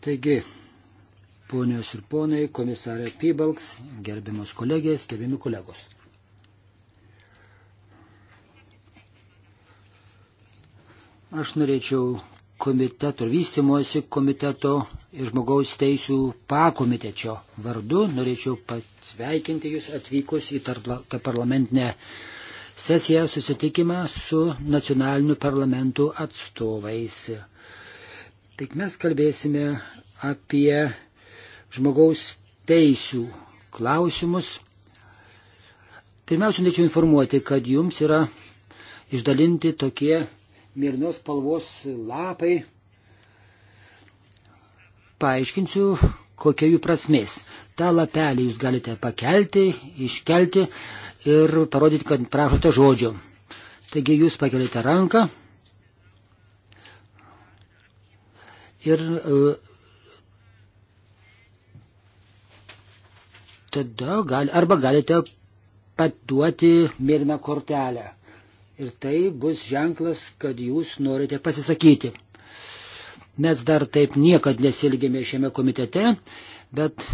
Taigi, ponios ir ponai, komisarė Pybalks, gerbiamos kolegės, gerbiami kolegos. Aš norėčiau komiteto vystimosi komiteto ir žmogaus teisų pakomitečio vardu norėčiau pasveikinti Jūs atvykus į tą parlamentinę sesiją susitikimą su nacionaliniu parlamentu atstovais. Taigi mes kalbėsime apie žmogaus teisių klausimus. Pirmiausia, norėčiau informuoti, kad jums yra išdalinti tokie mirnos spalvos lapai. Paaiškinsiu, kokia jų prasmės. Ta lapelį jūs galite pakelti, iškelti ir parodyti, kad prašote žodžio. Taigi jūs pakelite ranką Ir e, tada gali, arba galite paduoti mirną kortelę. Ir tai bus ženklas, kad jūs norite pasisakyti. Mes dar taip niekad nesilgėme šiame komitete, bet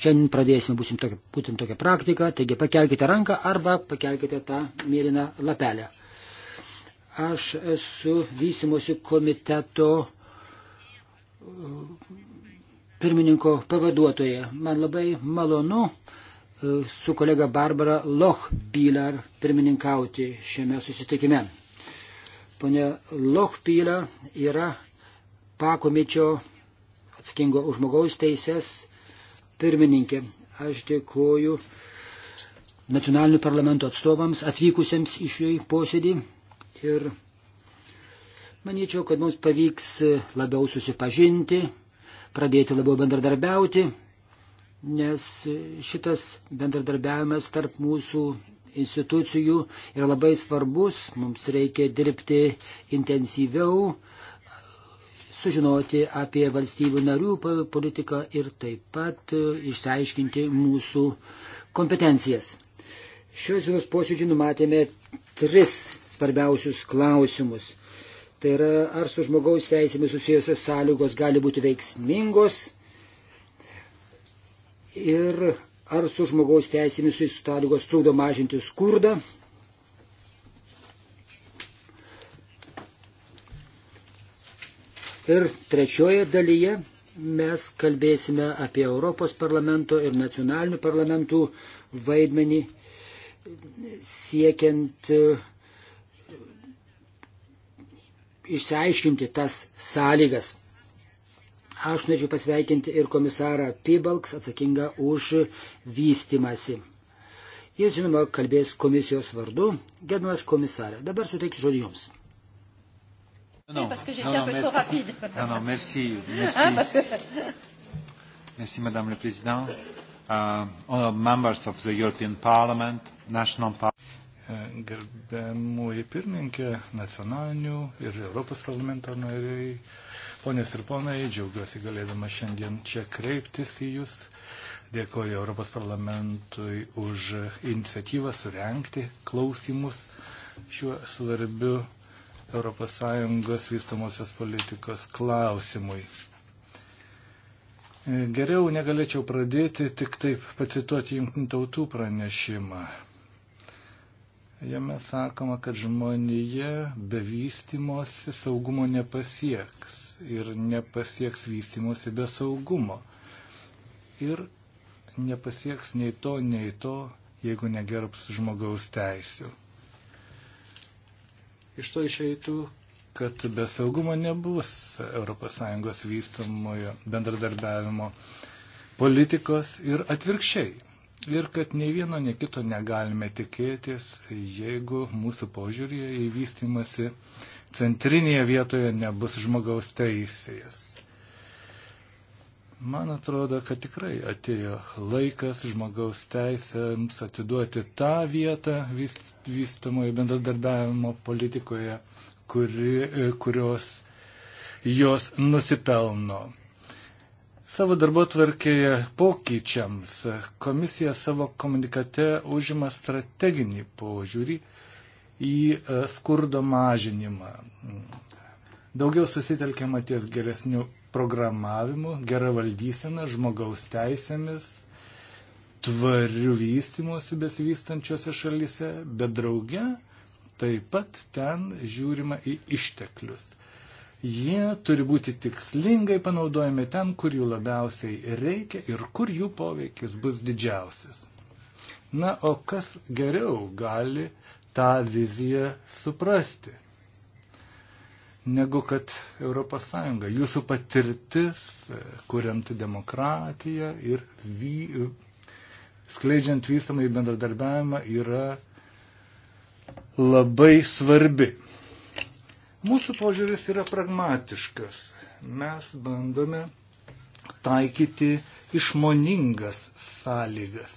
šiandien pradėsime būsim tokia, būtent tokią praktiką. Taigi pakelkite ranką arba pakelkite tą mėlyną lapelę. Aš esu vystimosi komiteto pirmininko pavaduotoja. Man labai malonu e, su kolega Barbara Lochbilar pirmininkauti šiame susitikime. Pone Lochbilar yra pakomičio atsakingo už žmogaus teises pirmininkė. Aš dėkuoju nacionalinių parlamento atstovams atvykusiems iš jų posėdį ir Manyčiau, kad mums pavyks labiau susipažinti, pradėti labiau bendradarbiauti, nes šitas bendradarbiavimas tarp mūsų institucijų yra labai svarbus, mums reikia dirbti intensyviau, sužinoti apie valstybių narių politiką ir taip pat e, išsiaiškinti mūsų kompetencijas. Šios dienos posėdžių numatėme tris svarbiausius klausimus. Tai yra, ar su žmogaus teisėmis susijusios sąlygos gali būti veiksmingos ir ar su žmogaus teisėmis susijusios sąlygos trūdo mažinti skurdą. Ir trečioje dalyje mes kalbėsime apie Europos parlamento ir nacionalinių parlamentų vaidmenį siekiant uh, išsiaiškinti tas sąlygas. Aš norėčiau pasveikinti ir komisarą Pibalks atsakingą už vystimasi. Jis, žinoma, kalbės komisijos vardu. Gerbiamas komisarė, dabar suteiksiu žodį jums. Non, parce que j'étais un peu merci. trop rapide. Non, non, merci. Ah, merci, hein, parce que... merci Madame la Présidente. Uh, all members of the European Parliament, National Parliament gerbiamųjų pirmininkė, nacionalinių ir Europos parlamento nariai, ponės ir ponai, džiaugiuosi galėdama šiandien čia kreiptis į Jūs. Dėkoju Europos parlamentui už iniciatyvą surenkti klausimus šiuo svarbiu ES vystamosios politikos klausimui. Geriau negalėčiau pradėti, tik taip pacituoti jungtinių tautų pranešimą. Jame sakoma, kad žmonija be vystimosi saugumo nepasieks ir nepasieks vystimosi be saugumo. Ir nepasieks nei to, nei to, jeigu negerbs žmogaus teisių. Iš to išeitų, kad be saugumo nebus ES vystomojo bendradarbiavimo politikos ir atvirkščiai ir kad nei vieno, nei kito negalime tikėtis, jeigu mūsų požiūrėje įvystymasi centrinėje vietoje nebus žmogaus teisės. Man atrodo, kad tikrai atėjo laikas žmogaus teisėms atiduoti tą vietą vystamojo bendradarbiavimo politikoje, kuri, kurios jos nusipelno savo darbo tvarkėje pokyčiams komisija savo komunikate užima strateginį požiūrį į e, skurdo mažinimą. Daugiau susitelkiama ties geresniu programavimu, gera valdysena, žmogaus teisėmis, tvariu vystimuosi besivystančiose šalyse, bet drauge taip pat ten žiūrima į išteklius Jie turi būti tikslingai panaudojami ten, kur jų labiausiai reikia ir kur jų poveikis bus didžiausias. Na, o kas geriau gali tą viziją suprasti, negu kad ES, jūsų patirtis, e, kuriant demokratiją ir vy, e, skleidžiant vystamą į bendradarbiavimą yra labai svarbi. Mūsų požiūris yra pragmatiškas. Mes bandome taikyti išmoningas sąlygas.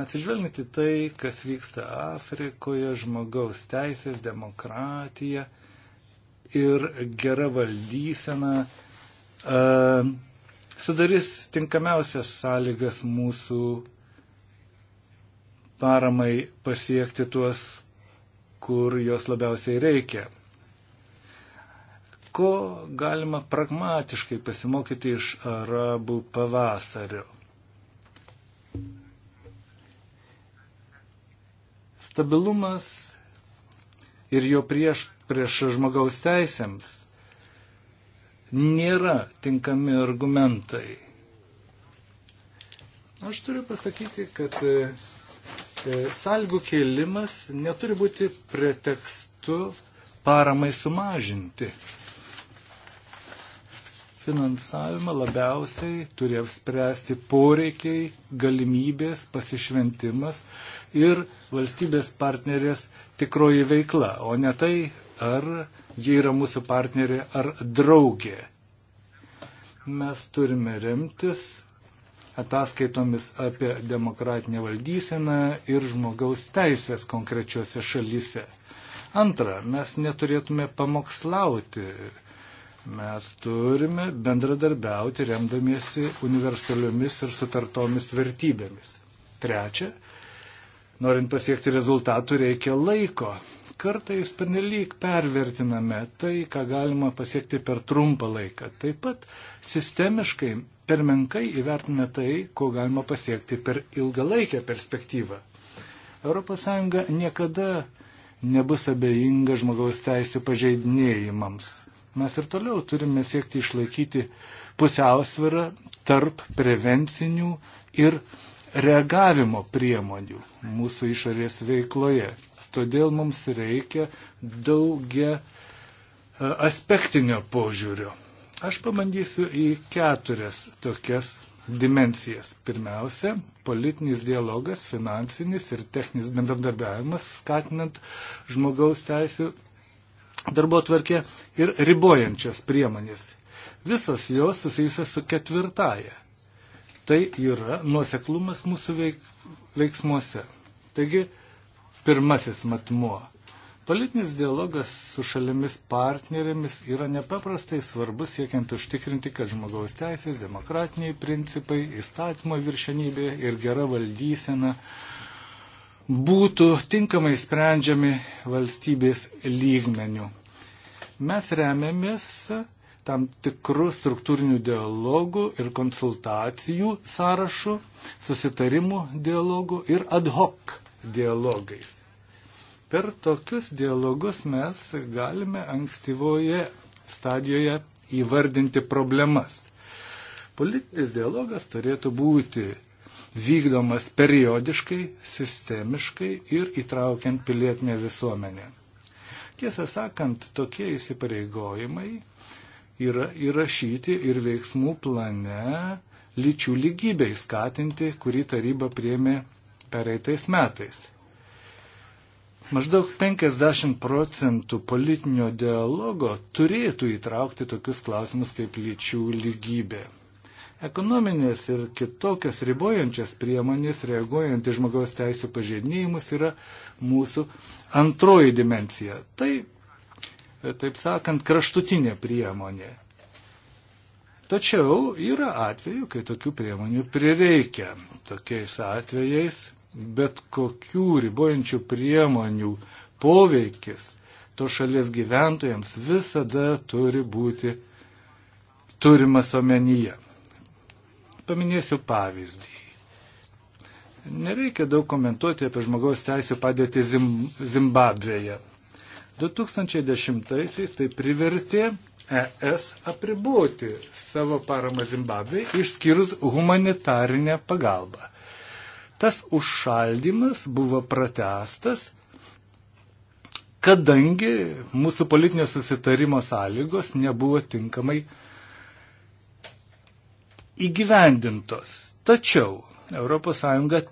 Atsižvelgti tai, kas vyksta Afrikoje, žmogaus teisės, demokratija ir gera valdysena uh, sudarys tinkamiausias sąlygas mūsų paramai pasiekti tuos kur jos labiausiai reikia. Ko galima pragmatiškai pasimokyti iš arabų pavasario? Stabilumas ir jo prieš, prieš žmogaus teisėms nėra tinkami argumentai. Aš turiu pasakyti, kad E, Salgų kėlimas neturi būti pretekstu paramai sumažinti. Finansavimą labiausiai turi apspręsti poreikiai, galimybės, pasišventimas ir valstybės partnerės tikroji veikla, o ne tai, ar jie yra mūsų partnerė ar draugė. Mes turime remtis ataskaitomis apie demokratinę valdyseną ir žmogaus teisės konkrečiose šalyse. Antra, mes neturėtume pamokslauti, mes turime bendradarbiauti remdamiesi universaliomis ir sutartomis vertybėmis. Trečia, norint pasiekti rezultatų reikia laiko. Kartais pernelyg pervertiname tai, ką galima pasiekti per trumpą laiką. Taip pat sistemiškai per menkai įvertiname tai, ko galima pasiekti per ilgalaikę perspektyvą. ES niekada nebus abejinga žmogaus teisų pažeidinėjimams. Mes ir toliau turime siekti išlaikyti pusiausvirą tarp prevencinių ir reagavimo priemonių mūsų išorės veikloje. Todėl mums reikia daugia e, aspektinio požiūrio. Aš pabandysiu į keturias tokias dimensijas. Pirmiausia, politinis dialogas, finansinis ir techninis bendradarbiavimas, skatinant žmogaus teisų darbo tvarkė ir ribojančias priemonės. Visos jos susijusios su ketvirtaja. Tai yra nuoseklumas mūsų veik, veiksmuose. Taigi, pirmasis matmuo Politinis dialogas su šalimis partnerėmis yra nepaprastai svarbus siekiant užtikrinti, kad žmogaus teisės, demokratiniai principai, įstatymo viršenybė ir gera valdysena būtų tinkamai sprendžiami valstybės lygmenių. Mes remiamės tam tikrų struktūrinių dialogų ir konsultacijų sąrašų, susitarimų dialogų ir ad hoc dialogais Per tokius dialogus mes galime ankstyvoje stadijoje įvardinti problemas. Politinis dialogas turėtų būti vykdomas periodiškai, sistemiškai ir įtraukiant pilietinę visuomenę. Tiesą sakant, tokie įsipareigojimai yra įrašyti ir veiksmų plane lyčių lygybei skatinti, kurį taryba priemė pereitais metais. Maždaug 50 procentų politinio dialogo turėtų įtraukti tokius klausimus kaip lyčių lygybė. Ekonominės ir kitokias ribojančias priemonės reaguojant į žmogaus teisų pažeidinėjimus yra mūsų antroji dimencija. Tai, taip sakant, kraštutinė priemonė. Tačiau yra atveju, kai tokių priemonių prireikia. Tokiais atvejais bet kokių ribojančių priemonių poveikis to šalies gyventojams visada turi būti turimas omenyje. Paminėsiu pavyzdį. Nereikia daug komentuoti apie žmogaus teisų padėtį Zim Zimbabvėje. 2010-aisiais tai privertė ES apriboti savo paramą Zimbabvei, išskyrus humanitarinę pagalbą. Tas užšaldimas buvo pratestas, kadangi mūsų politinio susitarimo sąlygos nebuvo tinkamai įgyvendintos. Tačiau ES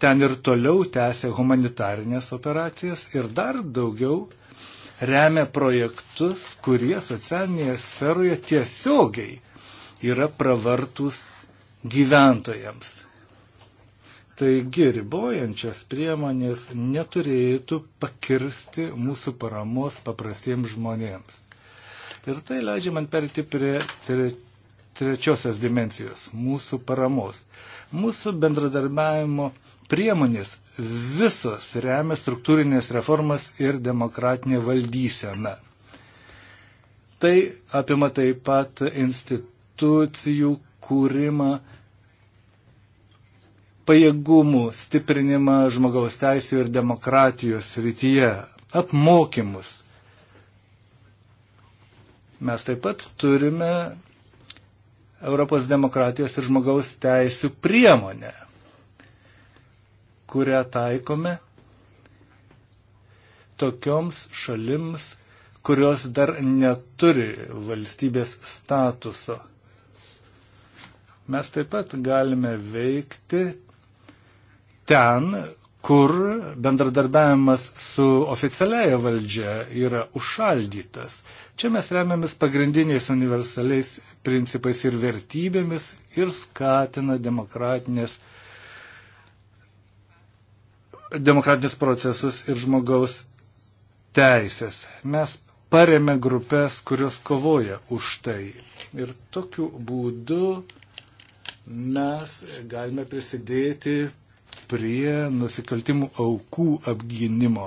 ten ir toliau tęsė humanitarinės operacijas ir dar daugiau remia projektus, kurie socialinėje sferoje tiesiogiai yra pravartus gyventojams. Taigi ribojančios priemonės neturėtų pakirsti mūsų paramos paprastiems žmonėms. Ir tai leidžia man perti prie tre, trečiosios dimensijos - mūsų paramos. Mūsų bendradarbiavimo priemonės visos remia struktūrinės reformas ir demokratinė valdysena. Tai apima taip pat institucijų kūrimą, pajėgumų stiprinimą žmogaus teisų ir demokratijos rytyje, apmokymus. Mes taip pat turime Europos demokratijos ir žmogaus teisų priemonę, kurią taikome tokioms šalims, kurios dar neturi valstybės statuso. Mes taip pat galime veikti ten, kur bendradarbiavimas su oficialiaja valdžia yra užšaldytas. Čia mes remiamės pagrindiniais universaliais principais ir vertybėmis ir skatina demokratinės demokratinius procesus ir žmogaus teisės. Mes paremė grupės, kurios kovoja už tai. Ir tokiu būdu mes galime prisidėti prie nusikaltimų aukų apginimo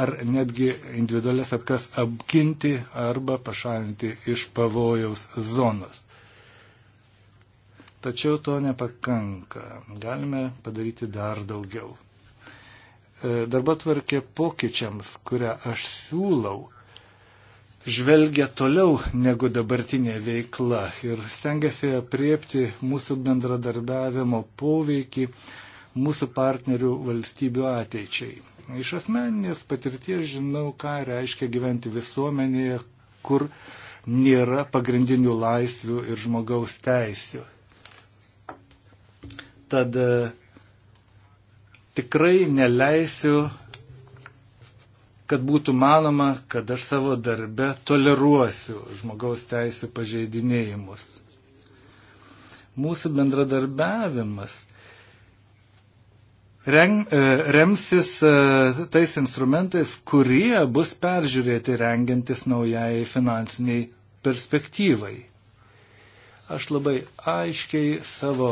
ar netgi individualias apkas apginti arba pašalinti iš pavojaus zonos. Tačiau to nepakanka. Galime padaryti dar daugiau. E, darbo tvarkė pokyčiams, kurią aš siūlau, žvelgia toliau negu dabartinė veikla ir stengiasi apriepti mūsų bendradarbiavimo poveikį mūsų partnerių valstybių ateičiai. Iš asmeninės patirties žinau, ką reiškia gyventi visuomenėje, kur nėra pagrindinių laisvių ir žmogaus teisių. Tad e, tikrai neleisiu, kad būtų manoma, kad aš savo darbe toleruosiu žmogaus teisų pažeidinėjimus. Mūsų bendradarbiavimas reng, e, remsis e, tais instrumentais, kurie bus peržiūrėti rengiantis naujai finansiniai perspektyvai. Aš labai aiškiai savo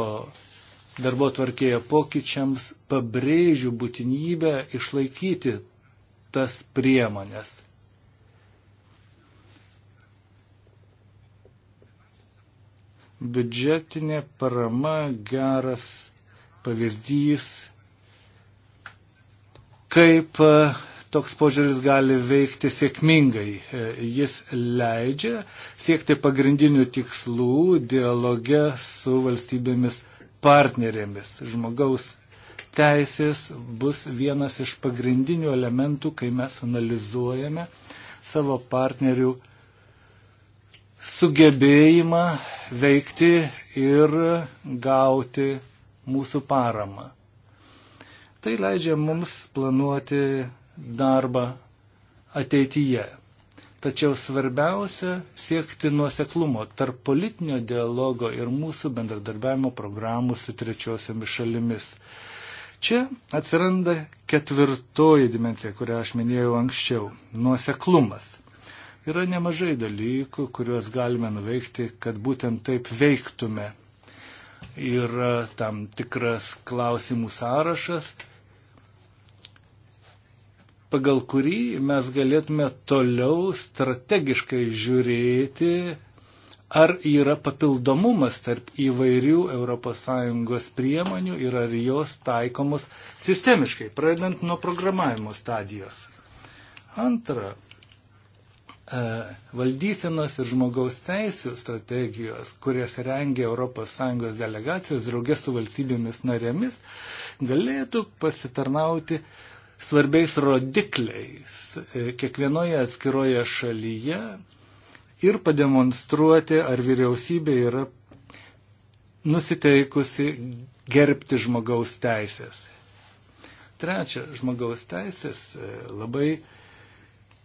darbo tvarkėje pokyčiams pabrėžiu būtinybę išlaikyti tas priemonės. Biudžetinė parama geras pavyzdys kaip e, toks požiūris gali veikti sėkmingai. E, jis leidžia siekti pagrindinių tikslų dialoge su valstybėmis partnerėmis. Žmogaus teisės bus vienas iš pagrindinių elementų, kai mes analizuojame savo partnerių sugebėjimą veikti ir gauti mūsų paramą. Tai leidžia mums planuoti darbą ateityje. Tačiau svarbiausia siekti nuoseklumo tarp politinio dialogo ir mūsų bendradarbiavimo programų su trečiosiomis šalimis. Čia atsiranda ketvirtoji dimencija, kurią aš minėjau anksčiau - nuoseklumas. Yra nemažai dalykų, kuriuos galime nuveikti, kad būtent taip veiktume yra tam tikras klausimų sąrašas, pagal kurį mes galėtume toliau strategiškai žiūrėti, ar yra papildomumas tarp įvairių ES priemonių ir ar jos taikomos sistemiškai, pradedant nuo programavimo stadijos. Antra, E, valdysenos ir žmogaus teisų strategijos, kurias rengia ES delegacijos draugės su valstybėmis narėmis, galėtų pasitarnauti svarbiais rodikliais e, kiekvienoje atskiroje šalyje ir pademonstruoti, ar vyriausybė yra nusiteikusi gerbti žmogaus teisės. Trečia, žmogaus teisės e, labai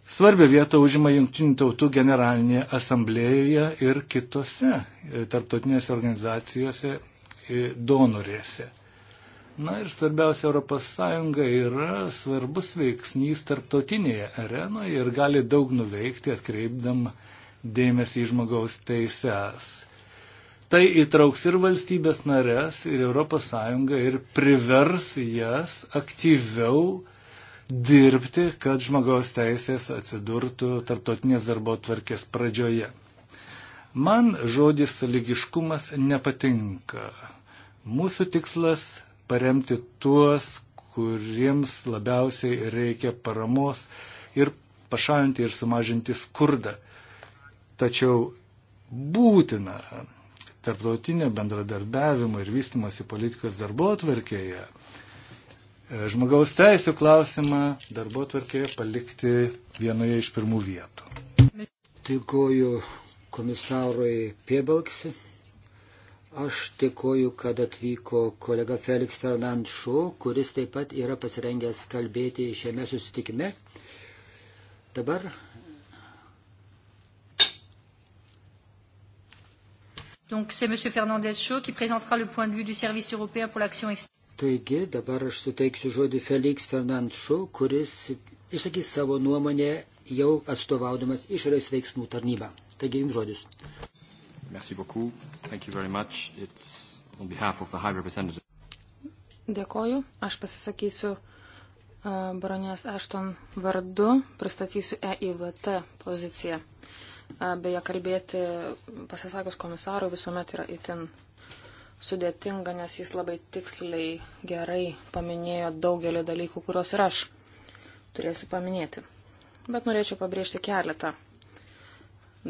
Svarbią vietą užima Junktinių tautų generalinėje asamblėjoje ir kitose e, tarptautinėse organizacijose e, donorėse. Na ir svarbiausia, ES yra svarbus veiksnys tarptautinėje arenoje ir gali daug nuveikti atkreipdam dėmesį į žmogaus teises. Tai įtrauks ir valstybės narės, ir ES ir privers jas aktyviau dirbti, kad žmogaus teisės atsidurtų tarptautinės darbo tvarkės pradžioje. Man žodis lygiškumas nepatinka. Mūsų tikslas paremti tuos, kuriems labiausiai reikia paramos ir pašalinti ir sumažinti skurdą. Tačiau būtina tarptautinio bendradarbiavimo ir vystimosi politikos darbo atvarkėje E, žmogaus teisų klausimą darbo tvarkėje palikti vienoje iš pirmų vietų. Tikoju komisarui Piebalksi. Aš tikoju, kad atvyko kolega Felix Fernandšu, kuris taip pat yra pasirengęs kalbėti šiame susitikime. Dabar. Donc c'est M. Fernandez Chaud qui présentera le point de vue du service européen pour l'action extérieure. Taigi dabar aš suteiksiu žodį Felix Fernandšu, kuris išsakys savo nuomonę jau atstovaudamas išorės veiksmų tarnybą. Taigi jums žodis. Merci beaucoup. Thank you very much. It's on behalf of the High Representative. Dėkoju. Aš pasisakysiu baronės Ashton vardu, pristatysiu EIVT poziciją. Beje, kalbėti pasisakus komisarui visuomet yra itin sudėtinga, nes jis labai tiksliai gerai paminėjo daugelį dalykų, kuriuos ir aš turėsiu paminėti. Bet norėčiau pabrėžti keletą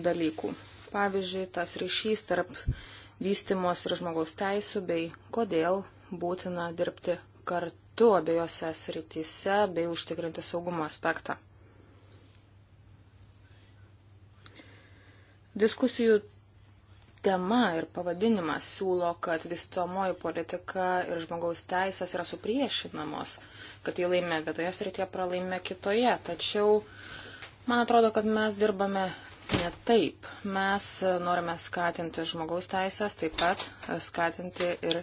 dalykų. Pavyzdžiui, tas ryšys tarp vystimos ir žmogaus teisų bei kodėl būtina dirbti kartu abiejose srityse bei užtikrinti saugumo aspektą. Diskusijų tema ir pavadinimas siūlo, kad vystomoji politika ir žmogaus teisės yra supriešinamos, kad jį laimė vietoje srityje, pralaimė kitoje. Tačiau man atrodo, kad mes dirbame ne taip. Mes norime skatinti žmogaus teisės, taip pat skatinti ir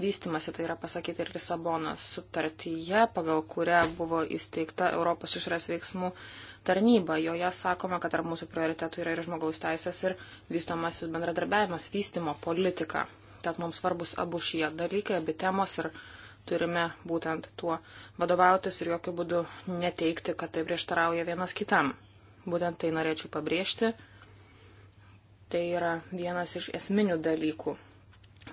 vystimasi, tai yra pasakyti ir Lisabonos sutartyje, pagal kurią buvo įsteigta Europos išorės veiksmų tarnybą. Joje sakoma, kad tarp mūsų prioritetų yra ir žmogaus teisės, ir vystomasis bendradarbiavimas, vystimo politika. Tad mums svarbus abu šie dalykai, abi temos ir turime būtent tuo vadovautis ir jokių būdų neteikti, kad tai prieštarauja vienas kitam. Būtent tai norėčiau pabrėžti. Tai yra vienas iš esminių dalykų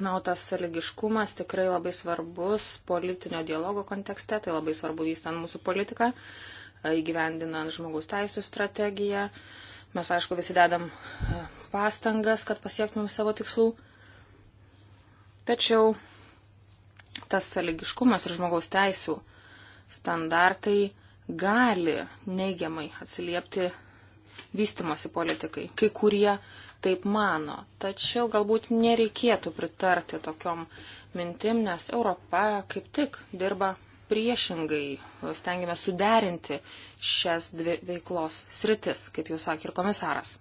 Na, o tas religiškumas tikrai labai svarbus politinio dialogo kontekste, tai labai svarbu vystant mūsų politiką įgyvendinant žmogaus teisų strategiją. Mes, aišku, visi dedam e, pastangas, kad pasiektumėm savo tikslų. Tačiau tas sąlygiškumas ir žmogaus teisų standartai gali neigiamai atsiliepti vystimosi politikai. Kai kurie taip mano. Tačiau galbūt nereikėtų pritarti tokiom mintim, nes Europa kaip tik dirba priešingai stengiame suderinti šias dvi veiklos sritis, kaip jau sakė ir komisaras.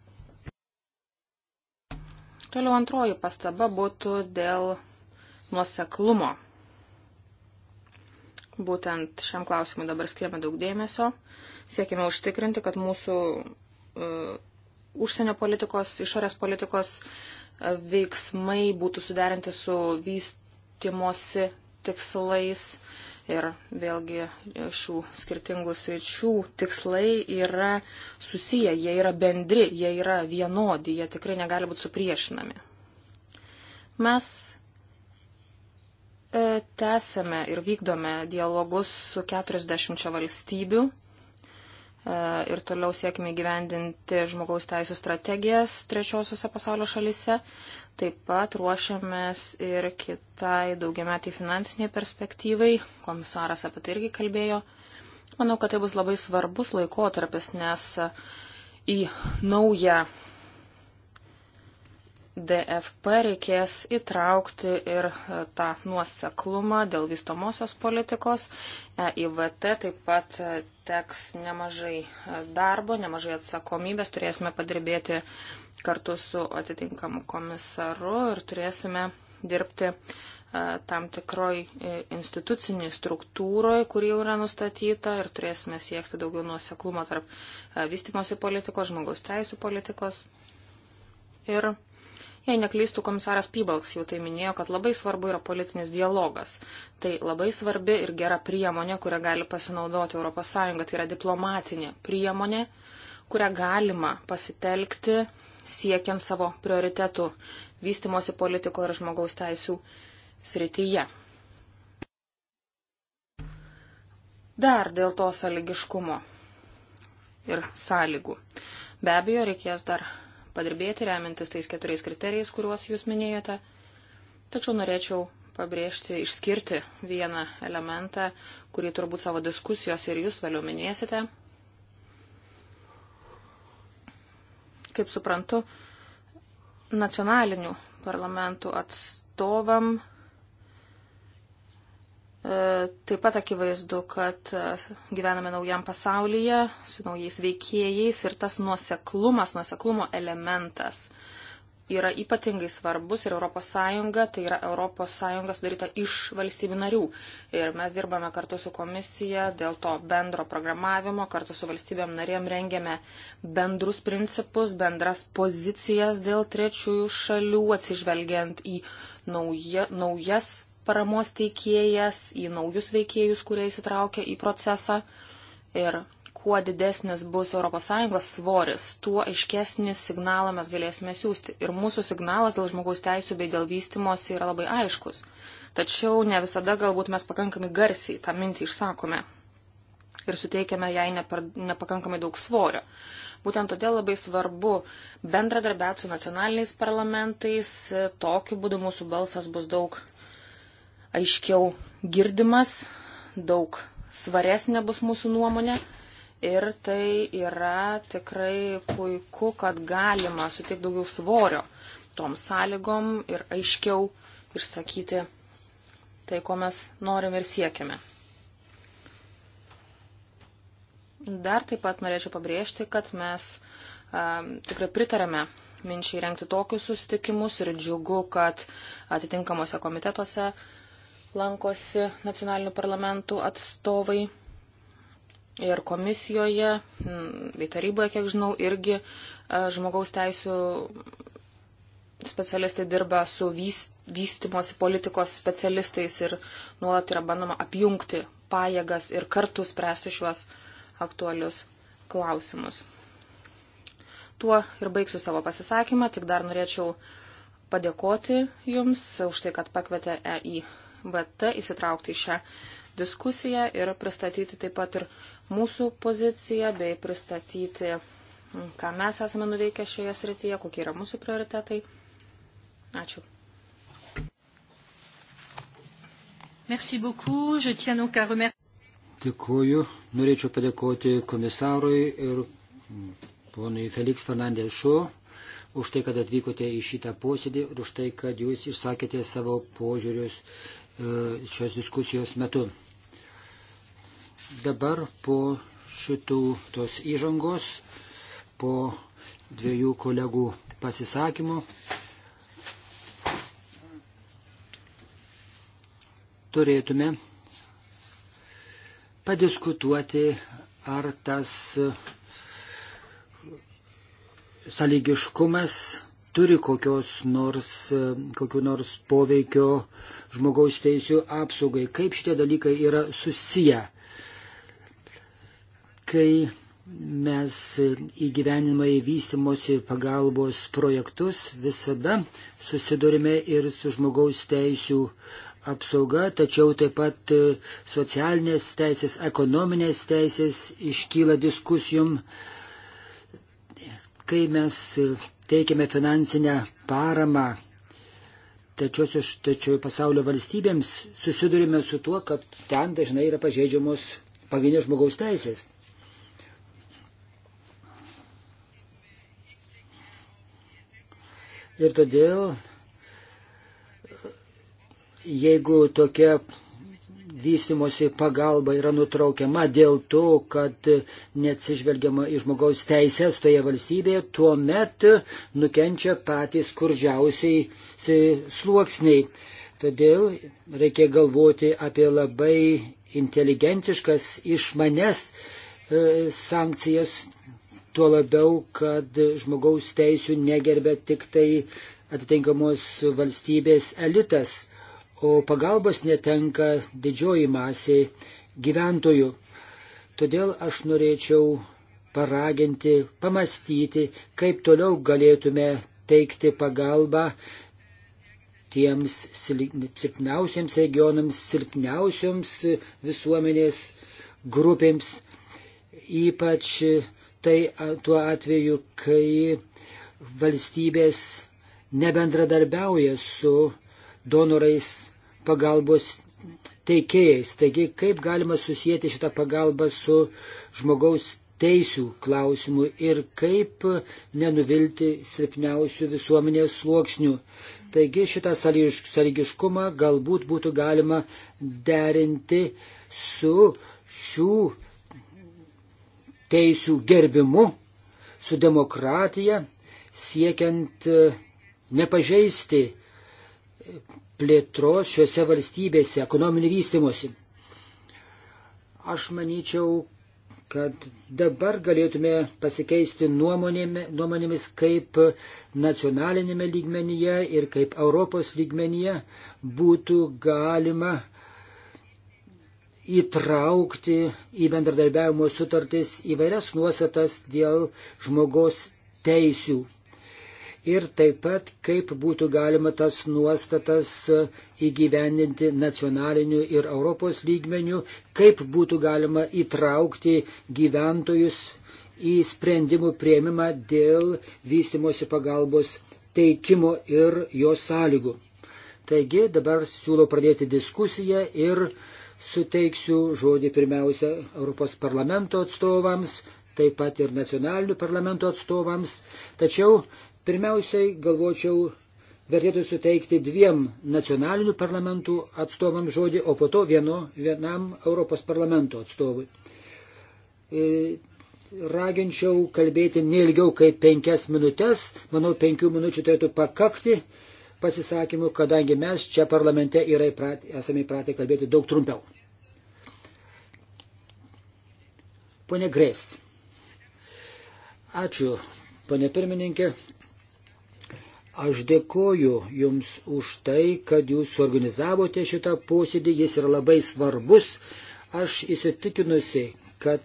Toliau antroji pastaba būtų dėl nuoseklumo. Būtent šiam klausimui dabar skiriame daug dėmesio. Siekime užtikrinti, kad mūsų uh, užsienio politikos, išorės politikos uh, veiksmai būtų suderinti su vystimosi tikslais Ir vėlgi šių skirtingų sričių tikslai yra susiję, jie yra bendri, jie yra vienodi, jie tikrai negali būti supriešinami. Mes e, tęsėme ir vykdome dialogus su 40 valstybių e, ir toliau siekime gyvendinti žmogaus teisų strategijas trečiosiuose pasaulio šalyse. Taip pat ruošiamės ir kitai daugiametai finansiniai perspektyvai. Komisaras apie tai irgi kalbėjo. Manau, kad tai bus labai svarbus laikotarpis, nes į naują DFP reikės įtraukti ir e, tą nuoseklumą dėl vystomosios politikos. EIVT taip pat e, teks nemažai e, darbo, nemažai atsakomybės, turėsime padirbėti kartu su atitinkamu komisaru ir turėsime dirbti tam tikroj instituciniai struktūroje, kur jau yra nustatyta ir turėsime siekti daugiau nuoseklumo tarp vystimosi politikos, žmogaus teisų politikos. Ir Jei neklystų, komisaras Pybalks jau tai minėjo, kad labai svarbu yra politinis dialogas. Tai labai svarbi ir gera priemonė, kurią gali pasinaudoti ES, tai yra diplomatinė priemonė, kurią galima pasitelkti siekiant savo prioritetų vystimosi politikoje ir žmogaus teisų srityje. Dar dėl to sąlygiškumo ir sąlygų. Be abejo, reikės dar padirbėti, remintis tais keturiais kriterijais, kuriuos jūs minėjote. Tačiau norėčiau pabrėžti, išskirti vieną elementą, kurį turbūt savo diskusijos ir jūs vėliau minėsite. Kaip suprantu, nacionalinių parlamentų atstovam E, taip pat akivaizdu, kad e, gyvename naujam pasaulyje su naujais veikėjais ir tas nuoseklumas, nuoseklumo elementas yra ypatingai svarbus ir ES, tai yra ES sudaryta iš valstybių narių. Ir mes dirbame kartu su komisija dėl to bendro programavimo, kartu su valstybėm narėm rengiame bendrus principus, bendras pozicijas dėl trečiųjų šalių, atsižvelgiant į nauja, naujas paramos teikėjas, į naujus veikėjus, kurie įsitraukia į procesą. Ir kuo didesnis bus ES svoris, tuo aiškesnį signalą mes galėsime siūsti. Ir mūsų signalas dėl žmogaus teisų bei dėl vystimos yra labai aiškus. Tačiau ne visada galbūt mes pakankamai garsiai tą mintį išsakome ir suteikiame jai neper, nepakankamai daug svorio. Būtent todėl labai svarbu bendradarbiauti su nacionaliniais parlamentais, tokiu būdu mūsų balsas bus daug aiškiau girdimas, daug svaresnė bus mūsų nuomonė. Ir tai yra tikrai puiku, kad galima suteikti daugiau svorio tom sąlygom ir aiškiau išsakyti tai, ko mes norim ir siekiame. Dar taip pat norėčiau pabrėžti, kad mes a, tikrai pritarėme minčiai rengti tokius susitikimus ir džiugu, kad atitinkamuose komitetuose a, lankosi nacionalinių parlamentų atstovai ir komisijoje, mm, bei taryboje, kiek žinau, irgi e, žmogaus teisų specialistai dirba su vystimosi politikos specialistais ir nuolat yra bandoma apjungti pajėgas ir kartu spręsti šiuos aktualius klausimus. Tuo ir baigsiu savo pasisakymą, tik dar norėčiau padėkoti Jums už tai, kad pakvietė į e BT įsitraukti į šią diskusiją ir pristatyti taip pat ir mūsų poziciją, bei pristatyti, ką mes esame nuveikę šioje srityje, kokie yra mūsų prioritetai. Ačiū. Merci beaucoup. Je tiens donc à remercier. Dėkuoju. Norėčiau padėkoti komisarui ir ponui Felix Fernandės Šo už tai, kad atvykote į šitą posėdį ir už tai, kad jūs išsakėte savo požiūrius E, šios diskusijos metu. Dabar po šitų tos įžangos, po dviejų kolegų pasisakymų, turėtume padiskutuoti, ar tas sąlygiškumas turi kokios nors, kokiu nors poveikio žmogaus teisų apsaugai. Kaip šitie dalykai yra susiję? Kai mes įgyvenimą į vystimosi pagalbos projektus visada susidurime ir su žmogaus teisų apsauga, tačiau taip pat socialinės teisės, ekonominės teisės iškyla diskusijom. Kai mes teikiame finansinę paramą trečiųjų pasaulio valstybėms, susidurime su tuo, kad ten dažnai yra pažeidžiamos pagrindinės žmogaus teisės. Ir todėl, jeigu tokia vystimosi pagalba yra nutraukiama dėl to, kad neatsižvelgiama į žmogaus teisės toje valstybėje, tuo met nukenčia patys skurdžiausiai sluoksniai. Todėl reikia galvoti apie labai inteligentiškas, išmanes e, sankcijas, tuo labiau, kad žmogaus teisų negerbė tik tai atitinkamos valstybės elitas o pagalbos netenka didžioji masė gyventojų. Todėl aš norėčiau paraginti, pamastyti, kaip toliau galėtume teikti pagalbą tiems silpniausiems regionams, silpniausioms visuomenės grupėms, ypač tai tuo atveju, kai valstybės nebendradarbiauja su donorais, pagalbos teikėjais. Taigi, kaip galima susijęti šitą pagalbą su žmogaus teisų klausimu ir kaip nenuvilti silpniausių visuomenės sluoksnių. Taigi šitą sąlygiškumą galbūt būtų galima derinti su šių teisų gerbimu, su demokratija, siekiant e, nepažeisti plėtros šiuose valstybėse, ekonominį vystimusi. Aš manyčiau, kad dabar galėtume pasikeisti nuomonėmis, nuomonėmis kaip nacionalinėme lygmenyje ir kaip Europos lygmenyje būtų galima įtraukti į bendradarbiavimo sutartis įvairias nuostatas dėl žmogaus teisių ir taip pat kaip būtų galima tas nuostatas įgyvendinti nacionaliniu ir Europos lygmeniu, kaip būtų galima įtraukti gyventojus į sprendimų prieimimą dėl vystimosi pagalbos teikimo ir jos sąlygų. Taigi dabar siūlau pradėti diskusiją ir suteiksiu žodį pirmiausia Europos parlamento atstovams, taip pat ir nacionalinių parlamento atstovams. Tačiau Pirmiausiai, galvočiau, vertėtų suteikti dviem nacionalinių parlamentų atstovams žodį, o po to vieno, vienam Europos parlamento atstovui. E, raginčiau kalbėti neilgiau kaip penkias minutės, manau, penkių minučių turėtų pakakti pasisakymų, kadangi mes čia parlamente įpratę, esame įpratę kalbėti daug trumpiau. Pone Grės. Ačiū, ponė pirmininkė. Aš dėkoju Jums už tai, kad Jūs organizavote šitą posėdį, jis yra labai svarbus. Aš įsitikinusi, kad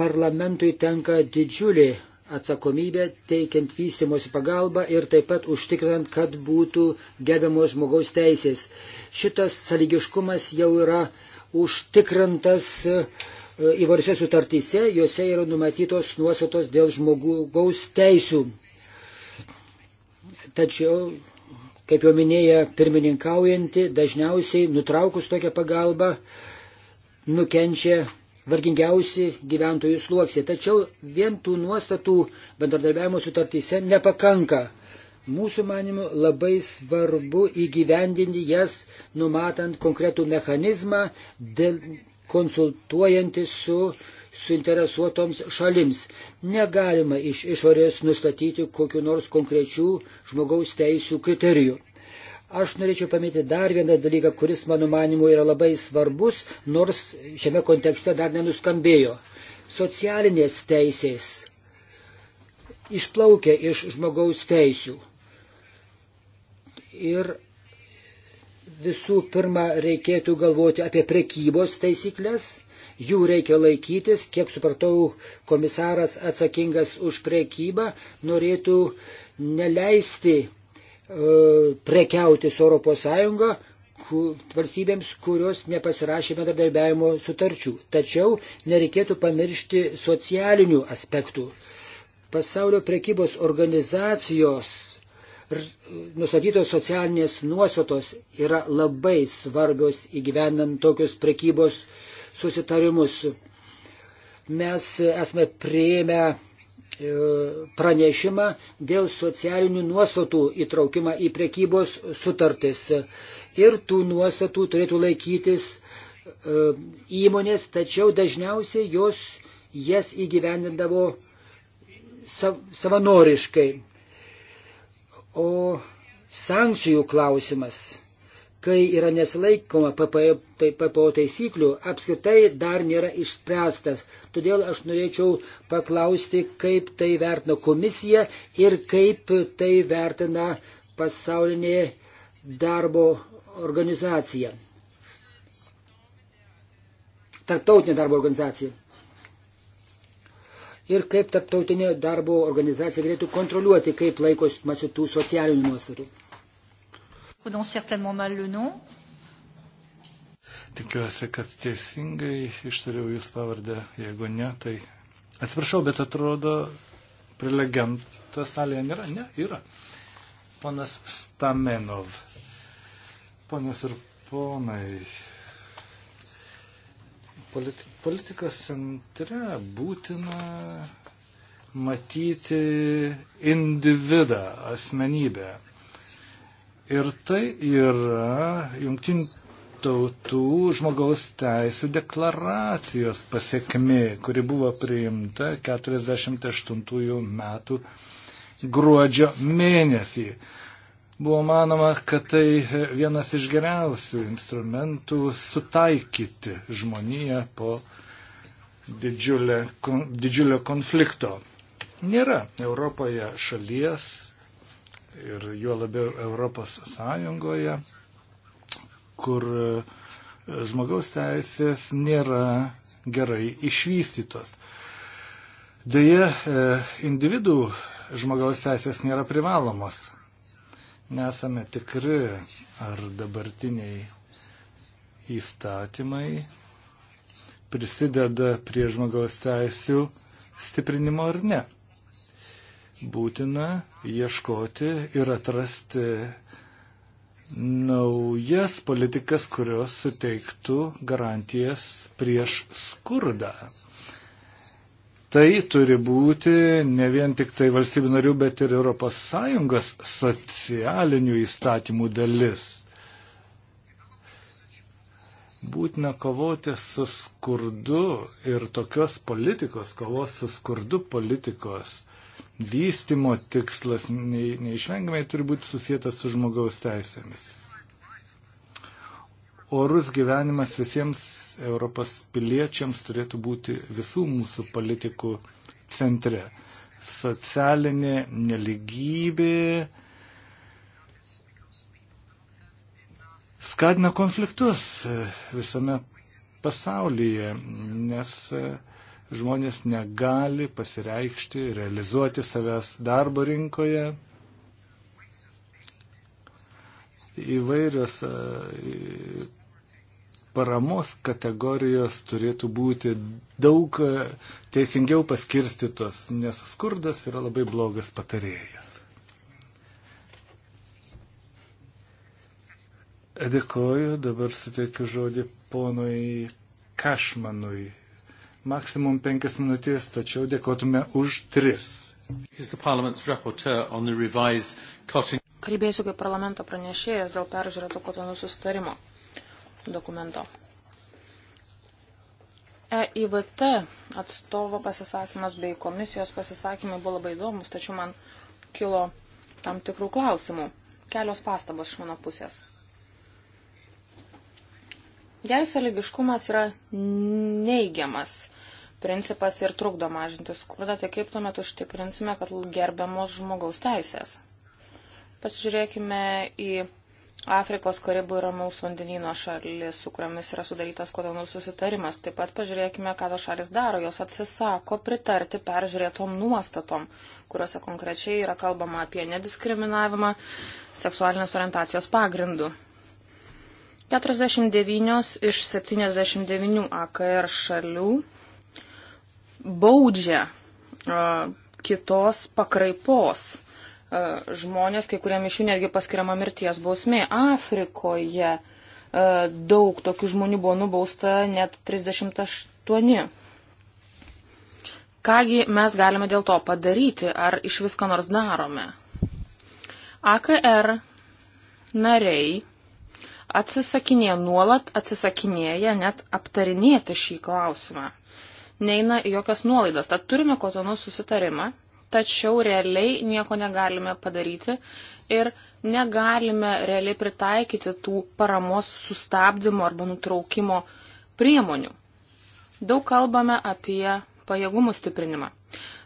parlamentui tenka didžiulė atsakomybė teikiant vystimosi pagalbą ir taip pat užtikrinant, kad būtų gerbiamos žmogaus teisės. Šitas saligiškumas jau yra užtikrintas e, įvarsiose sutartyse, juose yra numatytos nuostatos dėl žmogaus teisų. Tačiau, kaip jau minėjo pirmininkaujanti, dažniausiai nutraukus tokią pagalbą nukenčia vargingiausi gyventojų sluoksniai. Tačiau vien tų nuostatų bendradarbiavimo sutartyse nepakanka. Mūsų manimu labai svarbu įgyvendinti jas, numatant konkretų mechanizmą, konsultuojantį su uh, suinteresuotoms šalims. Negalima iš išorės nustatyti kokiu nors konkrečių žmogaus teisų kriterijų. Aš norėčiau paminėti dar vieną dalyką, kuris mano manimu yra labai svarbus, nors šiame kontekste dar nenuskambėjo. Socialinės teisės išplaukia iš žmogaus teisių. Ir visų pirma reikėtų galvoti apie prekybos taisyklės, jų reikia laikytis. Kiek supratau, komisaras atsakingas už priekybą norėtų neleisti e, prekiauti su ES valstybėms, kurios nepasirašė bendradarbiavimo sutarčių. Tačiau nereikėtų pamiršti socialinių aspektų. Pasaulio prekybos organizacijos nustatytos socialinės nuostatos yra labai svarbios įgyvendant tokius prekybos susitarimus. Mes esame prieėmę e, pranešimą dėl socialinių nuostatų įtraukimą į prekybos sutartis. Ir tų nuostatų turėtų laikytis e, įmonės, tačiau dažniausiai jos jas įgyvendindavo savanoriškai. O sankcijų klausimas kai yra nesilaikoma PPO e, tai taisyklių, apskritai dar nėra išspręstas. Todėl aš norėčiau paklausti, kaip tai vertina komisija ir kaip tai vertina pasaulinė darbo organizacija. Tarptautinė darbo organizacija. Ir kaip tarptautinė darbo organizacija galėtų kontroliuoti, kaip laikosi tų socialinių nuostatų prononce certainement mal le nom. Tikiuosi, kad teisingai ištariau jūs pavardę, jeigu ne, tai atsiprašau, bet atrodo, prelegentas salėje nėra, ne, yra. Ponas Stamenov. Ponas ir ponai. Politi politikos centre būtina matyti individą, asmenybę Ir tai yra jungtinių tautų žmogaus teisų deklaracijos pasiekmi, kuri buvo priimta 48 metų gruodžio mėnesį. Buvo manoma, kad tai vienas iš geriausių instrumentų sutaikyti žmoniją po didžiulio, didžiulio konflikto. Nėra Europoje šalies, ir juo labiau Europos Sąjungoje, kur e, žmogaus teisės nėra gerai išvystytos. Deja, e, individų žmogaus teisės nėra privalomos. Nesame tikri, ar dabartiniai įstatymai prisideda prie žmogaus teisių stiprinimo ar ne būtina ieškoti ir atrasti naujas politikas, kurios suteiktų garantijas prieš skurdą. Tai turi būti ne vien tik tai valstybių narių, bet ir ES socialinių įstatymų dalis. Būtina kovoti su skurdu ir tokios politikos, kovos su skurdu politikos uh, vystimo tikslas neišvengiamai turi būti susijęs su žmogaus teisėmis. Orus gyvenimas visiems Europos piliečiams turėtų būti visų mūsų politikų centre. Socialinė neligybė skatina konfliktus visame pasaulyje, nes uh, žmonės negali pasireikšti, realizuoti savęs darbo rinkoje. Įvairios e, paramos kategorijos turėtų būti daug e, teisingiau paskirstytos, nes skurdas yra labai blogas patarėjas. Dėkoju, dabar suteikiu žodį ponui Kašmanui maksimum penkias minutės, tačiau dėkotume už tris. Kalbėsiu kaip parlamento pranešėjas dėl peržiūrėto kotonų sustarimo dokumento. EIVT atstovo pasisakymas bei komisijos pasisakymai buvo labai įdomus, tačiau man kilo tam tikrų klausimų. Kelios pastabos iš mano pusės. Jei sąlygiškumas yra neigiamas, principas ir trukdo mažinti skurdą, tai kaip tuomet užtikrinsime, kad gerbiamos žmogaus teisės? Pasižiūrėkime į Afrikos karibų ir Ramaus vandenino šalis, su kuriamis yra sudarytas kodonų susitarimas. Taip pat pažiūrėkime, ką tos šalis daro. Jos atsisako pritarti peržiūrėtom nuostatom, kuriuose konkrečiai yra kalbama apie nediskriminavimą seksualinės orientacijos pagrindų. 49 iš 79 AKR šalių baudžia kitos pakraipos žmonės, kai kuriam iš jų netgi paskiriama mirties bausmė. Afrikoje daug tokių žmonių buvo nubausta net 38. Kągi mes galime dėl to padaryti, ar iš visko nors darome? AKR nariai atsisakinėja nuolat, atsisakinėja net aptarinėti šį klausimą neina jokios nuolaidos. Tad turime kotonų susitarimą, tačiau realiai nieko negalime padaryti ir negalime realiai pritaikyti tų paramos sustabdymo arba nutraukimo priemonių. Daug kalbame apie pajėgumų stiprinimą.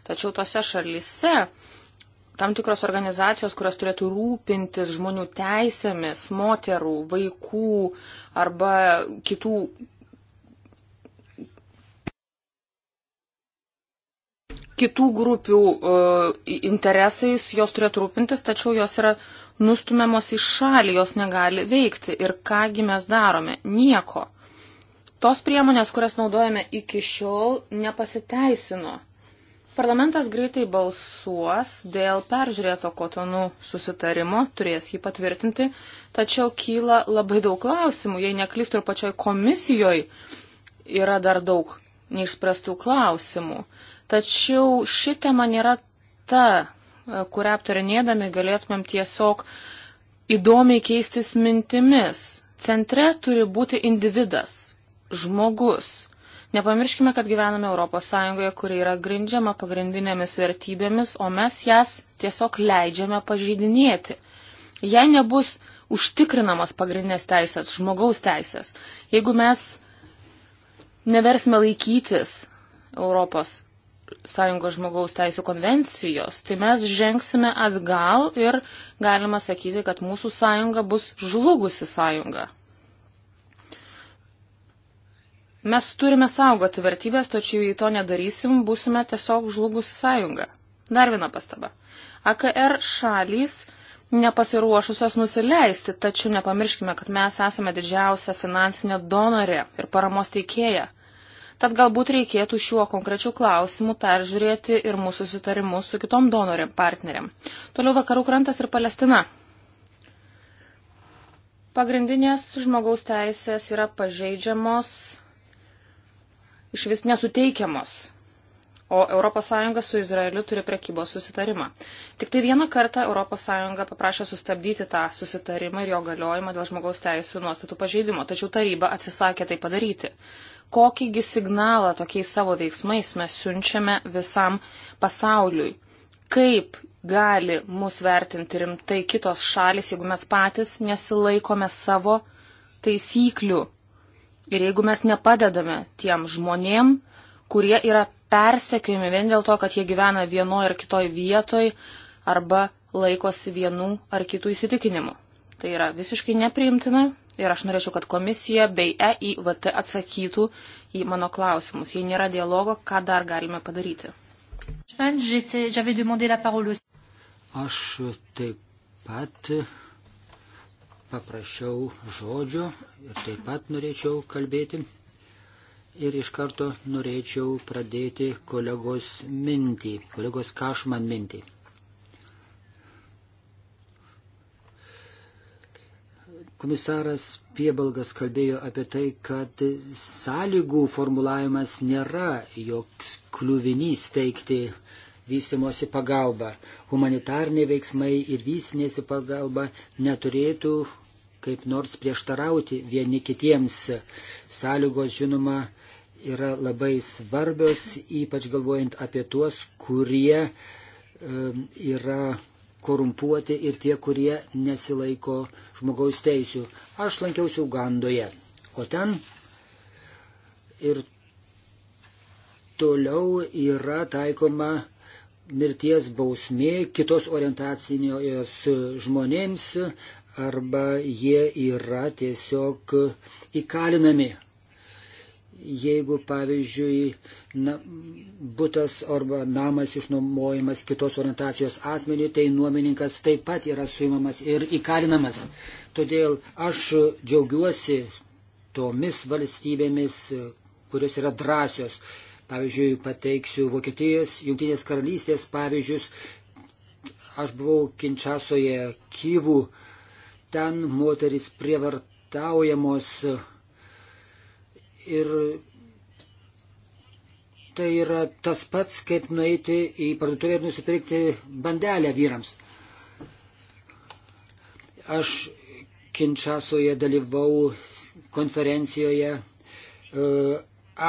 Tačiau tose šalyse tam tikros organizacijos, kurios turėtų rūpintis žmonių teisėmis, moterų, vaikų arba kitų kitų grupių e, interesais jos turėtų rūpintis, tačiau jos yra nustumiamos į šalį, jos negali veikti. Ir kągi mes darome? Nieko. Tos priemonės, kurias naudojame iki šiol, nepasiteisino. Parlamentas greitai balsuos dėl peržiūrėto kotonų susitarimo, turės jį patvirtinti, tačiau kyla labai daug klausimų, jei neklystu ir pačioj komisijoje yra dar daug neišspręstų klausimų. Tačiau ši tema nėra ta, e, kurią aptarinėdami galėtumėm tiesiog įdomiai keistis mintimis. Centre turi būti individas, žmogus. Nepamirškime, kad gyvename ES, kuri yra grindžiama pagrindinėmis vertybėmis, o mes jas tiesiog leidžiame pažeidinėti. Jei nebus užtikrinamas pagrindinės teisės, žmogaus teisės, jeigu mes neversime laikytis Europos Sąjungos žmogaus teisų konvencijos, tai mes žengsime atgal ir galima sakyti, kad mūsų sąjunga bus žlugusi sąjunga. Mes turime saugoti vertybės, tačiau jei to nedarysim, būsime tiesiog žlugusi sąjunga. Dar viena pastaba. AKR šalys nepasiruošusios nusileisti, tačiau nepamirškime, kad mes esame didžiausia finansinė donorė ir paramos teikėja. Tad galbūt reikėtų šiuo konkrečiu klausimu peržiūrėti ir mūsų susitarimus su kitom donorėm partneriam. Toliau vakarų krantas ir Palestina. Pagrindinės žmogaus teisės yra pažeidžiamos, iš vis nesuteikiamos o ES su Izraeliu turi prekybos susitarimą. Tik tai vieną kartą ES paprašė sustabdyti tą susitarimą ir jo galiojimą dėl žmogaus teisų nuostatų pažeidimo, tačiau taryba atsisakė tai padaryti kokįgi signalą tokiais savo veiksmais mes siunčiame visam pasauliui. Kaip gali mus vertinti rimtai kitos šalis, jeigu mes patys nesilaikome savo taisyklių ir jeigu mes nepadedame tiem žmonėm, kurie yra persekiojami vien dėl to, kad jie gyvena vienoje ar kitoje vietoje arba laikosi vienų ar kitų įsitikinimų. Tai yra visiškai nepriimtina Ir aš norėčiau, kad komisija bei EIVT atsakytų į mano klausimus. Jei nėra dialogo, ką dar galime padaryti? Aš taip pat paprašiau žodžio ir taip pat norėčiau kalbėti. Ir iš karto norėčiau pradėti kolegos mintį, kolegos Kašman mintį. Komisaras Piebalgas kalbėjo apie tai, kad sąlygų formulavimas nėra joks kliuvinys teikti vystimosi pagalbą. Humanitarniai veiksmai ir vystinėsi pagalba neturėtų kaip nors prieštarauti vieni kitiems. Sąlygos, žinoma, yra labai svarbios, ypač galvojant apie tuos, kurie um, yra korumpuoti ir tie, kurie nesilaiko žmogaus teisių. Aš lankiausi Ugandoje, o ten ir toliau yra taikoma mirties bausmė kitos orientacinės žmonėms arba jie yra tiesiog įkalinami jeigu, pavyzdžiui, na, butas arba namas išnuomojamas kitos orientacijos asmeniui, tai nuomininkas taip pat yra suimamas ir įkalinamas. Todėl aš džiaugiuosi tomis valstybėmis, kurios yra drąsios. Pavyzdžiui, pateiksiu Vokietijos, Junktinės karalystės pavyzdžius. Aš buvau Kinčasoje, Kyvų. Ten moteris prievartaujamos ir tai yra tas pats, kaip nueiti į parduotuvę ir nusipirkti bandelę vyrams. Aš Kinčasoje dalyvau konferencijoje e,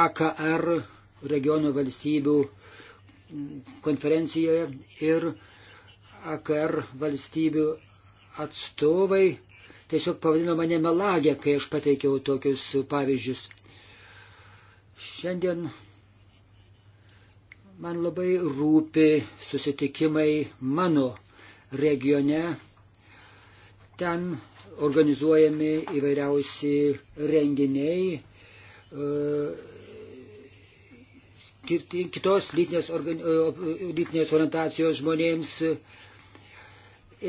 AKR regionų valstybių konferencijoje ir AKR valstybių atstovai tiesiog pavadino mane melagę, kai aš pateikiau tokius pavyzdžius. Šiandien man labai rūpi susitikimai mano regione. Ten organizuojami įvairiausi renginiai, e, kitos lytinės, e, lytinės orientacijos žmonėms.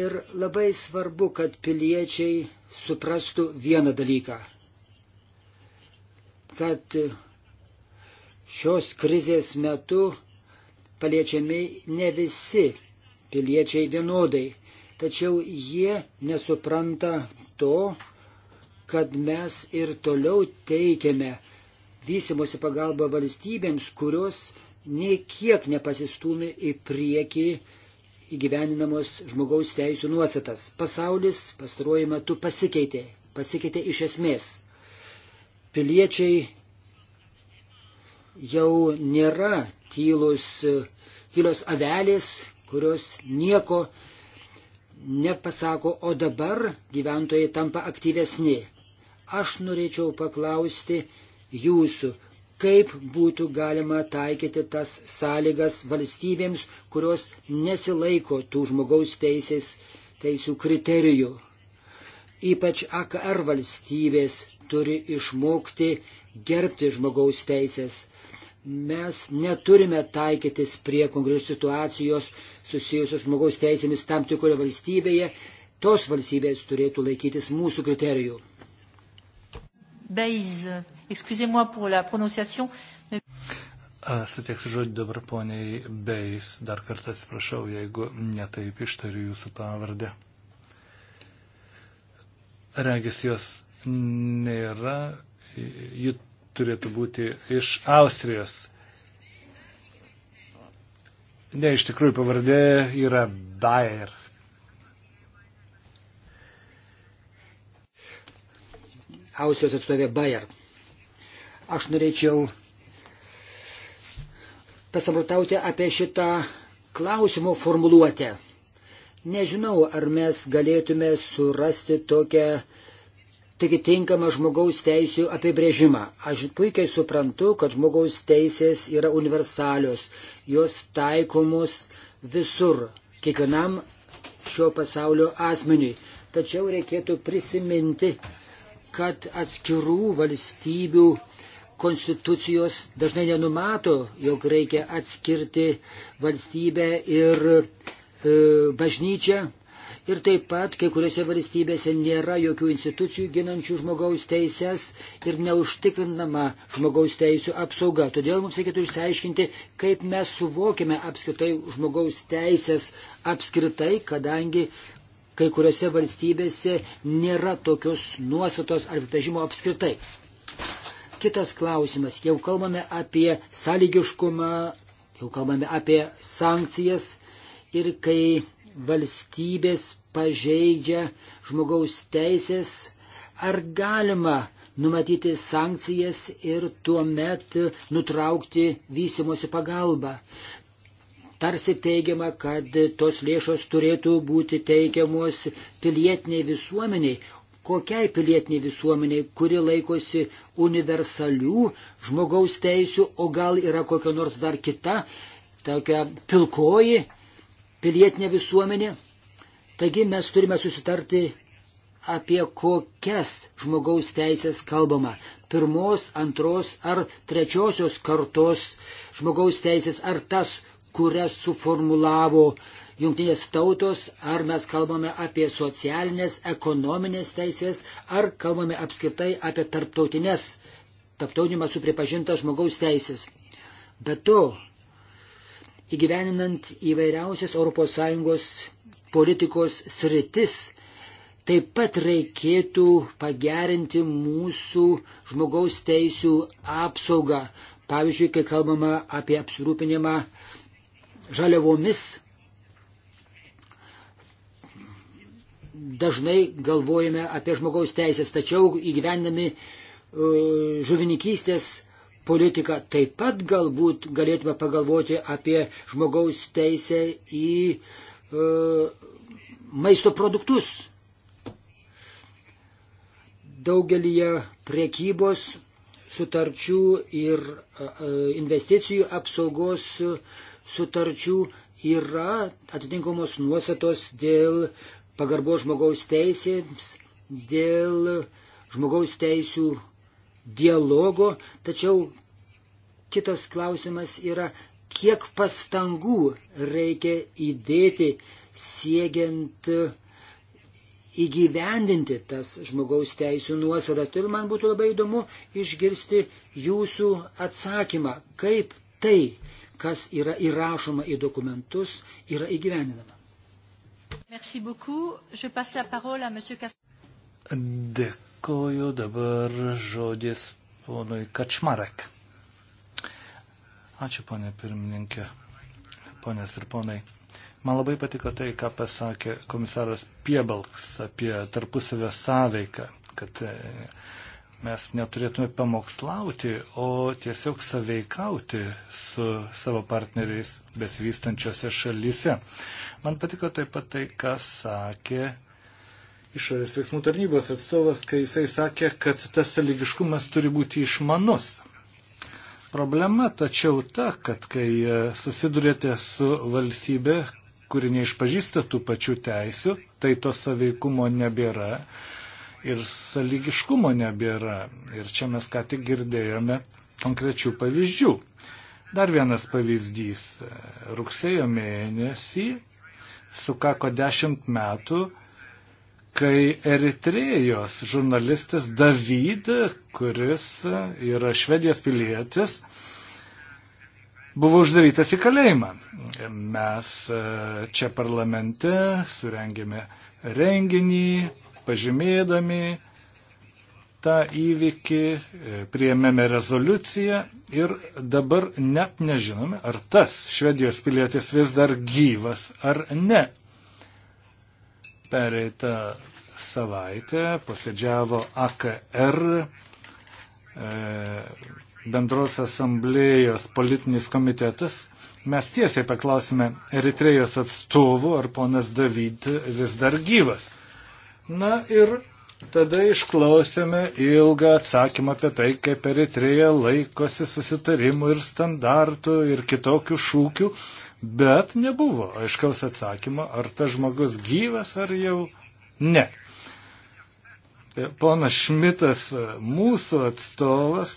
Ir labai svarbu, kad piliečiai suprastų vieną dalyką, kad šios krizės metu paliečiami ne visi piliečiai vienodai, tačiau jie nesupranta to, kad mes ir toliau teikiame vystimosi pagalbą valstybėms, kurios nei kiek nepasistūmė į priekį įgyveninamos žmogaus teisų nuostatas. Pasaulis pastaruoju metu pasikeitė, pasikeitė iš esmės. Piliečiai jau nėra tylus, tylos avelės, kurios nieko nepasako, o dabar gyventojai tampa aktyvesni. Aš norėčiau paklausti jūsų, kaip būtų galima taikyti tas sąlygas valstybėms, kurios nesilaiko tų žmogaus teisės teisų kriterijų. Ypač AKR valstybės turi išmokti gerbti žmogaus teisės mes neturime taikytis prie konkrečios situacijos susijusios žmogaus teisėmis tam tikroje valstybėje. Tos valstybės turėtų laikytis mūsų kriterijų. Beiz, excusez-moi pour la prononciation. Suteiksiu žodį dabar poniai Beis. Dar kartą atsiprašau, jeigu netaip ištariu jūsų pavardę. Regis jos nėra. Jut turėtų būti iš Austrijos. Ne, iš tikrųjų pavardė yra Bayer. Austrijos atstovė Bayer. Aš norėčiau pasamrutauti apie šitą klausimo formuluotę. Nežinau, ar mes galėtume surasti tokią taigi tinkamą žmogaus teisų apibrėžimą. Aš puikiai suprantu, kad žmogaus teisės yra universalios, jos taikomos visur, kiekvienam šio pasaulio asmeniui. Tačiau reikėtų prisiminti, kad atskirų valstybių konstitucijos dažnai nenumato, jog reikia atskirti valstybę ir e, bažnyčią, Ir taip pat kai kuriuose valstybėse nėra jokių institucijų ginančių žmogaus teises ir neužtikrinama žmogaus teisų apsauga. Todėl mums reikėtų išsiaiškinti, kaip mes suvokime apskritai žmogaus teisės apskritai, kadangi kai kuriuose valstybėse nėra tokios nuostatos ar apibrėžimo apskritai. Kitas klausimas. Jau kalbame apie sąlygiškumą, jau kalbame apie sankcijas ir kai valstybės pažeidžia žmogaus teisės, ar galima numatyti sankcijas ir tuomet nutraukti vystimosi pagalbą. Tarsi teigiama, kad tos lėšos turėtų būti teikiamos pilietiniai visuomeniai, kokiai pilietiniai visuomeniai, kuri laikosi universalių žmogaus teisių, o gal yra kokia nors dar kita, tokia pilkoji pilietinė visuomenė. Taigi mes turime susitarti apie kokias žmogaus teisės kalbama. Pirmos, antros ar trečiosios kartos žmogaus teisės, ar tas, kurias suformulavo jungtinės tautos, ar mes kalbame apie socialinės, ekonominės teisės, ar kalbame apskritai apie tarptautinės, tarptautinimas supripažintas žmogaus teisės. Be to, įgyveninant įvairiausias ES politikos sritis, taip pat reikėtų pagerinti mūsų žmogaus teisų apsaugą. Pavyzdžiui, kai kalbama apie apsirūpinimą žaliavomis, dažnai galvojame apie žmogaus teisės, tačiau įgyvendami e, žuvininkystės politiką, taip pat galbūt galėtume pagalvoti apie žmogaus teisę į e, maisto produktus. Daugelį priekybos sutarčių ir e, e, investicijų apsaugos sutarčių yra atitinkamos nuostatos dėl pagarbos žmogaus teisėms, dėl žmogaus teisų dialogo, tačiau kitas klausimas yra, kiek pastangų reikia įdėti siekiant įgyvendinti tas žmogaus teisų nuosadas. Todėl man būtų labai įdomu išgirsti jūsų atsakymą, kaip tai, kas yra įrašoma į dokumentus, yra įgyvendinama. Merci beaucoup. Je passe la parole à monsieur Castaldo. Dėkoju dabar žodis ponui Kačmarek. Ačiū, ponė pirmininkė, ponės ir ponai. Man labai patiko tai, ką pasakė komisaras Piebalks apie tarpusavio sąveiką, kad e, mes neturėtume pamokslauti, o tiesiog saveikauti su savo partneriais besivystančiose šalyse. Man patiko taip pat tai, ką sakė išorės veiksmų tarnybos atstovas, kai jisai sakė, kad tas sąlygiškumas turi būti išmanus. Problema tačiau ta, kad kai e, susidurėte su valstybė, kuri neišpažįsta tų pačių teisių, tai to saveikumo nebėra ir sąlygiškumo nebėra. Ir čia mes ką tik girdėjome konkrečių pavyzdžių. Dar vienas pavyzdys. Rugsėjo mėnesį sukako dešimt metų kai Eritrėjos žurnalistas David, kuris yra švedijos pilietis, buvo uždarytas į kalėjimą. Mes e, čia parlamente surengėme renginį, pažymėdami tą įvykį, e, priėmėme rezoliuciją ir dabar net nežinome, ar tas švedijos pilietis vis dar gyvas ar ne. Pereitą savaitę posėdžiavo AKR e, bendros asamblėjos politinis komitetas. Mes tiesiai paklausime Eritrejos atstovų, ar ponas David vis dar gyvas. Na ir tada išklausėme ilgą atsakymą apie tai, kaip Eritreja laikosi susitarimų ir standartų ir kitokių šūkių, bet nebuvo aiškaus atsakymo, ar tas žmogus gyvas ar jau ne. E, Ponas Šmitas, e, mūsų atstovas,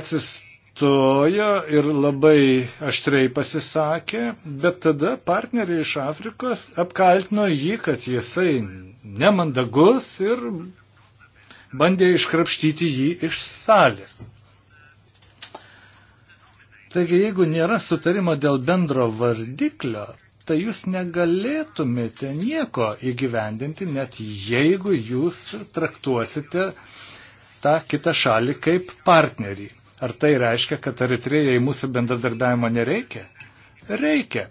atsistojo ir labai aštrei pasisakė, bet tada partneriai iš Afrikos apkaltino jį, kad jisai nemandagus ir bandė iškrapštyti jį iš salės. Taigi, jeigu nėra sutarimo dėl bendro vardiklio, tai jūs negalėtumėte nieko įgyvendinti, net jeigu jūs traktuosite tą kitą šalį kaip partnerį. Ar tai reiškia, kad Eritrėjai mūsų bendradarbiavimo nereikia? Reikia,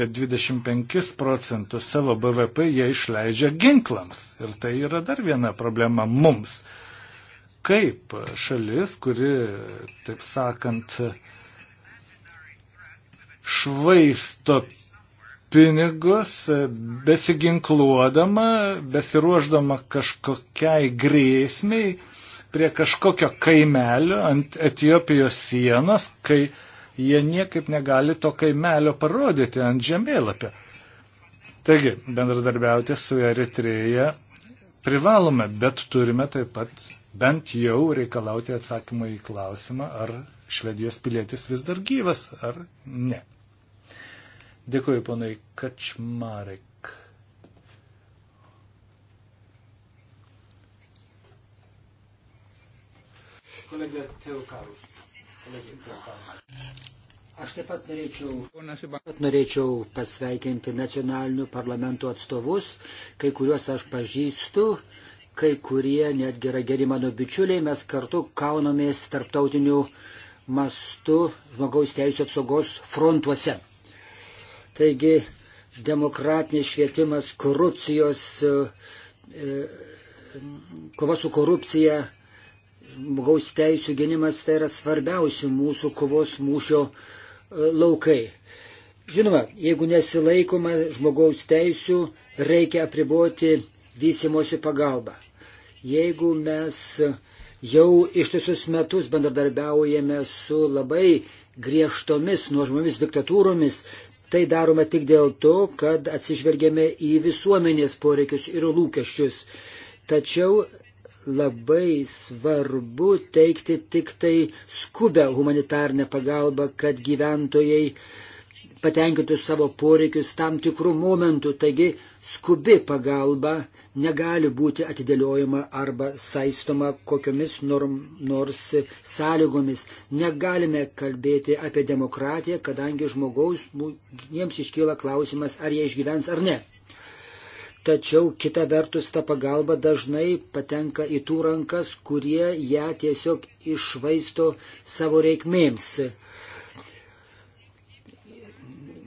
bet 25 procentus savo BVP jie išleidžia ginklams. Ir tai yra dar viena problema mums. Kaip šalis, kuri, taip sakant, švaisto pinigus, besiginkluodama, besiruoždama kažkokiai grėsmiai prie kažkokio kaimelio ant Etijopijos sienos, kai jie niekaip negali to kaimelio parodyti ant žemėlapio. Taigi, bendradarbiauti su Eritreja privalome, bet turime taip pat bent jau reikalauti atsakymą į klausimą, ar Švedijos pilietis vis dar gyvas ar ne. Dėkuoju ponai Kačmarek. Kolegė Teukarus. Kolegė Teukarus. Aš taip pat norėčiau, pat norėčiau pasveikinti nacionalinių parlamentų atstovus, kai kuriuos aš pažįstu, kai kurie netgi yra geri mano bičiuliai, mes kartu kaunomės tarptautiniu mastu žmogaus teisų apsaugos frontuose. Taigi demokratinis švietimas, korupcijos, e, e, kova su korupcija, žmogaus teisų gynimas tai yra svarbiausi mūsų kovos mūšio e, laukai. Žinoma, jeigu nesilaikoma žmogaus teisų, reikia apriboti vystimosi pagalbą. Jeigu mes jau ištisus metus bendradarbiaujame su labai griežtomis nuožmomis diktatūromis, Tai daroma tik dėl to, kad atsižvelgėme į visuomenės poreikius ir lūkesčius. Tačiau labai svarbu teikti tik tai skubę humanitarnę pagalbą, kad gyventojai patenkintų savo poreikius tam tikrų momentų. Taigi skubi pagalba negali būti atidėliojama arba saistoma kokiomis norm, nors sąlygomis. Negalime kalbėti apie demokratiją, kadangi žmogaus jiems iškyla klausimas, ar jie išgyvens ar ne. Tačiau kita vertus ta pagalba dažnai patenka į tų rankas, kurie ją tiesiog išvaisto savo reikmėms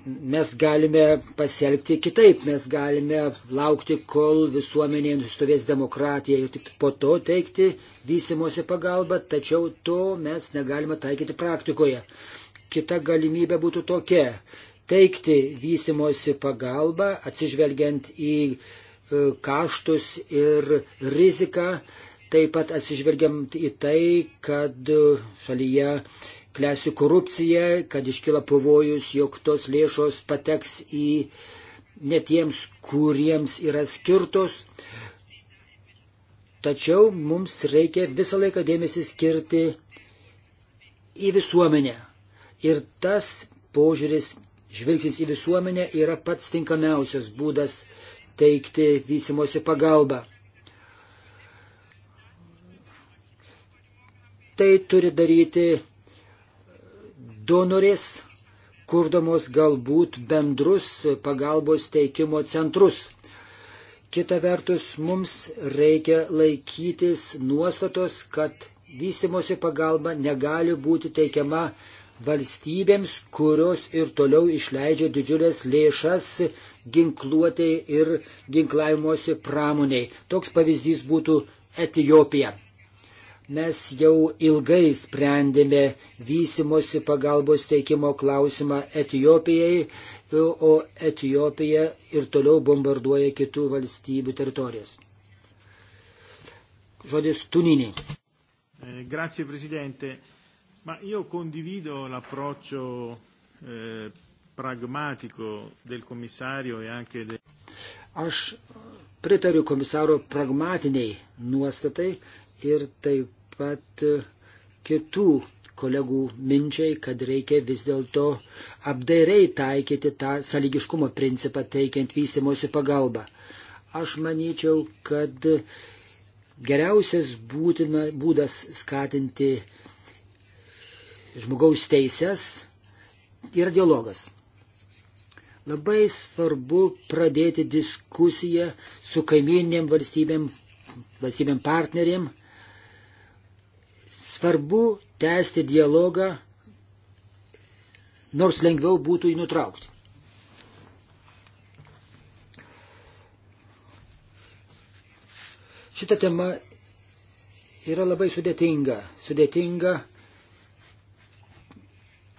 mes galime pasielgti kitaip, mes galime laukti, kol visuomenėje nusistovės demokratija ir tik po to teikti vystimosi pagalbą, tačiau to mes negalime taikyti praktikoje. Kita galimybė būtų tokia - teikti vystimosi pagalbą atsižvelgiant į e, kaštus ir riziką, taip pat atsižvelgiant į tai, kad e, šalyje klesti korupcija, kad iškyla pavojus, jog tos lėšos pateks į netiems, kuriems yra skirtos. Tačiau mums reikia visą laiką dėmesį skirti į visuomenę. Ir tas požiūris, žvilgsnis į visuomenę yra pats tinkamiausias būdas teikti vystimosi pagalbą. Tai turi daryti donorės, kurdamos galbūt bendrus pagalbos teikimo centrus. Kita vertus, mums reikia laikytis nuostatos, kad vystimosi pagalba negali būti teikiama valstybėms, kurios ir toliau išleidžia didžiulės lėšas ginkluotėjai ir ginklavimuose pramoniai. Toks pavyzdys būtų Etijopija. Mes jau ilgai sprendėme vystimosi pagalbos teikimo klausimą Etijopijai, o Etijopija ir toliau bombarduoja kitų valstybių teritorijas. Žodis Tuninį. Eh, grazie, Presidente. Ma io condivido l'approccio eh, pragmatico del commissario e anche del. Aš pritariu komisaro pragmatiniai nuostatai ir taip pat e, kitų kolegų minčiai, kad reikia vis dėlto apdairiai taikyti tą saligiškumo principą teikiant vystimosi pagalbą. Aš manyčiau, kad geriausias būtina, būdas skatinti žmogaus teises yra dialogas. Labai svarbu pradėti diskusiją su kaiminėm valstybėm, valstybėm partnerėm, Svarbu tęsti dialogą, nors lengviau būtų jį nutraukti. Šita tema yra labai sudėtinga. Sudėtinga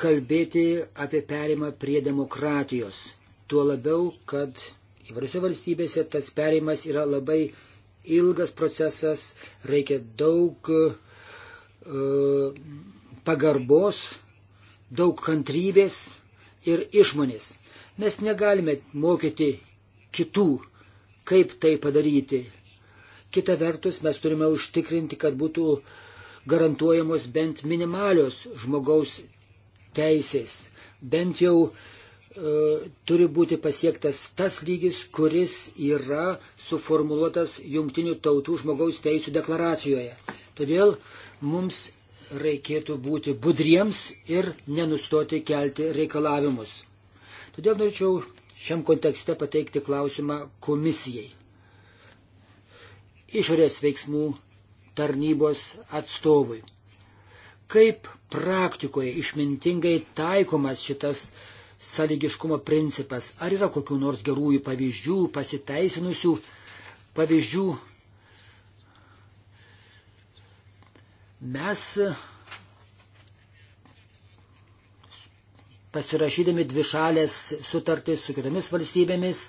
kalbėti apie perimą prie demokratijos. Tuo labiau, kad įvairiose valstybėse tas perimas yra labai ilgas procesas, reikia daug E, pagarbos, daug kantrybės ir išmonės. Mes negalime mokyti kitų, kaip tai padaryti. Kita vertus, mes turime užtikrinti, kad būtų garantuojamos bent minimalios žmogaus teisės. Bent jau e, turi būti pasiektas tas lygis, kuris yra suformuoluotas Junktinių tautų žmogaus teisų deklaracijoje. Todėl e, Mums reikėtų būti budriems ir nenustoti kelti reikalavimus. Todėl norėčiau šiam kontekste pateikti klausimą komisijai. Išorės veiksmų tarnybos atstovui. Kaip praktikoje išmintingai taikomas šitas sąlygiškumo principas? Ar yra kokių nors gerųjų pavyzdžių, pasiteisinusių pavyzdžių Mes pasirašydami dvišalės sutartis su kitomis valstybėmis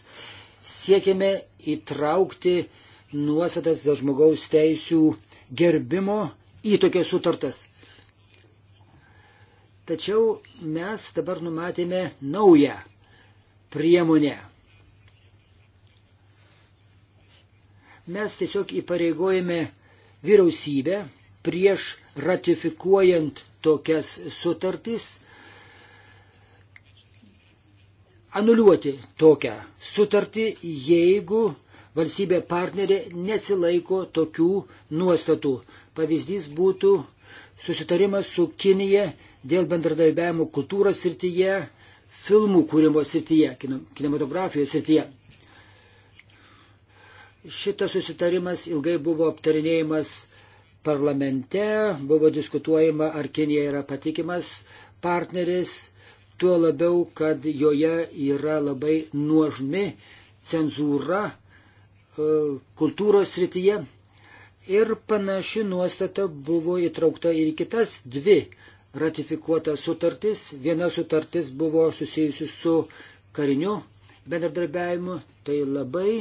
siekėme įtraukti nuostatas dėl žmogaus teisių gerbimo į tokias sutartas. Tačiau mes dabar numatėme naują priemonę. Mes tiesiog įpareigojame vyriausybę prieš ratifikuojant tokias sutartys anuliuoti tokią sutartį, jeigu valstybė partnerė nesilaiko tokių nuostatų. Pavyzdys būtų susitarimas su Kinija dėl bendradarbiavimo kultūros srityje, filmų kūrimo srityje, kinematografijos srityje. Šitas susitarimas ilgai buvo aptarinėjimas parlamente buvo diskutuojama, ar Kinija yra patikimas partneris, tuo labiau, kad joje yra labai nuožmi cenzūra e, kultūros srityje. Ir panaši nuostata buvo įtraukta ir kitas dvi ratifikuotas sutartis. Viena sutartis buvo susijusi su kariniu bendradarbiavimu. Tai labai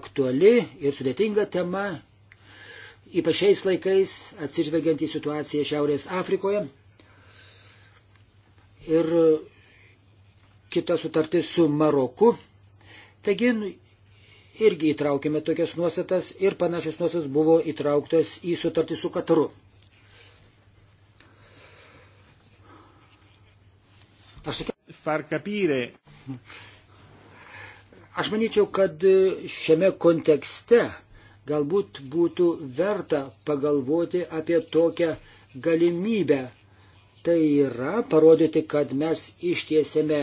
aktuali ir sudėtinga tema ypač šiais laikais, atsižvelgiant į situaciją Šiaurės Afrikoje. Ir kita sutartis su Maroku. Taigi nu, irgi įtraukėme tokias nuostatas ir panašios nuostatas buvo įtrauktas į sutartį su Kataru. Aš sakiau. Aš manyčiau, kad šiame kontekste Galbūt būtų verta pagalvoti apie tokią galimybę. Tai yra parodyti, kad mes ištiesėme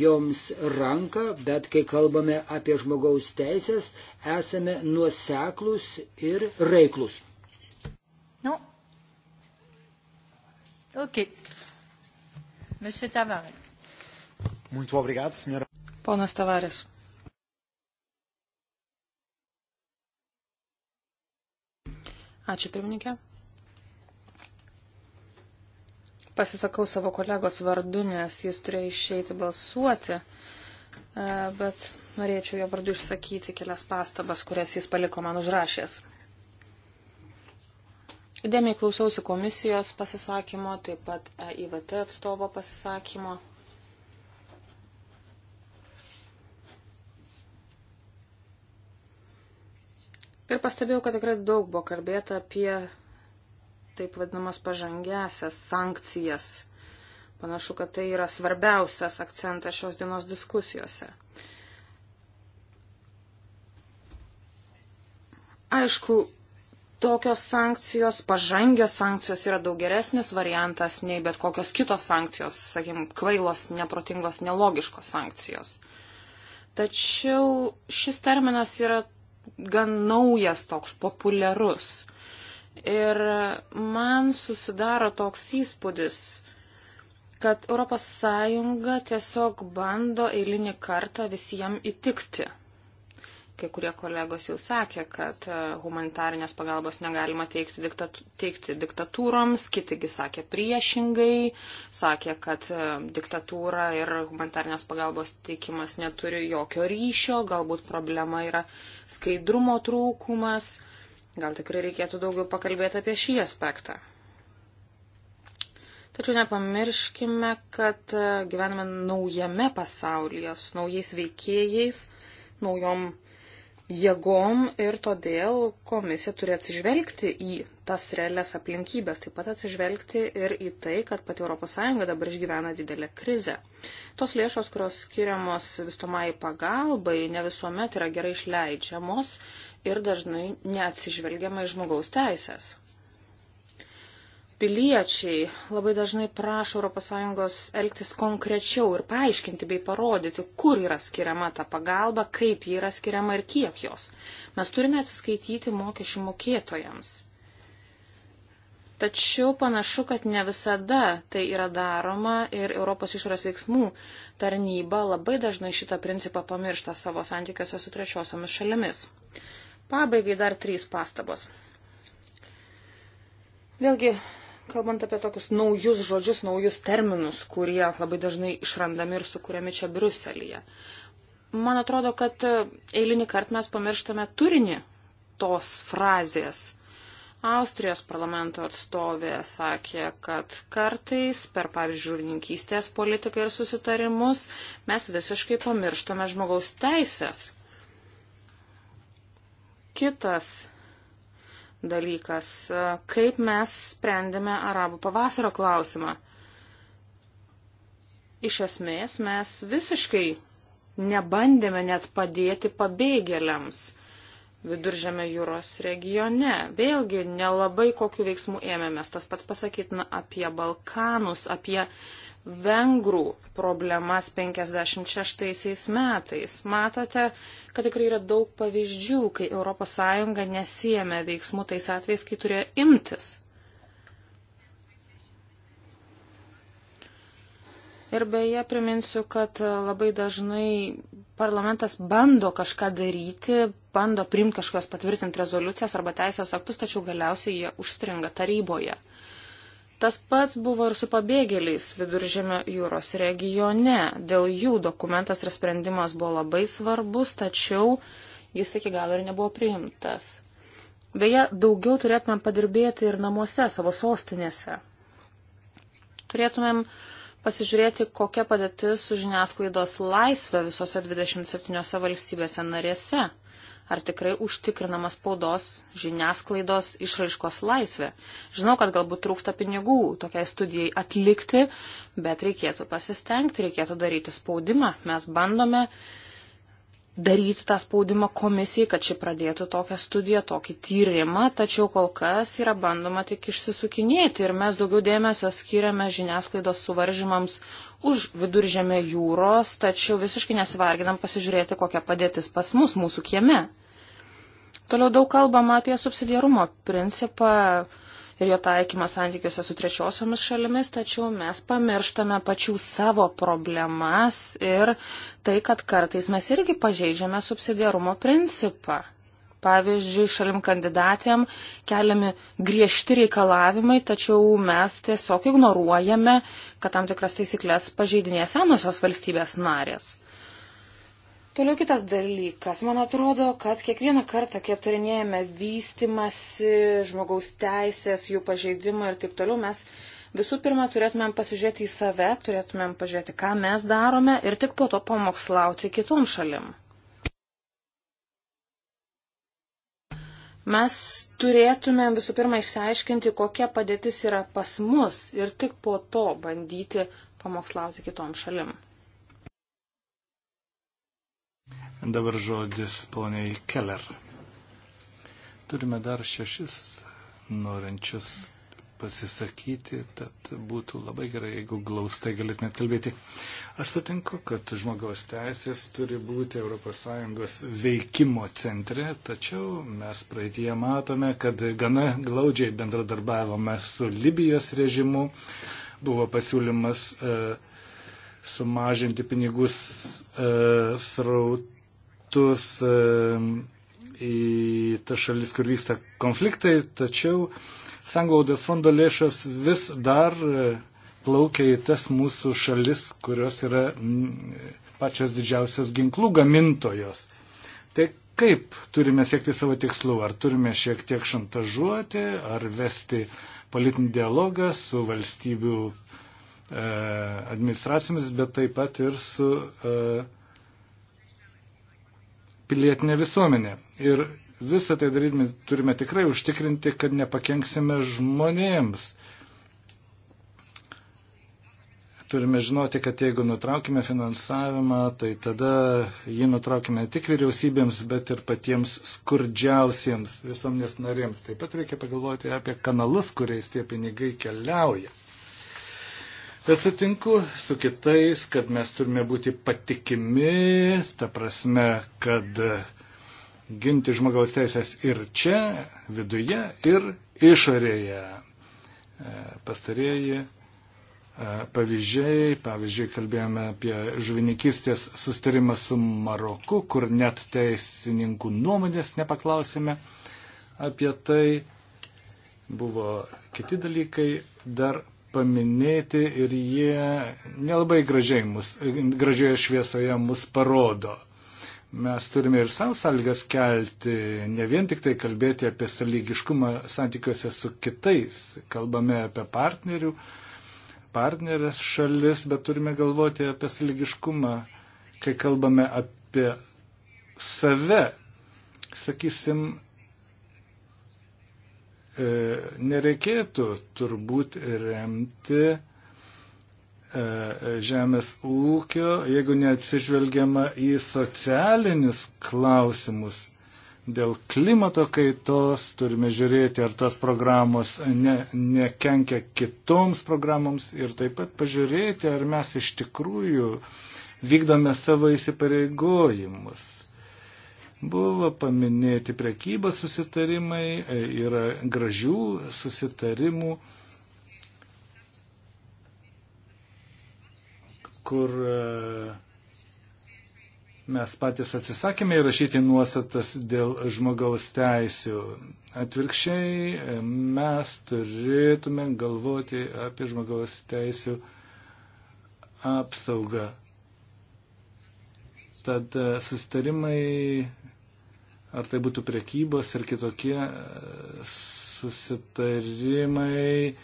joms ranką, bet kai kalbame apie žmogaus teisės, esame nuoseklus ir reiklus. Nu. Ok. Monsieur Tavares. Muito obrigado, senhora. Ponas Tavares. Ačiū pirmininkė. Pasisakau savo kolegos vardu, nes jis turėjo išeiti balsuoti, e, bet norėčiau jo vardu išsakyti kelias pastabas, kurias jis paliko man užrašęs. Įdėmiai klausiausi komisijos pasisakymo, taip pat EIVT atstovo pasisakymo. Ir pastebėjau, kad tikrai daug buvo kalbėta apie taip vadinamas pažangesias sankcijas. Panašu, kad tai yra svarbiausias akcentas šios dienos diskusijose. Aišku, tokios sankcijos, pažangios sankcijos yra daug geresnis variantas nei bet kokios kitos sankcijos, sakim, kvailos, neprotingos, nelogiškos sankcijos. Tačiau šis terminas yra gan naujas toks populiarus. Ir man susidaro toks įspūdis, kad ES tiesiog bando eilinį kartą visiems įtikti. Kai kurie kolegos jau sakė, kad e, humanitarinės pagalbos negalima teikti, diktat, teikti diktatūroms, kitigi sakė priešingai, sakė, kad e, diktatūra ir humanitarinės pagalbos teikimas neturi jokio ryšio, galbūt problema yra skaidrumo trūkumas. Gal tikrai reikėtų daugiau pakalbėti apie šį aspektą. Tačiau nepamirškime, kad e, gyvename naujame pasaulyje su naujais veikėjais, naujom jėgom ir todėl komisija turi atsižvelgti į tas realias aplinkybės, taip pat atsižvelgti ir į tai, kad pati ES dabar išgyvena didelę krizę. Tos lėšos, kurios skiriamos vistomai pagalbai, ne visuomet yra gerai išleidžiamos ir dažnai neatsižvelgiama į žmogaus teisės piliečiai labai dažnai prašo ES elgtis konkrečiau ir paaiškinti bei parodyti, kur yra skiriama ta pagalba, kaip ji yra skiriama ir kiek jos. Mes turime atsiskaityti mokesčių mokėtojams. Tačiau panašu, kad ne visada tai yra daroma ir Europos išorės veiksmų tarnyba labai dažnai šitą principą pamiršta savo santykiuose su trečiosiomis šalimis. Pabaigai dar trys pastabos. Vėlgi kalbant apie tokius naujus žodžius, naujus terminus, kurie labai dažnai išrandami ir sukūriami čia Briuselėje. Man atrodo, kad eilinį kartą mes pamirštame turinį tos frazės. Austrijos parlamento atstovė sakė, kad kartais per, pavyzdžiui, žuvininkystės politiką ir susitarimus mes visiškai pamirštame žmogaus teisės. Kitas dalykas. Kaip mes sprendėme arabų pavasario klausimą? Iš esmės mes visiškai nebandėme net padėti pabėgėliams viduržėme jūros regione. Vėlgi nelabai kokiu veiksmu ėmėmės. Tas pats pasakytina apie Balkanus, apie vengrų problemas 56 metais. Matote, kad tikrai yra daug pavyzdžių, kai ES nesijėmė veiksmų tais atvejais, kai turėjo imtis. Ir beje, priminsiu, kad labai dažnai parlamentas bando kažką daryti, bando primti kažkokios patvirtinti rezoliucijas arba teisės aktus, tačiau galiausiai jie užstringa taryboje. Tas pats buvo ir su pabėgėliais viduržėmio jūros regione. Dėl jų dokumentas ir sprendimas buvo labai svarbus, tačiau jis iki galo ir nebuvo priimtas. Beje, daugiau turėtumėm padirbėti ir namuose, savo sostinėse. Turėtumėm pasižiūrėti, kokia padėtis su žiniasklaidos laisvė visose 27 valstybėse narėse ar tikrai užtikrinama spaudos, žiniasklaidos, išraiškos laisvė. Žinau, kad galbūt trūksta pinigų tokiai studijai atlikti, bet reikėtų pasistengti, reikėtų daryti spaudimą. Mes bandome daryti tą spaudimą komisijai, kad ši pradėtų tokią studiją, tokį tyrimą, tačiau kol kas yra bandoma tik išsisukinėti ir mes daugiau dėmesio skiriame žiniasklaidos suvaržymams, už viduržėmio jūros, tačiau visiškai nesivarginam pasižiūrėti, kokia padėtis pas mus, mūsų kieme. Toliau daug kalbama apie subsidiarumo principą ir jo taikymą santykiuose su trečiosiomis šalimis, tačiau mes pamirštame pačių savo problemas ir tai, kad kartais mes irgi pažeidžiame subsidiarumo principą. Pavyzdžiui, šalim kandidatėm keliami griežti reikalavimai, tačiau mes tiesiog ignoruojame, kad tam tikras taisyklės pažeidinė senosios valstybės narės. Toliau kitas dalykas. Man atrodo, kad kiekvieną kartą, kai aptarinėjame vystimasi, žmogaus teisės, jų pažeidimą ir taip toliau, mes visų pirma turėtumėm pasižiūrėti į save, turėtumėm pažiūrėti, ką mes darome ir tik po to pamokslauti kitom šalim. Mes turėtume visų pirma išsiaiškinti, kokia padėtis yra pas mus ir tik po to bandyti pamokslauti kitom šalim. Dabar žodis poniai Keller. Turime dar šešis norinčius pasisakyti, tad būtų labai gerai, jeigu glaustai galėtumėt kalbėti. Aš sutinku, kad žmogaus teisės turi būti ES veikimo centre, tačiau mes praeitie matome, kad gana glaudžiai bendradarbiavome su Libijos režimu. Buvo pasiūlymas e, sumažinti pinigus e, srautus. E, į tas šalis, kur vyksta konfliktai, tačiau uh, sanglaudos fondo lėšas vis dar e, plaukia į tas mūsų šalis, kurios yra mm, pačios didžiausios ginklų gamintojos. Tai kaip turime siekti savo tikslų? Ar turime šiek tiek šantažuoti, ar vesti politinį dialogą su valstybių e, administracijomis, bet taip pat ir su e, pilietinė visuomenė. Ir Visą tai darydami turime tikrai užtikrinti, kad nepakenksime žmonėms. Turime žinoti, kad jeigu nutraukime finansavimą, tai tada jį nutraukime ne tik vyriausybėms, bet ir patiems skurdžiausiems visuomenės narėms. Taip pat reikia pagalvoti apie kanalus, kuriais tie pinigai keliauja. Bet sutinku su kitais, kad mes turime būti patikimi, ta prasme, kad uh, ginti žmogaus teisės ir čia, viduje, ir išorėje. E, Pastarėjai e, pavyzdžiai, pavyzdžiui, kalbėjome apie žuvininkistės sustarimą su Maroku, kur net teisininkų nuomonės nepaklausėme apie tai. Buvo kiti dalykai dar paminėti ir jie nelabai gražiai mus, gražioje šviesoje mus parodo mes turime ir savo sąlygas kelti, ne vien tik tai kalbėti apie sąlygiškumą santykiuose su kitais, kalbame apie partnerių, partnerės šalis, bet turime galvoti apie sąlygiškumą, kai kalbame apie save, sakysim, e, nereikėtų turbūt remti E, žemės ūkio, jeigu neatsižvelgiama į socialinius klausimus. Dėl klimato kaitos turime žiūrėti, ar tos programos ne, nekenkia kitoms programoms ir taip pat pažiūrėti, ar mes iš tikrųjų vykdome savo įsipareigojimus. Buvo paminėti prekybos susitarimai, e, yra gražių susitarimų kur e, mes patys atsisakėme įrašyti nuostatas dėl žmogaus teisių. Atvirkščiai e, mes turėtume galvoti apie žmogaus teisių apsaugą. Tad e, sustarimai, ar tai būtų prekybos ar kitokie susitarimai,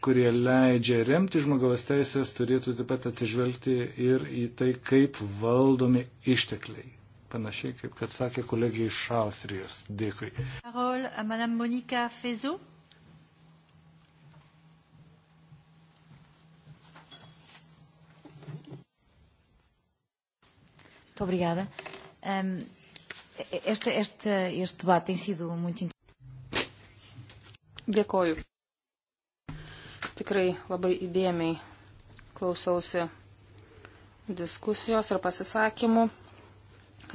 kurie leidžia remti žmogaus teisės, turėtų taip pat atsižvelgti ir į tai, kaip valdomi ištekliai. Panašiai, kaip kad sakė kolegija iš Austrijos. Dėkui. Parol, Madame Monika Fezo. Muito obrigada. Um, este, este, este debate tem sido muito Dėkoju. Tikrai labai įdėmiai klausiausi diskusijos ir pasisakymų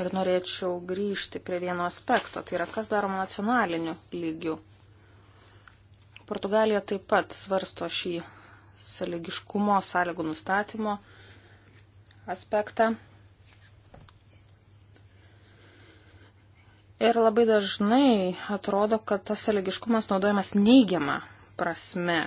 ir norėčiau grįžti prie vieno aspekto, tai yra kas daroma nacionaliniu lygiu. Portugalija taip pat svarsto šį sąlygiškumo, sąlygų nustatymo aspektą. Ir labai dažnai atrodo, kad tas sąlygiškumas naudojamas neigiamą prasme.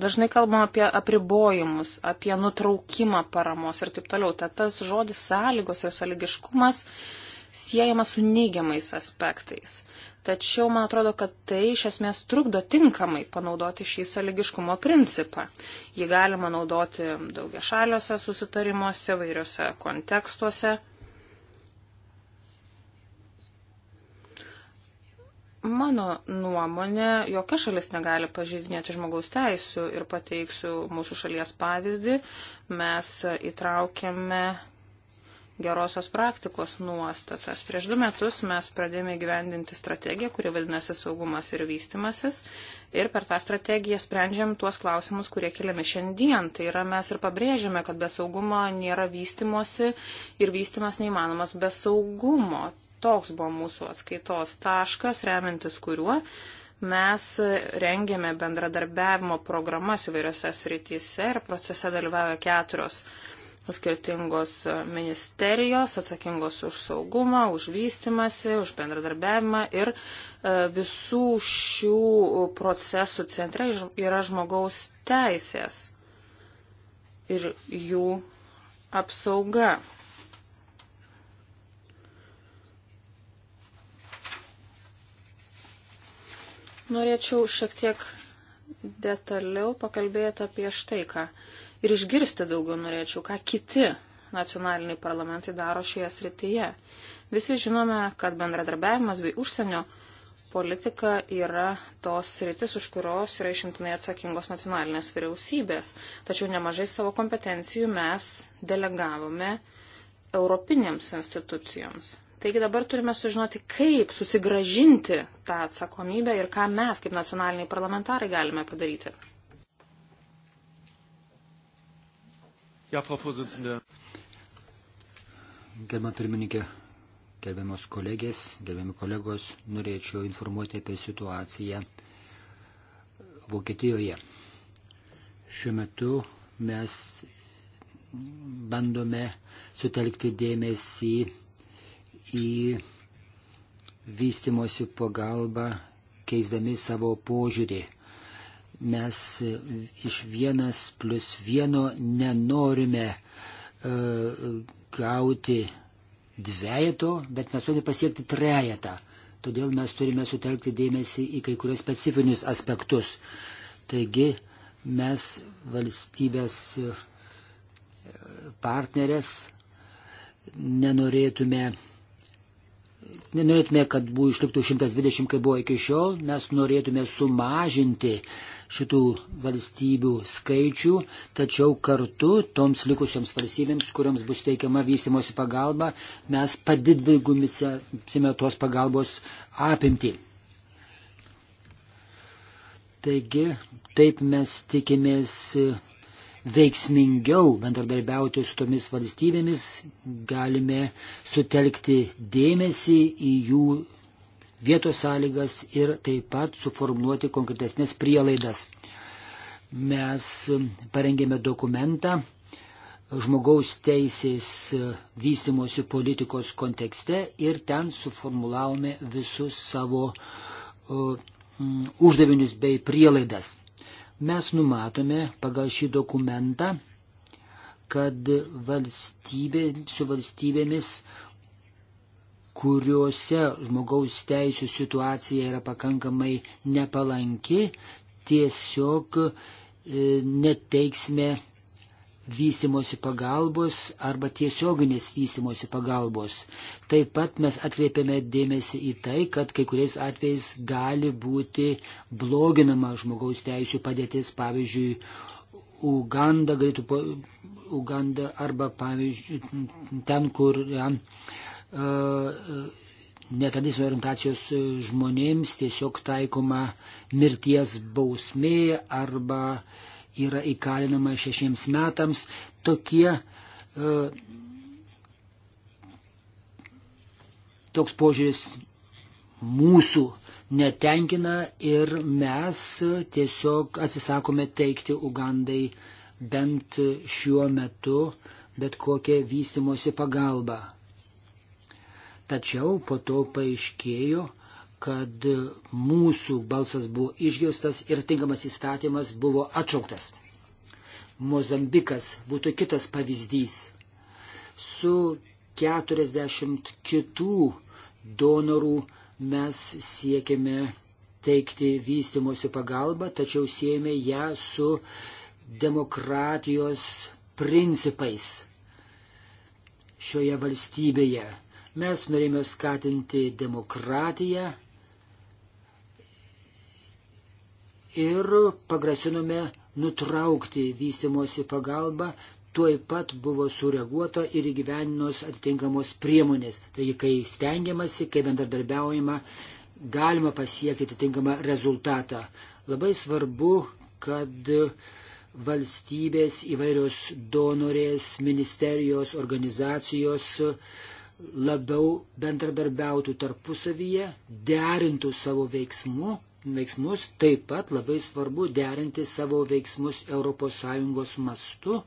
Dažnai kalbam apie apribojimus, apie nutraukimą paramos ir taip toliau. Tad tas žodis sąlygos ir sąlygiškumas siejamas su neigiamais aspektais. Tačiau man atrodo, kad tai iš esmės trukdo tinkamai panaudoti šį sąlygiškumo principą. Jį galima naudoti daugia šaliuose susitarimuose, vairiuose kontekstuose. Mano nuomonė, jokia šalis negali pažeidinėti žmogaus teisų ir pateiksiu mūsų šalies pavyzdį. Mes įtraukėme gerosios praktikos nuostatas. Prieš du metus mes pradėjome gyvendinti strategiją, kuri vadinasi saugumas ir vystimasis. Ir per tą strategiją sprendžiam tuos klausimus, kurie keliami šiandien. Tai yra mes ir pabrėžiame, kad be saugumo nėra vystimosi ir vystimas neįmanomas be saugumo. Toks buvo mūsų atskaitos taškas, remiantis kuriuo mes rengėme bendradarbiavimo programas įvairiose srityse ir procese dalyvavo keturios skirtingos ministerijos atsakingos už saugumą, už vystimąsi, už bendradarbiavimą ir e, visų šių procesų centre yra žmogaus teisės ir jų apsauga. Norėčiau šiek tiek detaliau pakalbėti apie štai ką. Ir išgirsti daugiau norėčiau, ką kiti nacionaliniai parlamentai daro šioje srityje. Visi žinome, kad bendradarbiavimas bei užsienio politika yra tos sritis, už kurios yra išimtinai atsakingos nacionalinės vyriausybės. Tačiau nemažai savo kompetencijų mes delegavome europinėms institucijoms. Taigi dabar turime sužinoti, kaip susigražinti tą atsakomybę ir ką mes kaip nacionaliniai parlamentarai galime padaryti. Ja, Frau Vorsitzende. Gerbiamą pirmininkę, gerbiamos kolegės, gerbiami kolegos, norėčiau informuoti apie situaciją Vokietijoje. Šiuo metu mes bandome sutelkti dėmesį į vystimosi pagalbą, keisdami savo požiūrį. Mes iš vienas plus vieno nenorime uh, gauti dviejato, bet mes turime pasiekti trejetą. Todėl mes turime sutelkti dėmesį į kai kurios specifinius aspektus. Taigi mes valstybės e, partnerės nenorėtume uh, nenorėtume, kad buvo išliktų 120, kaip buvo iki šiol, mes norėtume sumažinti šitų valstybių skaičių, tačiau kartu toms likusioms valstybėms, kuriams bus teikiama vystimosi pagalba, mes padidvigumisime tos pagalbos apimti. Taigi, taip mes tikimės veiksmingiau bendradarbiauti su tomis valstybėmis, galime sutelkti dėmesį į jų vietos sąlygas ir taip pat suformuoti konkretesnės prielaidas. Mes parengėme dokumentą žmogaus teisės vystimosi politikos kontekste ir ten suformulavome visus savo uh, uždavinius bei prielaidas. Mes numatome pagal šį dokumentą, kad valstybė, su valstybėmis, kuriuose žmogaus teisų situacija yra pakankamai nepalanki, tiesiog e, neteiksime vystimosi pagalbos arba tiesioginės vystimosi pagalbos. Taip pat mes atkreipiame dėmesį į tai, kad kai kuriais atvejais gali būti bloginama žmogaus teisų padėtis, pavyzdžiui, Uganda, galėtų, Uganda arba pavyzdžiui, ten, kur ja, e, e, netradicinio orientacijos žmonėms tiesiog taikoma mirties bausmė arba uh, yra įkalinama šešiems metams. Tokie, e, toks požiūris mūsų netenkina ir mes tiesiog atsisakome teikti Ugandai bent šiuo metu bet kokią vystimosi pagalbą. Tačiau po to paaiškėjo, kad mūsų balsas buvo išgirstas ir tinkamas įstatymas buvo atšauktas. Mozambikas būtų kitas pavyzdys. Su 40 kitų donorų mes siekime teikti vystimosi pagalbą, tačiau siejame ją su demokratijos principais šioje valstybėje. Mes norėjome skatinti demokratiją, ir pagrasinome nutraukti vystimosi pagalbą, tuoj pat buvo sureaguota ir įgyveninos atitinkamos priemonės. Taigi, kai stengiamasi, kai bendradarbiaujama, galima pasiekti atitinkamą rezultatą. Labai svarbu, kad valstybės įvairios donorės, ministerijos, organizacijos labiau bendradarbiautų tarpusavyje, derintų savo veiksmų veiksmus, taip pat labai svarbu derinti savo veiksmus ES mastu.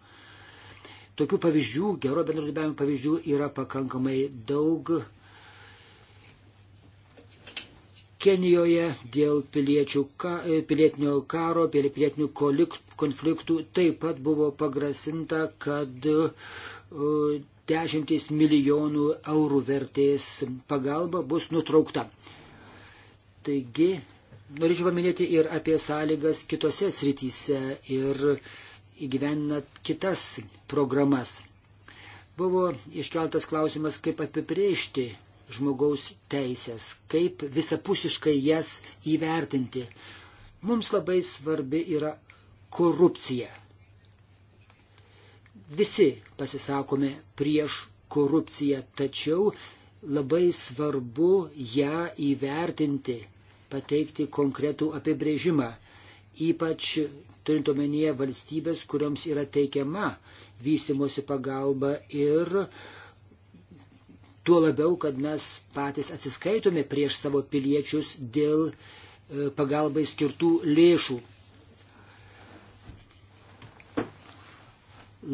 Tokių pavyzdžių, gero bendradarbiavimo pavyzdžių yra pakankamai daug. Kenijoje dėl ka, pilietinio karo, pilietinių konfliktų taip pat buvo pagrasinta, kad dešimtys milijonų eurų vertės pagalba bus nutraukta. Taigi norėčiau paminėti ir apie sąlygas kitose srityse ir įgyveninant kitas programas. Buvo iškeltas klausimas, kaip apibriežti žmogaus teisės, kaip visapusiškai jas įvertinti. Mums labai svarbi yra korupcija. Visi pasisakome prieš korupciją, tačiau labai svarbu ją įvertinti pateikti konkretų apibrėžimą, ypač turint omenyje valstybės, kuriams yra teikiama vystimosi pagalba ir tuo labiau, kad mes patys atsiskaitome prieš savo piliečius dėl e, pagalbai skirtų lėšų.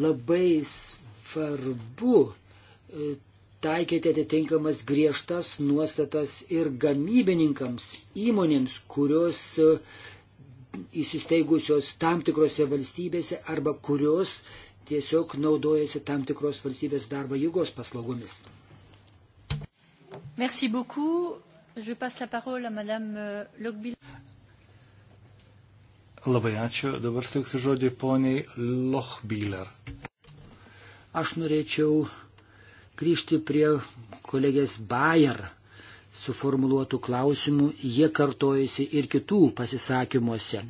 Labai svarbu e, taikyti atitinkamas griežtas nuostatas ir gamybininkams, įmonėms, kurios e, įsisteigusios tam tikrose valstybėse arba kurios tiesiog naudojasi tam tikros valstybės darbo jėgos paslaugomis. Merci beaucoup. Je passe la parole à Madame euh, Lokbil. Labai ačiū. Dabar steiksiu žodį poniai Lochbiler. Aš norėčiau grįžti prie kolegės Bayer suformuluotų klausimų, jie kartojasi ir kitų pasisakymuose.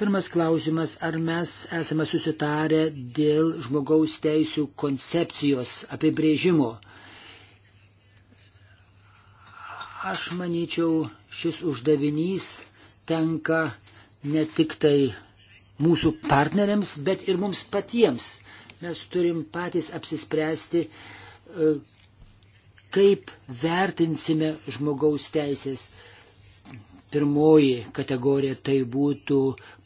Pirmas klausimas, ar mes esame susitarę dėl žmogaus teisų koncepcijos apibrėžimo? Aš manyčiau, šis uždavinys tenka ne tik tai mūsų partneriams, bet ir mums patiems. Mes turim patys apsispręsti, E, kaip vertinsime žmogaus teisės. Pirmoji kategorija tai būtų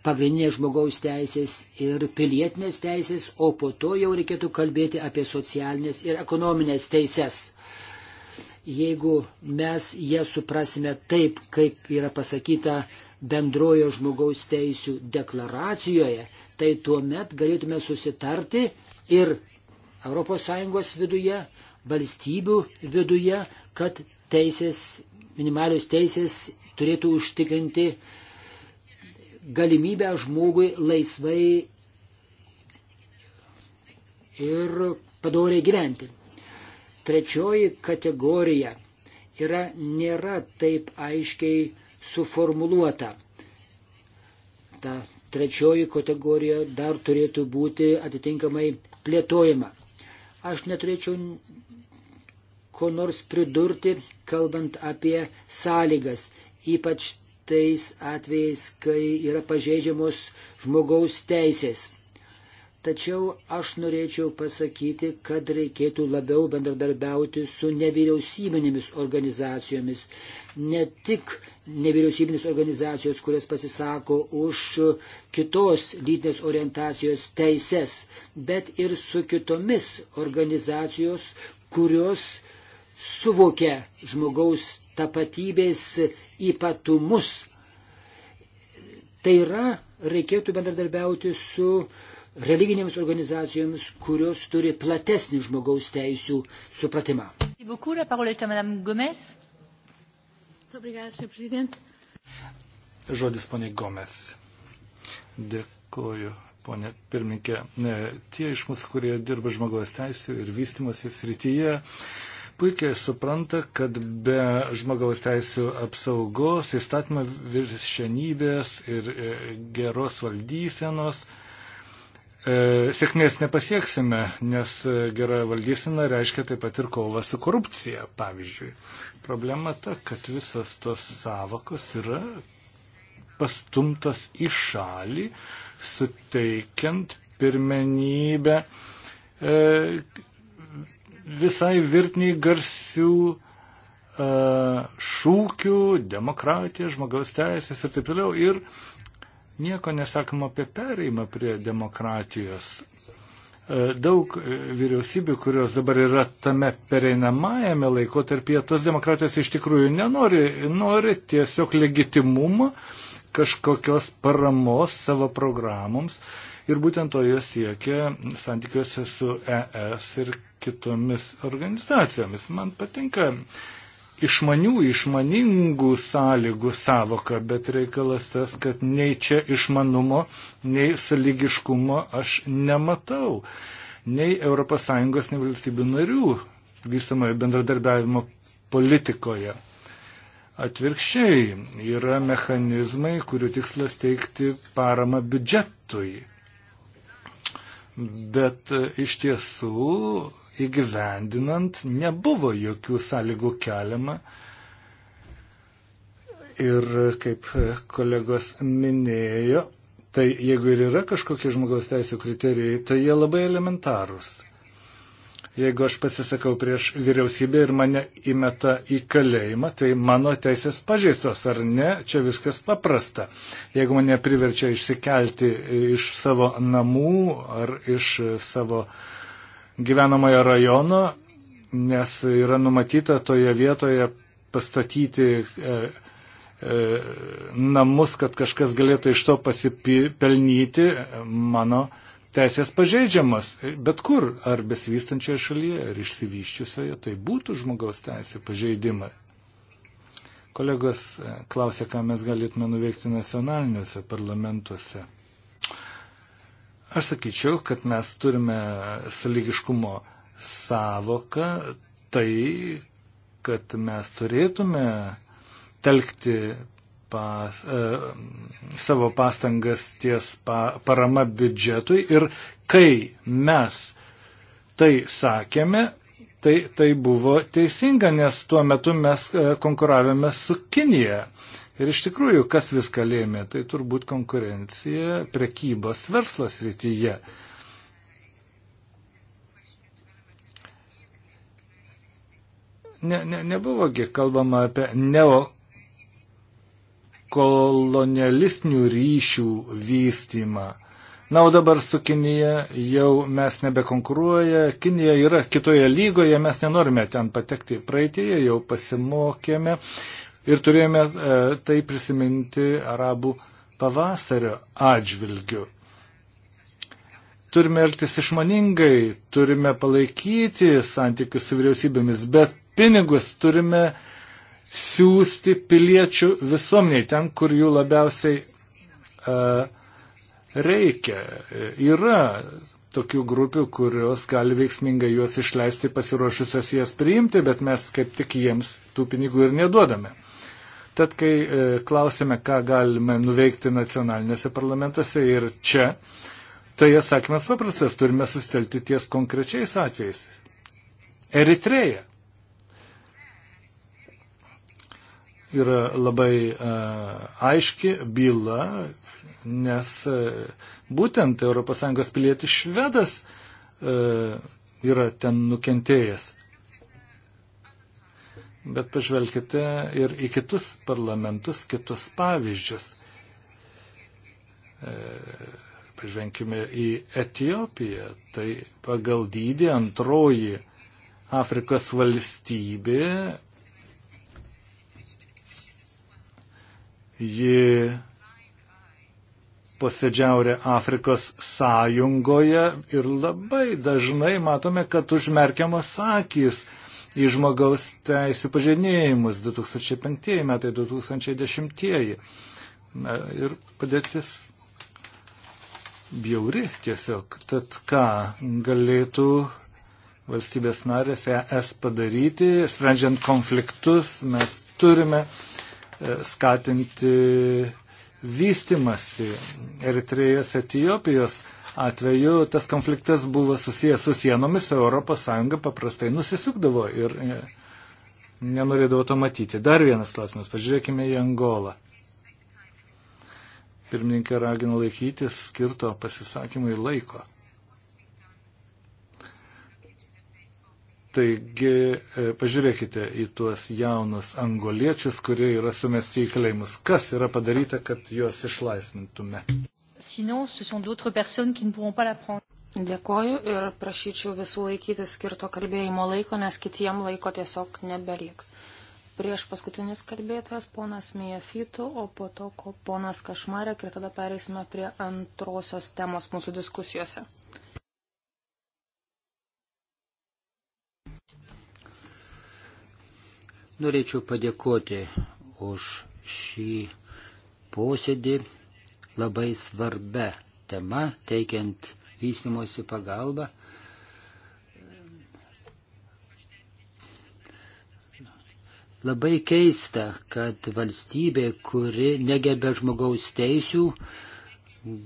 pagrindinės žmogaus teisės ir pilietinės teisės, o po to jau reikėtų kalbėti apie socialinės ir ekonominės teises. Jeigu mes jas suprasime taip, kaip yra pasakyta bendrojo žmogaus teisų deklaracijoje, tai tuomet galėtume susitarti ir ES viduje, valstybių viduje, kad teisės, minimalios teisės turėtų užtikrinti galimybę žmogui laisvai ir padoriai gyventi. Trečioji kategorija yra, nėra taip aiškiai suformuluota. Ta trečioji kategorija dar turėtų būti atitinkamai plėtojama. Aš neturėčiau ko nors pridurti, kalbant apie sąlygas, ypač tais atvejais, kai yra pažeidžiamos žmogaus teisės. Tačiau aš norėčiau pasakyti, kad reikėtų labiau bendradarbiauti su nevyriausybinėmis organizacijomis. Ne tik nevyriausybinės organizacijos, kurias pasisako už kitos lytinės orientacijos teises, bet ir su kitomis organizacijos, kurios suvokia žmogaus tapatybės ypatumus. Tai yra, reikėtų bendradarbiauti su uh, religinėms organizacijoms, kurios turi platesnį žmogaus teisų supratimą. Žodis ponė Gomes. Dėkuoju, ponė pirmininkė. Tie iš mūsų, kurie dirba žmogaus teisų ir vystimosi srityje, puikiai supranta, kad be žmogaus teisų apsaugos, įstatymo viršenybės ir e, geros valdysenos E, sėkmės nepasieksime, nes e, gera valdysena reiškia taip pat ir kova su korupcija, pavyzdžiui. Problema ta, kad visas tos savokos yra pastumtos į šalį, suteikiant pirmenybę e, visai virtiniai garsių e, šūkių, demokratija, žmogaus teisės ir taip toliau. Ir nieko nesakoma apie pereimą prie demokratijos. E, daug e, vyriausybių, kurios dabar yra tame pereinamajame laikotarpyje, tos demokratijos iš tikrųjų nenori, nori tiesiog legitimumo kažkokios paramos savo programoms. Ir būtent to jos siekia santykiuose su ES ir kitomis organizacijomis. Man patinka išmanių, išmaningų sąlygų savoka, bet reikalas tas, kad nei čia išmanumo, nei sąlygiškumo aš nematau, nei ES, nei valstybių narių vystamojo bendradarbiavimo politikoje. Atvirkščiai yra mechanizmai, kurių tikslas teikti paramą biudžetui. Bet e, iš tiesų įgyvendinant nebuvo jokių sąlygų keliama. Ir kaip kolegos minėjo, tai jeigu ir yra kažkokie žmogaus teisų kriterijai, tai jie labai elementarūs. Jeigu aš pasisakau prieš vyriausybę ir mane įmeta į kalėjimą, tai mano teisės pažeistos ar ne, čia viskas paprasta. Jeigu mane priverčia išsikelti iš savo namų ar iš savo uh, gyvenamojo rajono, nes yra numatyta toje vietoje pastatyti e, e, namus, kad kažkas galėtų iš to pasipelnyti, mano teisės pažeidžiamas. Bet kur, ar besivystančioje šalyje, ar išsivyščiusioje, tai būtų žmogaus teisė pažeidimai. Kolegos e, klausė, ką mes galėtume nuveikti nacionaliniuose parlamentuose. Aš sakyčiau, kad mes turime saligiškumo savoką, tai, kad mes turėtume telkti pas, e, savo pastangas ties pa, parama biudžetui ir kai mes tai sakėme, tai, tai buvo teisinga, nes tuo metu mes e, konkuravome su Kinija. E, Ir iš tikrųjų, kas viską lėmė, tai turbūt konkurencija prekybos verslas rytyje. Ne, ne, nebuvogi kalbama apie neokolonialistinių ryšių vystymą. Na, o dabar su Kinija jau mes nebekonkuruoja, Kinija yra kitoje lygoje, mes nenorime ten patekti. Praeitėje jau pasimokėme, ir turėjome e, tai prisiminti arabų pavasario atžvilgiu. Turime elgtis išmaningai, turime palaikyti santykius su vyriausybėmis, bet pinigus turime siūsti piliečių visuomeniai, ten, kur jų labiausiai uh, reikia. Yra tokių grupių, kurios gali veiksmingai juos išleisti pasiruošusios jas priimti, bet mes kaip tik jiems tų pinigų ir neduodame. Tad, kai e, klausime, ką galime nuveikti nacionalinėse parlamentuose ir čia, tai atsakymas paprastas, turime sustelti ties konkrečiais atvejais. Eritreja. yra labai e, aiški byla, nes e, būtent ES pilietis švedas yra ten nukentėjęs bet pažvelkite ir į kitus parlamentus, kitus pavyzdžius. E, pažvelkime į Etijopiją, tai pagal dydį antroji Afrikos valstybė. Ji posėdžiaurė Afrikos sąjungoje ir labai dažnai matome, kad užmerkiamas akis į žmogaus teisų pažinėjimus 2005 metai, 2010. Na, ir padėtis bjauri tiesiog. Tad ką galėtų valstybės narės ES padaryti, sprendžiant konfliktus, mes turime e, skatinti vystimasi Eritrėjos, Etijopijos atveju tas konfliktas buvo susijęs su sienomis, o ES paprastai nusisukdavo ir e, nenorėdavo to matyti. Dar vienas klausimas, pažiūrėkime į Angolą. Pirmininkė ragino laikytis skirto pasisakymui laiko. Taigi, e, pažiūrėkite į tuos jaunus angoliečius, kurie yra sumesti į kalėjimus. Kas yra padaryta, kad juos išlaisvintume? sinon ce sont d'autres personnes qui ne pourront pas la prendre. Dėkoju ir prašyčiau visų laikyti skirto kalbėjimo laiko, nes kitiem laiko tiesiog nebeliks. Prieš paskutinis kalbėtojas ponas Mijafytų, o po to ko ponas Kašmarek ir tada pereisime prie antrosios temos mūsų diskusijose. Norėčiau padėkoti už šį posėdį labai svarbia tema, teikiant vystimosi pagalbą. Labai keista, kad valstybė, kuri negebė žmogaus teisių,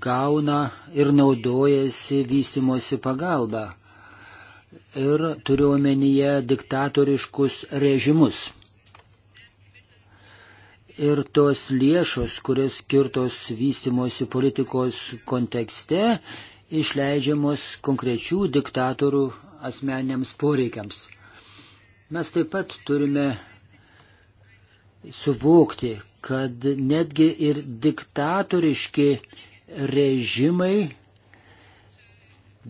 gauna ir naudojasi vystimosi pagalba. Ir turiuomenyje diktatoriškus režimus ir tos lėšos, kurios skirtos vystimosi politikos kontekste, išleidžiamos konkrečių diktatorių asmeniams poreikiams. Mes taip pat turime suvokti, kad netgi ir diktatoriški režimai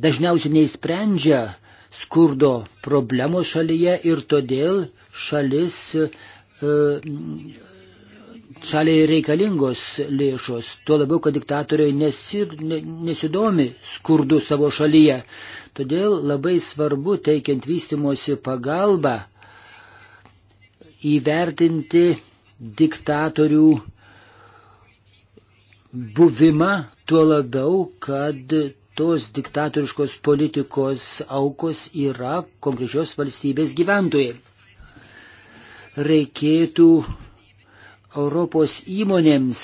dažniausiai neįsprendžia skurdo problemos šalyje ir todėl šalis e, šaliai reikalingos lėšos, tuo labiau, kad diktatoriai nesir, nesidomi skurdu savo šalyje. Todėl labai svarbu, teikiant vystimosi pagalbą, įvertinti diktatorių buvimą, tuo labiau, kad tos diktatoriškos politikos aukos yra konkrečios valstybės gyventojai. Reikėtų Europos įmonėms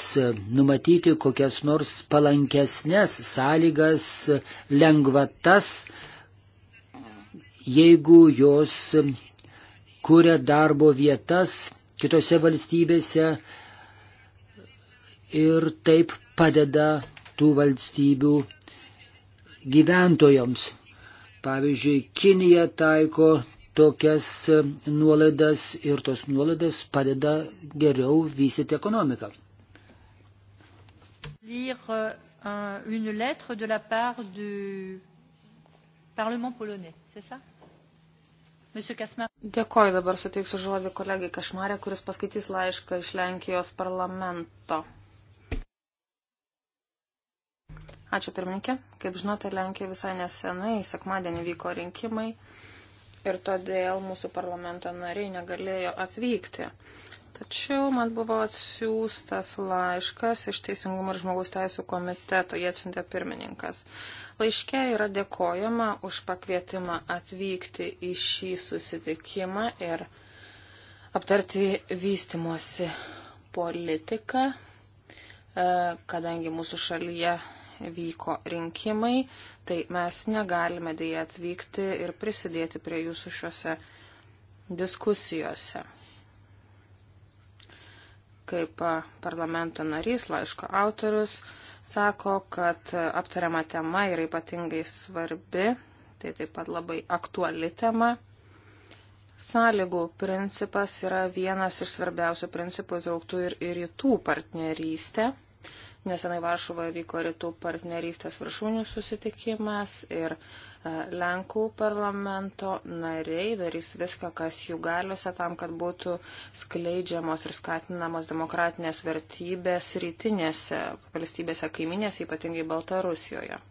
numatyti kokias nors palankesnės sąlygas, lengvatas, jeigu jos kuria darbo vietas kitose valstybėse ir taip padeda tų valstybių gyventojams. Pavyzdžiui, Kinija taiko tokias e, nuolaidas ir tos nuolaidas padeda geriau vystyti ekonomiką. Lire e, un, une lettre de la part du Parlement polonais, c'est ça Monsieur Kasmar. Dėkoju, dabar suteiksiu žodį kolegai Kašmarė, kuris paskaitys laišką iš Lenkijos parlamento. Ačiū pirmininkė. Kaip žinote, Lenkija visai nesenai, sekmadienį vyko rinkimai. Uh, ir todėl mūsų parlamento nariai negalėjo atvykti. Tačiau man buvo atsiųstas laiškas iš Teisingumo ir žmogaus teisų komiteto, jie atsiuntė pirmininkas. Laiške yra dėkojama už pakvietimą atvykti į šį susitikimą ir aptarti vystimosi politiką, e, kadangi mūsų šalyje vyko rinkimai, tai mes negalime dėja atvykti ir prisidėti prie jūsų šiuose diskusijose. Kaip parlamento narys, laiško autorius, sako, kad aptariama tema yra ypatingai svarbi, tai taip pat labai aktuali tema. Sąlygų principas yra vienas iš svarbiausių principų įtrauktų ir į rytų partnerystę. Nesenai Varšuvoje vyko rytų partnerystės viršūnių susitikimas ir e, Lenkų parlamento nariai darys viską, kas jų galiuose, tam, kad būtų skleidžiamos ir skatinamos demokratinės vertybės rytinėse valstybėse kaiminėse, ypatingai Baltarusijoje.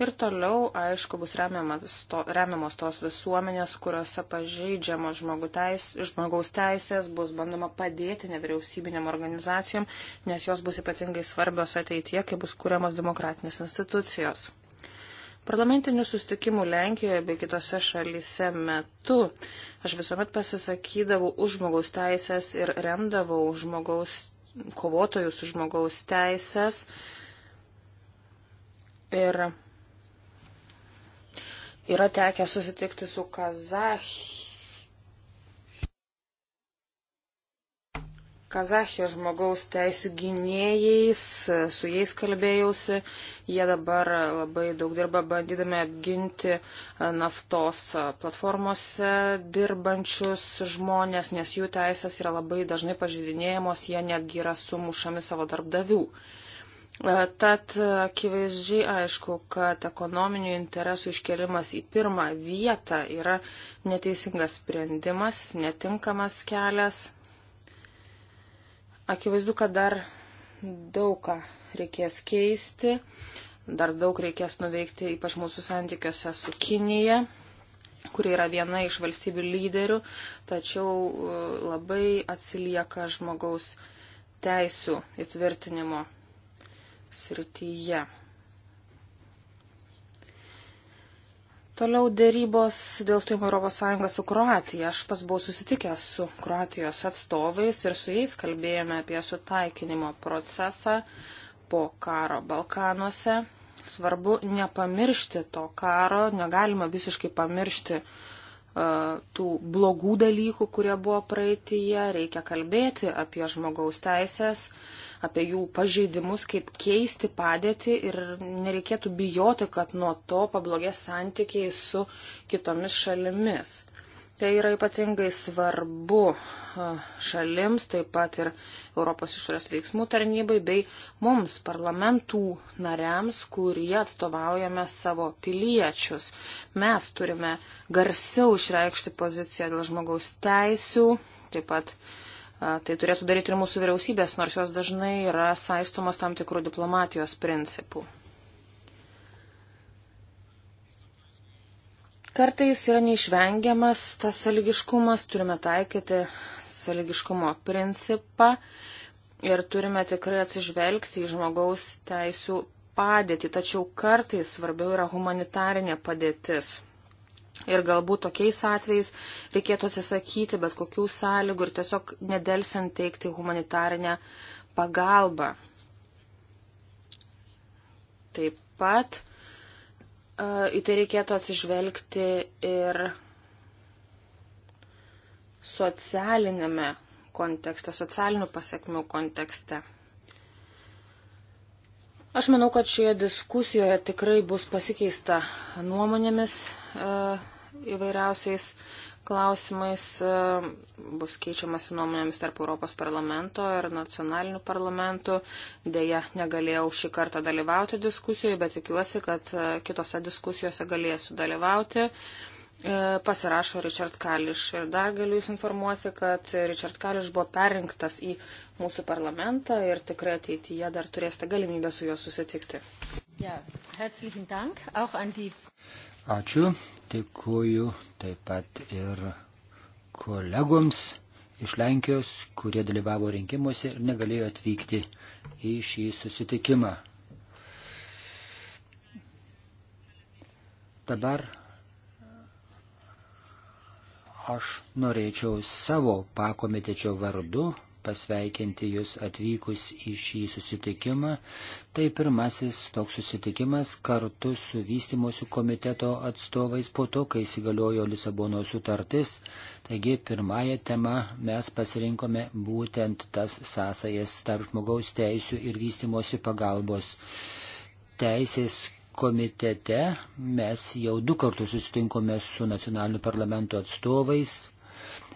Ir toliau, aišku, bus remiamas to, remiamos tos visuomenės, kuriuose pažeidžiamos teis, žmogaus teisės, bus bandoma padėti nevyriausybinėm organizacijom, nes jos bus ypatingai svarbios ateitie, kai bus kuriamos demokratinės institucijos. Parlamentinių sustikimų Lenkijoje bei kitose šalyse metu aš visuomet pasisakydavau už žmogaus teisės ir remdavau žmogaus kovotojus už žmogaus teisės. Ir yra tekę susitikti su Kazah... Kazahijos žmogaus teisų gynėjais, su jais kalbėjausi, jie dabar labai daug dirba bandydami apginti e, naftos platformose dirbančius žmonės, nes jų teisės yra labai dažnai pažydinėjamos, jie netgi yra sumušami savo darbdavių. Uh, E, tad e, akivaizdžiai aišku, kad ekonominių interesų iškelimas į pirmą vietą yra neteisingas sprendimas, netinkamas kelias. Akivaizdu, kad dar daug ką reikės keisti, dar daug reikės nuveikti, ypač mūsų santykiuose su Kinija, kuri yra viena iš valstybių lyderių, tačiau e, labai atsilieka žmogaus teisų įtvirtinimo srityje. Toliau dėrybos dėl stojimo Europos Sąjungą su Kroatija. Aš pas buvau susitikęs su Kroatijos atstovais ir su jais kalbėjome apie sutaikinimo procesą po karo Balkanuose. Svarbu nepamiršti to karo, negalima visiškai pamiršti uh, tų blogų dalykų, kurie buvo praeitįje. Reikia kalbėti apie žmogaus teisės, uh, apie jų pažeidimus, kaip keisti padėtį ir nereikėtų bijoti, kad nuo to pablogės santykiai su kitomis šalimis. Tai yra ypatingai svarbu šalims, taip pat ir Europos išorės veiksmų tarnybai bei mums, parlamentų nariams, kurie atstovaujame savo piliečius. Mes turime garsiau išreikšti poziciją dėl žmogaus teisių, taip pat uh, Tai turėtų daryti ir mūsų vyriausybės, nors jos dažnai yra saistomos tam tikrų diplomatijos principų. Kartais yra neišvengiamas tas saligiškumas, turime taikyti saligiškumo principą ir turime tikrai atsižvelgti į žmogaus teisų padėtį, tačiau kartais svarbiau yra humanitarinė padėtis. Ir galbūt tokiais atvejais reikėtų atsisakyti bet kokių sąlygų ir tiesiog nedelsiant teikti humanitarinę pagalbą. Taip pat e, į tai reikėtų atsižvelgti ir socialinėme kontekste, socialinių pasiekmių kontekste. Aš manau, kad šioje diskusijoje tikrai bus pasikeista nuomonėmis E, įvairiausiais klausimais e, bus keičiamasi nuomonėmis tarp Europos parlamento ir nacionalinių parlamentų. Deja, negalėjau šį kartą dalyvauti diskusijoje, bet tikiuosi, kad e, kitose diskusijose galėsiu dalyvauti. Pasirašo Richard Kališ ir dar galiu Jūs informuoti, kad Richard Kališ buvo perrinktas į mūsų parlamentą ir tikrai ateityje dar turėsite galimybę su juo susitikti. Ja, herzlichen Dank auch an die Ačiū, dėkuoju taip pat ir kolegoms iš Lenkijos, kurie dalyvavo rinkimuose ir negalėjo atvykti į šį susitikimą. Dabar aš norėčiau savo pakomitečio vardu pasveikinti Jūs atvykus į šį susitikimą. Tai pirmasis toks susitikimas kartu su vystimosi komiteto atstovais po to, kai įsigaliojo Lisabono sutartis. Taigi pirmąją temą mes pasirinkome būtent tas sąsajas tarp žmogaus teisų ir vystimosi pagalbos. Teisės komitete mes jau du kartus susitinkome su nacionaliniu parlamento atstovais,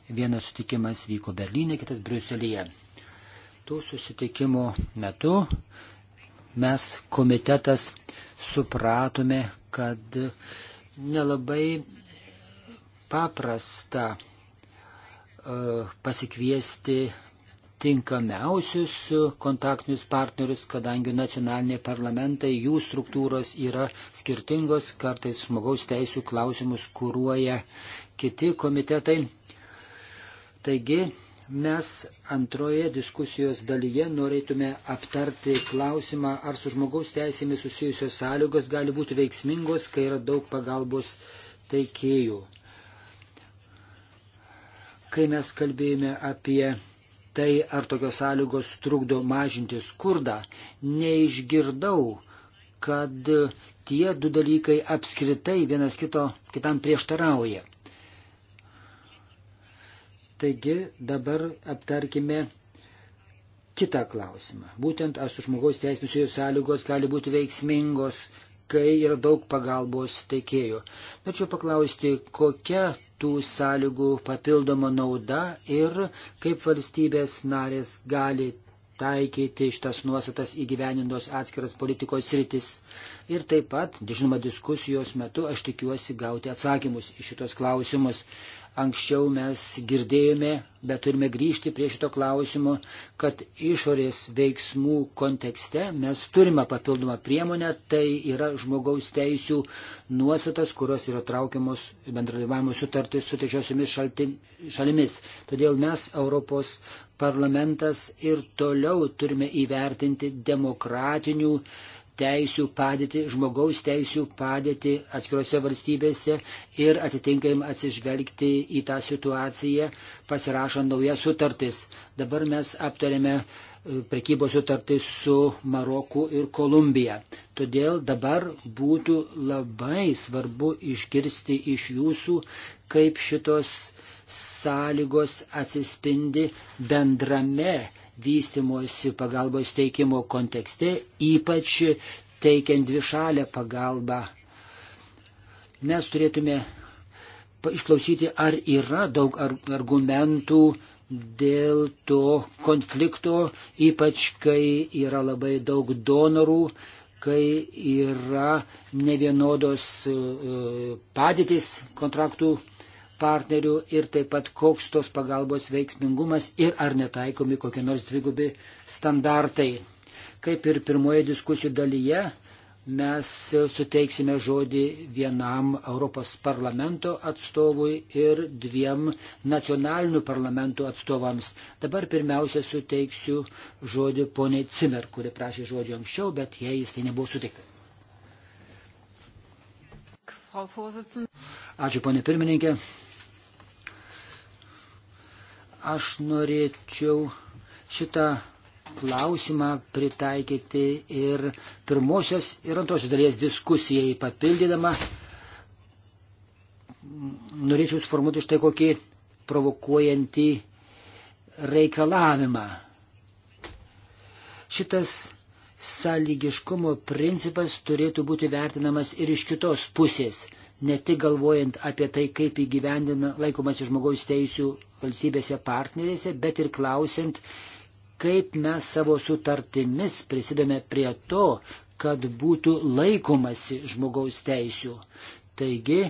Vienas sutikimas vyko Berlyne, kitas Briuselėje. Tų susitikimų metu mes komitetas supratome, kad nelabai paprasta e, pasikviesti tinkamiausius kontaktinius partnerius, kadangi nacionaliniai parlamentai, jų struktūros yra skirtingos, kartais žmogaus teisų klausimus kūruoja kiti komitetai. Taigi mes antroje diskusijos dalyje norėtume aptarti klausimą, ar su žmogaus teisėmis susijusios sąlygos gali būti veiksmingos, kai yra daug pagalbos teikėjų. Kai mes kalbėjome apie tai, ar tokios sąlygos trukdo mažinti skurdą, neišgirdau, kad tie du dalykai apskritai vienas kito kitam prieštarauja. Taigi dabar aptarkime kitą klausimą. Būtent ar su žmogaus teisėmis sąlygos gali būti veiksmingos, kai yra daug pagalbos teikėjų. Tačiau paklausti, kokia tų sąlygų papildoma nauda ir kaip valstybės narės gali taikyti šitas nuostatas įgyvenintos atskiras politikos sritis. Ir taip pat, žinoma, diskusijos metu aš tikiuosi gauti atsakymus į šitos klausimus. Anksčiau mes girdėjome, bet turime grįžti prie šito klausimo, kad išorės veiksmų kontekste mes turime papildomą priemonę, tai yra žmogaus teisų nuostatas, kurios yra traukiamos bendradarbiavimo sutartys su trečiosiomis šalimis. Todėl mes, Europos parlamentas, ir toliau turime įvertinti demokratinių teisių padėtį, žmogaus teisių padėtį atskirose valstybėse ir atitinkam atsižvelgti į tą situaciją, pasirašant naujas sutartis. Dabar mes aptarėme e, prekybos sutartis su Maroku ir Kolumbija. Todėl dabar būtų labai svarbu išgirsti iš jūsų, kaip šitos sąlygos atsispindi bendrame vystimosi pagalbos teikimo kontekste, ypač teikiant dvišalę pagalbą. Mes turėtume išklausyti, ar yra daug argumentų dėl to konflikto, ypač kai yra labai daug donorų, kai yra nevienodos e, e, padėtis kontraktų partnerių ir taip pat koks tos pagalbos veiksmingumas ir ar netaikomi kokie nors dvigubi standartai. Kaip ir pirmoje diskusijų dalyje, mes suteiksime žodį vienam Europos parlamento atstovui ir dviem nacionalinių parlamentų atstovams. Dabar pirmiausia suteiksiu žodį poniai Cimer, kuri prašė žodžio anksčiau, bet jai jis tai nebuvo suteiktas. Ačiū, ponė pirmininkė. Aš norėčiau šitą klausimą pritaikyti ir pirmosios ir antrosios dalies diskusijai papildydama. Norėčiau sformuoti štai kokį provokuojantį reikalavimą. Šitas sąlygiškumo principas turėtų būti vertinamas ir iš kitos pusės ne tik galvojant apie tai, kaip įgyvendina laikomasi žmogaus teisų valstybėse partnerėse, bet ir klausiant, kaip mes savo sutartimis prisidome prie to, kad būtų laikomasi žmogaus teisų. Taigi,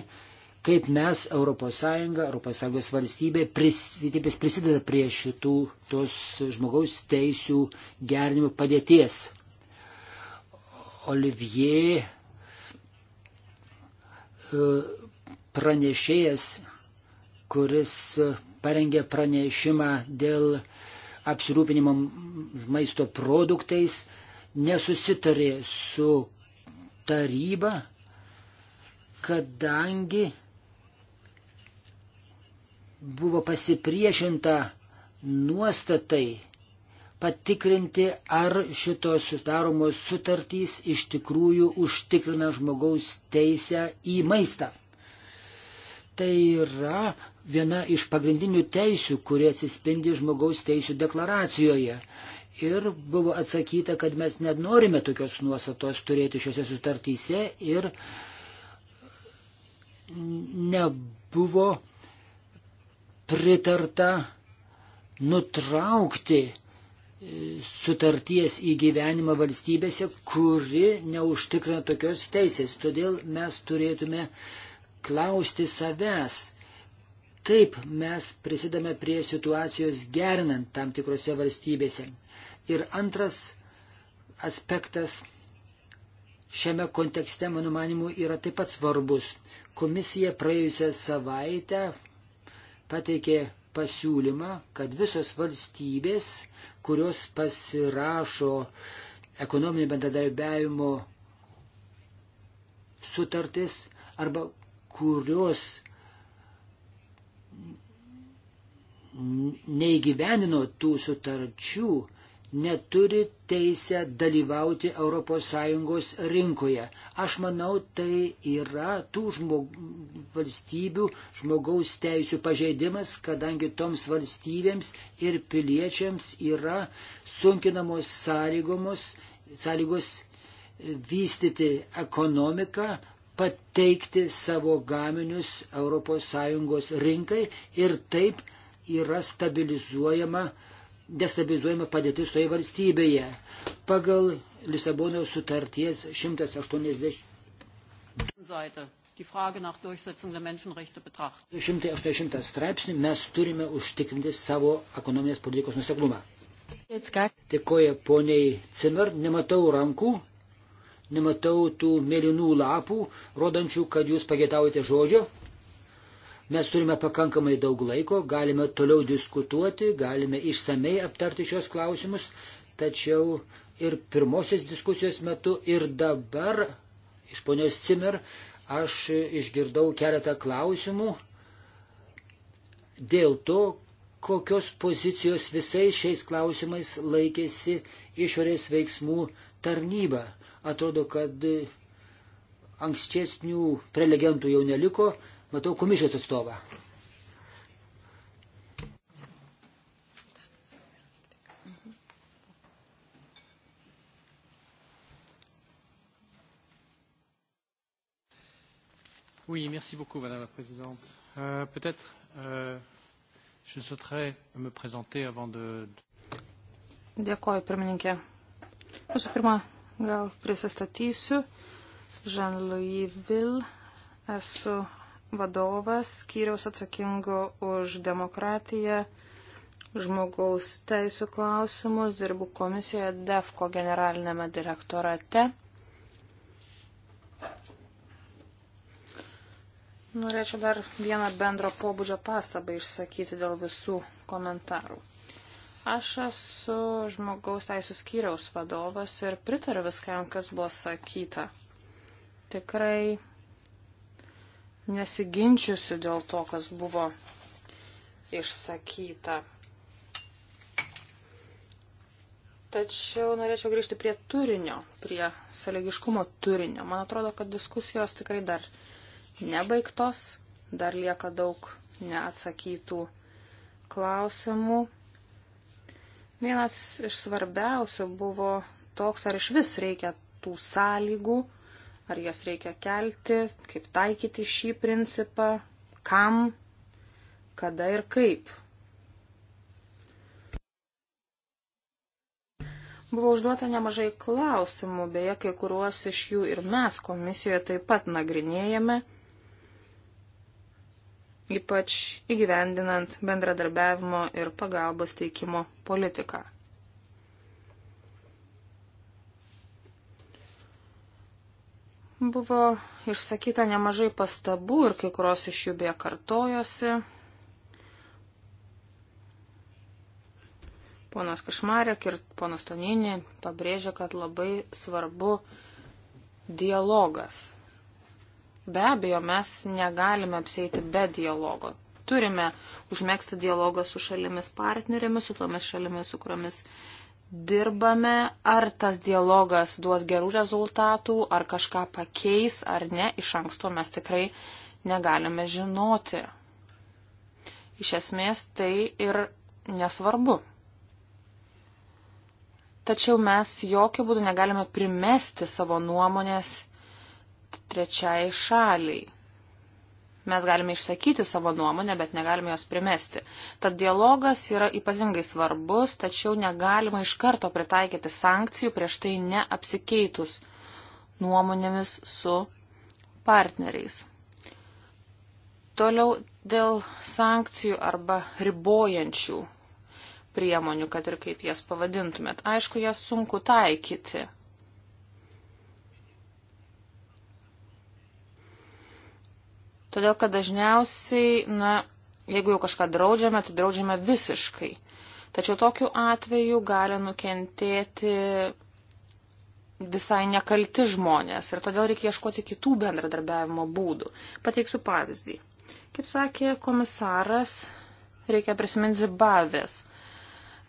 kaip mes ES, ES valstybė prisidės prisideda prie šitų tos žmogaus teisų gerinimo padėties. Olivier E, pranešėjas, kuris parengė pranešimą dėl apsirūpinimo maisto produktais, nesusitarė su taryba, kadangi buvo pasipriešinta nuostatai, patikrinti, ar šitos sudaromos sutartys iš tikrųjų užtikrina žmogaus teisę į maistą. Tai yra viena iš pagrindinių teisių, kurie atsispindi žmogaus teisų deklaracijoje. Ir buvo atsakyta, kad mes net norime tokios nuostatos turėti šiuose sutartyse ir nebuvo pritarta nutraukti sutarties įgyvenimą valstybėse, kuri neužtikrina tokios teisės. Todėl mes turėtume klausti savęs, kaip mes prisidame prie situacijos gerinant tam tikrose valstybėse. Ir antras aspektas šiame kontekste, mano manimu, yra taip pat svarbus. Komisija praėjusią savaitę pateikė pasiūlymą, kad visos valstybės kurios pasirašo ekonominio bendradarbiavimo sutartis arba kurios neįgyvenino tų sutarčių, neturi teisę dalyvauti ES rinkoje. Aš manau, tai yra tų žmog... valstybių žmogaus teisų pažeidimas, kadangi toms valstybėms ir piliečiams yra sunkinamos sąlygomos, sąlygos vystyti ekonomiką, pateikti savo gaminius ES rinkai ir taip yra stabilizuojama uh, destabilizuojama padėtis toje valstybėje. Pagal Lisabono sutarties 180. 280 straipsnį mes turime užtikrinti savo ekonominės politikos nuseklumą. Dėkoju poniai Cimer, nematau rankų, nematau tų mėlynų lapų, rodančių, kad jūs pagėtaujate žodžio. Mes turime pakankamai daug laiko, galime toliau diskutuoti, galime išsamei aptarti šios klausimus, tačiau ir pirmosios diskusijos metu ir dabar iš ponios Cimer aš išgirdau keletą klausimų dėl to, kokios pozicijos visais šiais klausimais laikėsi išorės veiksmų tarnyba. Atrodo, kad ankstesnių prelegentų jau neliko, Matau komisijos atstovą. Oui, merci beaucoup, Madame la Présidente. Euh, Peut-être euh, je souhaiterais me présenter avant de. Dėkoju, pirmininkė. Visų pirma, gal prisistatysiu. Jean-Louis Ville, esu vadovas, skyriaus atsakingo už demokratiją, žmogaus teisų klausimus, dirbu komisijoje DEFCO generalinėme direktorate. Norėčiau dar vieną bendro pobūdžio pastabą išsakyti dėl visų komentarų. Aš esu žmogaus teisų skyriaus vadovas ir pritariu viskam, kas buvo sakyta. Tikrai nesiginčiusiu dėl to, kas buvo išsakyta. Tačiau norėčiau grįžti prie turinio, prie sąlygiškumo turinio. Man atrodo, kad diskusijos tikrai dar nebaigtos, dar lieka daug neatsakytų klausimų. Vienas iš svarbiausių buvo toks, ar iš vis reikia tų sąlygų ar jas reikia kelti, kaip taikyti šį principą, kam, kada ir kaip. Buvo užduota nemažai klausimų, beje, kai kuriuos iš jų ir mes komisijoje taip pat nagrinėjame, ypač įgyvendinant bendradarbiavimo ir pagalbos teikimo politiką. Buvo išsakyta nemažai pastabų ir kai kurios iš jų beje kartojosi. Ponas Kašmarek ir ponas Toninė pabrėžia, kad labai svarbu dialogas. Be abejo, mes negalime apsėti be dialogo. Turime užmėgsti dialogą su šalimis partnerėmis, su tomis šalimis, su kuriomis dirbame, ar tas dialogas duos gerų rezultatų, ar kažką pakeis, ar ne, iš anksto mes tikrai negalime žinoti. Iš esmės tai ir nesvarbu. Tačiau mes jokių būdų negalime primesti savo nuomonės trečiai šaliai. Mes galime išsakyti savo nuomonę, bet negalime jos primesti. Tad dialogas yra ypatingai svarbus, tačiau negalima iš karto pritaikyti sankcijų prieš tai neapsikeitus nuomonėmis su partneriais. Toliau dėl sankcijų arba ribojančių priemonių, kad ir kaip jas pavadintumėt. Aišku, jas sunku taikyti Todėl, kad dažniausiai, na, jeigu jau kažką draudžiame, tai draudžiame visiškai. Tačiau tokiu atveju gali nukentėti visai nekalti žmonės ir todėl reikia ieškoti kitų bendradarbiavimo būdų. Pateiksiu pavyzdį. Kaip sakė komisaras, reikia prisiminti Zimbabvės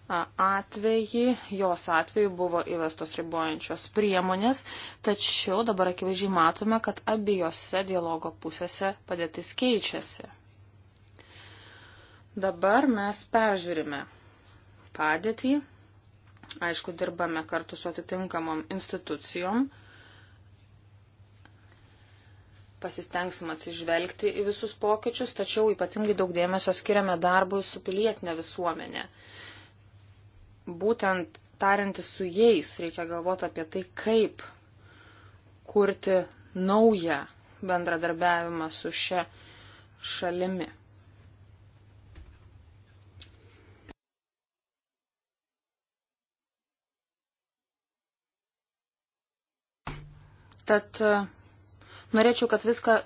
atvejį, jos atveju buvo įvestos ribojančios priemonės, tačiau dabar akivaizdžiai matome, kad abiejose dialogo pusėse padėtis keičiasi. Dabar mes peržiūrime padėtį, aišku, dirbame kartu su atitinkamom institucijom, pasistengsim atsižvelgti į visus pokyčius, tačiau ypatingai daug dėmesio skiriame darbui su pilietinė visuomenė. Uh, būtent tariantis su jais reikia galvoti apie tai, kaip kurti naują bendradarbiavimą su šia šalimi. Tad e, norėčiau, kad viską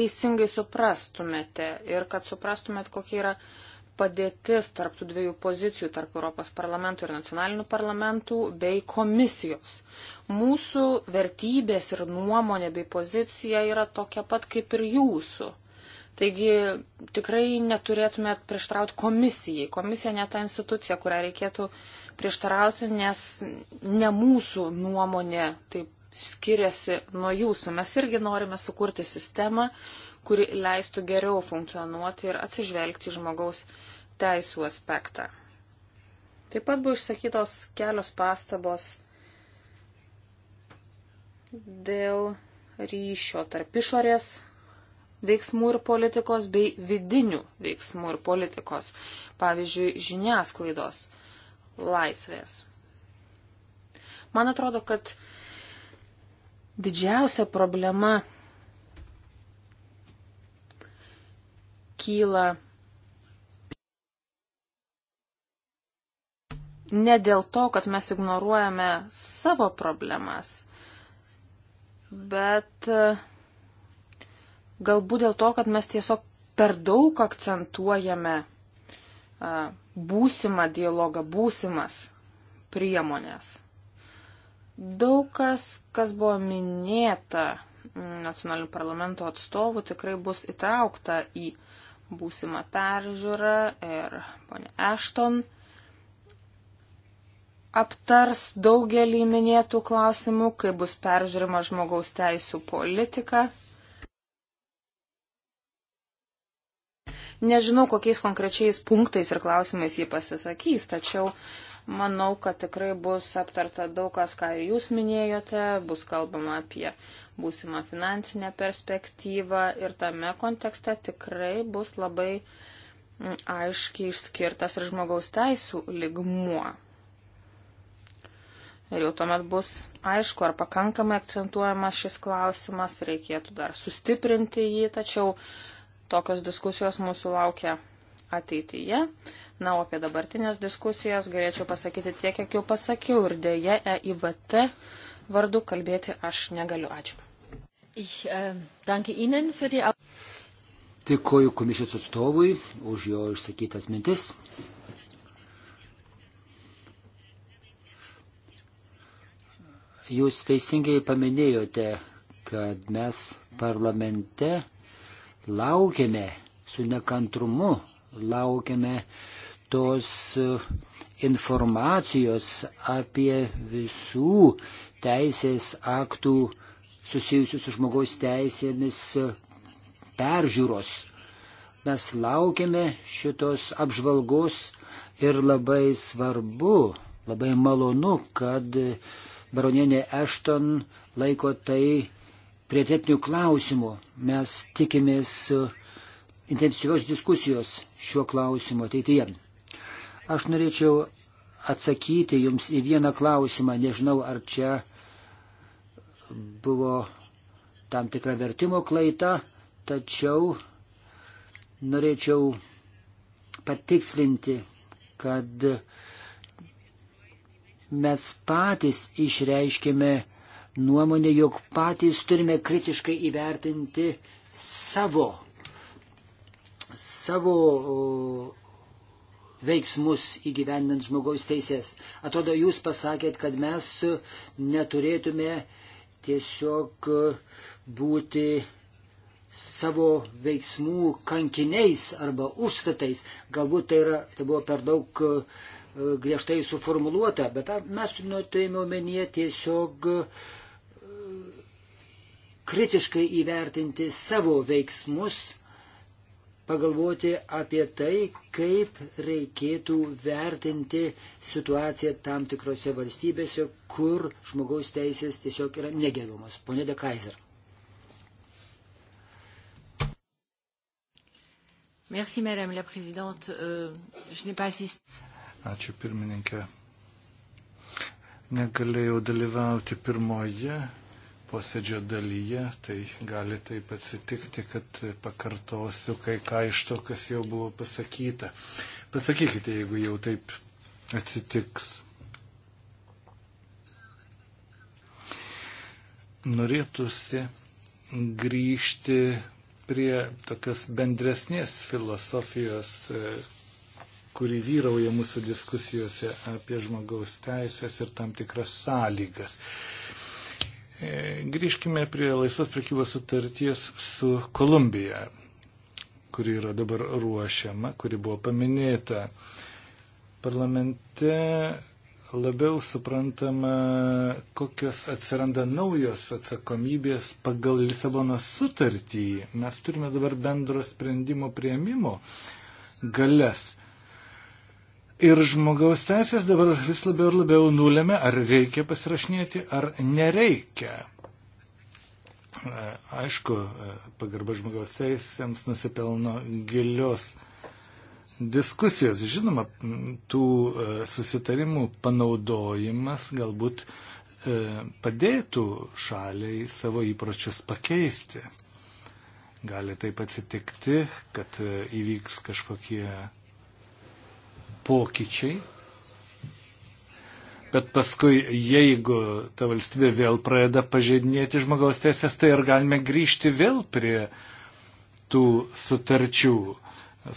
teisingai suprastumėte ir kad suprastumėt, kokie yra padėtis tarp tų dviejų pozicijų, tarp Europos parlamentų ir nacionalinių parlamentų bei komisijos. Mūsų vertybės ir nuomonė bei pozicija yra tokia pat kaip ir jūsų. Taigi tikrai neturėtumėt prieštarauti komisijai. Komisija ne ta institucija, kurią reikėtų prieštarauti, nes ne mūsų nuomonė taip skiriasi nuo jūsų. Mes irgi norime sukurti sistemą, kuri leistų geriau funkcionuoti ir atsižvelgti žmogaus teisų aspektą. Taip pat buvo išsakytos kelios pastabos dėl ryšio tarp išorės veiksmų ir politikos bei vidinių veiksmų ir politikos, pavyzdžiui, žiniasklaidos laisvės. Man atrodo, kad didžiausia problema kyla ne dėl to, kad mes ignoruojame savo problemas, bet e, galbūt dėl to, kad mes tiesiog per daug akcentuojame e, būsimą dialogą, būsimas priemonės. Daug kas, kas buvo minėta mm, nacionalinių parlamento atstovų, tikrai bus įtraukta į būsimą peržiūrą ir ponė Ešton aptars daugelį minėtų klausimų, kai bus peržiūrima žmogaus teisų politika. Nežinau, kokiais konkrečiais punktais ir klausimais jį pasisakys, tačiau manau, kad tikrai bus aptarta daug kas, ką ir jūs minėjote, bus kalbama apie būsimą finansinę perspektyvą ir tame kontekste tikrai bus labai mm, aiškiai išskirtas ir žmogaus teisų ligmuo ir jau tuomet bus aišku, ar pakankamai akcentuojamas šis klausimas, reikėtų dar sustiprinti jį, tačiau tokios diskusijos mūsų laukia ateityje. Na, o apie dabartinės diskusijas galėčiau pasakyti tiek, kiek jau pasakiau ir dėje EIVT vardu kalbėti aš negaliu. Ačiū. Ich, uh, Dėkoju komisijos atstovui už jo išsakytas mintis. Jūs teisingai paminėjote, kad mes parlamente laukiame su nekantrumu, laukiame tos e, informacijos apie visų teisės aktų susijusių su žmogaus teisėmis e, peržiūros. Mes laukiame šitos apžvalgos ir labai svarbu, labai malonu, kad baronienė Ešton laiko tai prietetinių klausimų. Mes tikimės uh, intensyvios diskusijos šiuo klausimu ateityje. Aš norėčiau atsakyti jums į vieną klausimą. Nežinau, ar čia buvo tam tikra vertimo klaida, tačiau norėčiau patikslinti, kad uh, mes patys išreiškėme nuomonę, jog patys turime kritiškai įvertinti savo, savo veiksmus įgyvendinant žmogaus teisės. Atrodo, jūs pasakėt, kad mes neturėtume tiesiog būti savo veiksmų kankiniais arba užstatais. Galbūt tai, yra, tai buvo per daug uh, E, griežtai suformuluota, bet mes turime omenyje tiesiog e, kritiškai įvertinti savo veiksmus, pagalvoti apie tai, kaip reikėtų vertinti situaciją tam tikrose valstybėse, kur žmogaus teisės tiesiog yra negerbiamos. Pone De Kaiser. Merci, Madame la Présidente. Euh, je n'ai pas assisté. Ačiū pirmininkė. Negalėjau dalyvauti pirmoje posėdžio dalyje, tai gali taip atsitikti, kad pakartosiu kai ką iš to, kas jau buvo pasakyta. Pasakykite, jeigu jau taip atsitiks. Norėtųsi grįžti prie tokios bendresnės filosofijos kuri vyrauja mūsų diskusijose apie žmogaus teisės ir tam tikras sąlygas. E, grįžkime prie laisvos prekybos sutarties su Kolumbija, kuri yra dabar ruošiama, kuri buvo paminėta. Parlamente labiau suprantama, kokios atsiranda naujos atsakomybės pagal Lisabonos sutartį. Mes turime dabar bendro sprendimo prieimimo galės. Ir žmogaus teisės dabar vis labiau ir labiau nulėmė, ar reikia pasirašinėti, ar nereikia. E, aišku, e, pagarba žmogaus teisėms nusipelno gilios diskusijos. Žinoma, tų e, susitarimų panaudojimas galbūt padėtų šaliai savo įpročius pakeisti. Gali taip atsitikti, kad įvyks kažkokie pokyčiai. Bet paskui, jeigu ta valstybė vėl pradeda pažeidinėti žmogaus teisės, tai ar galime grįžti vėl prie tų sutarčių?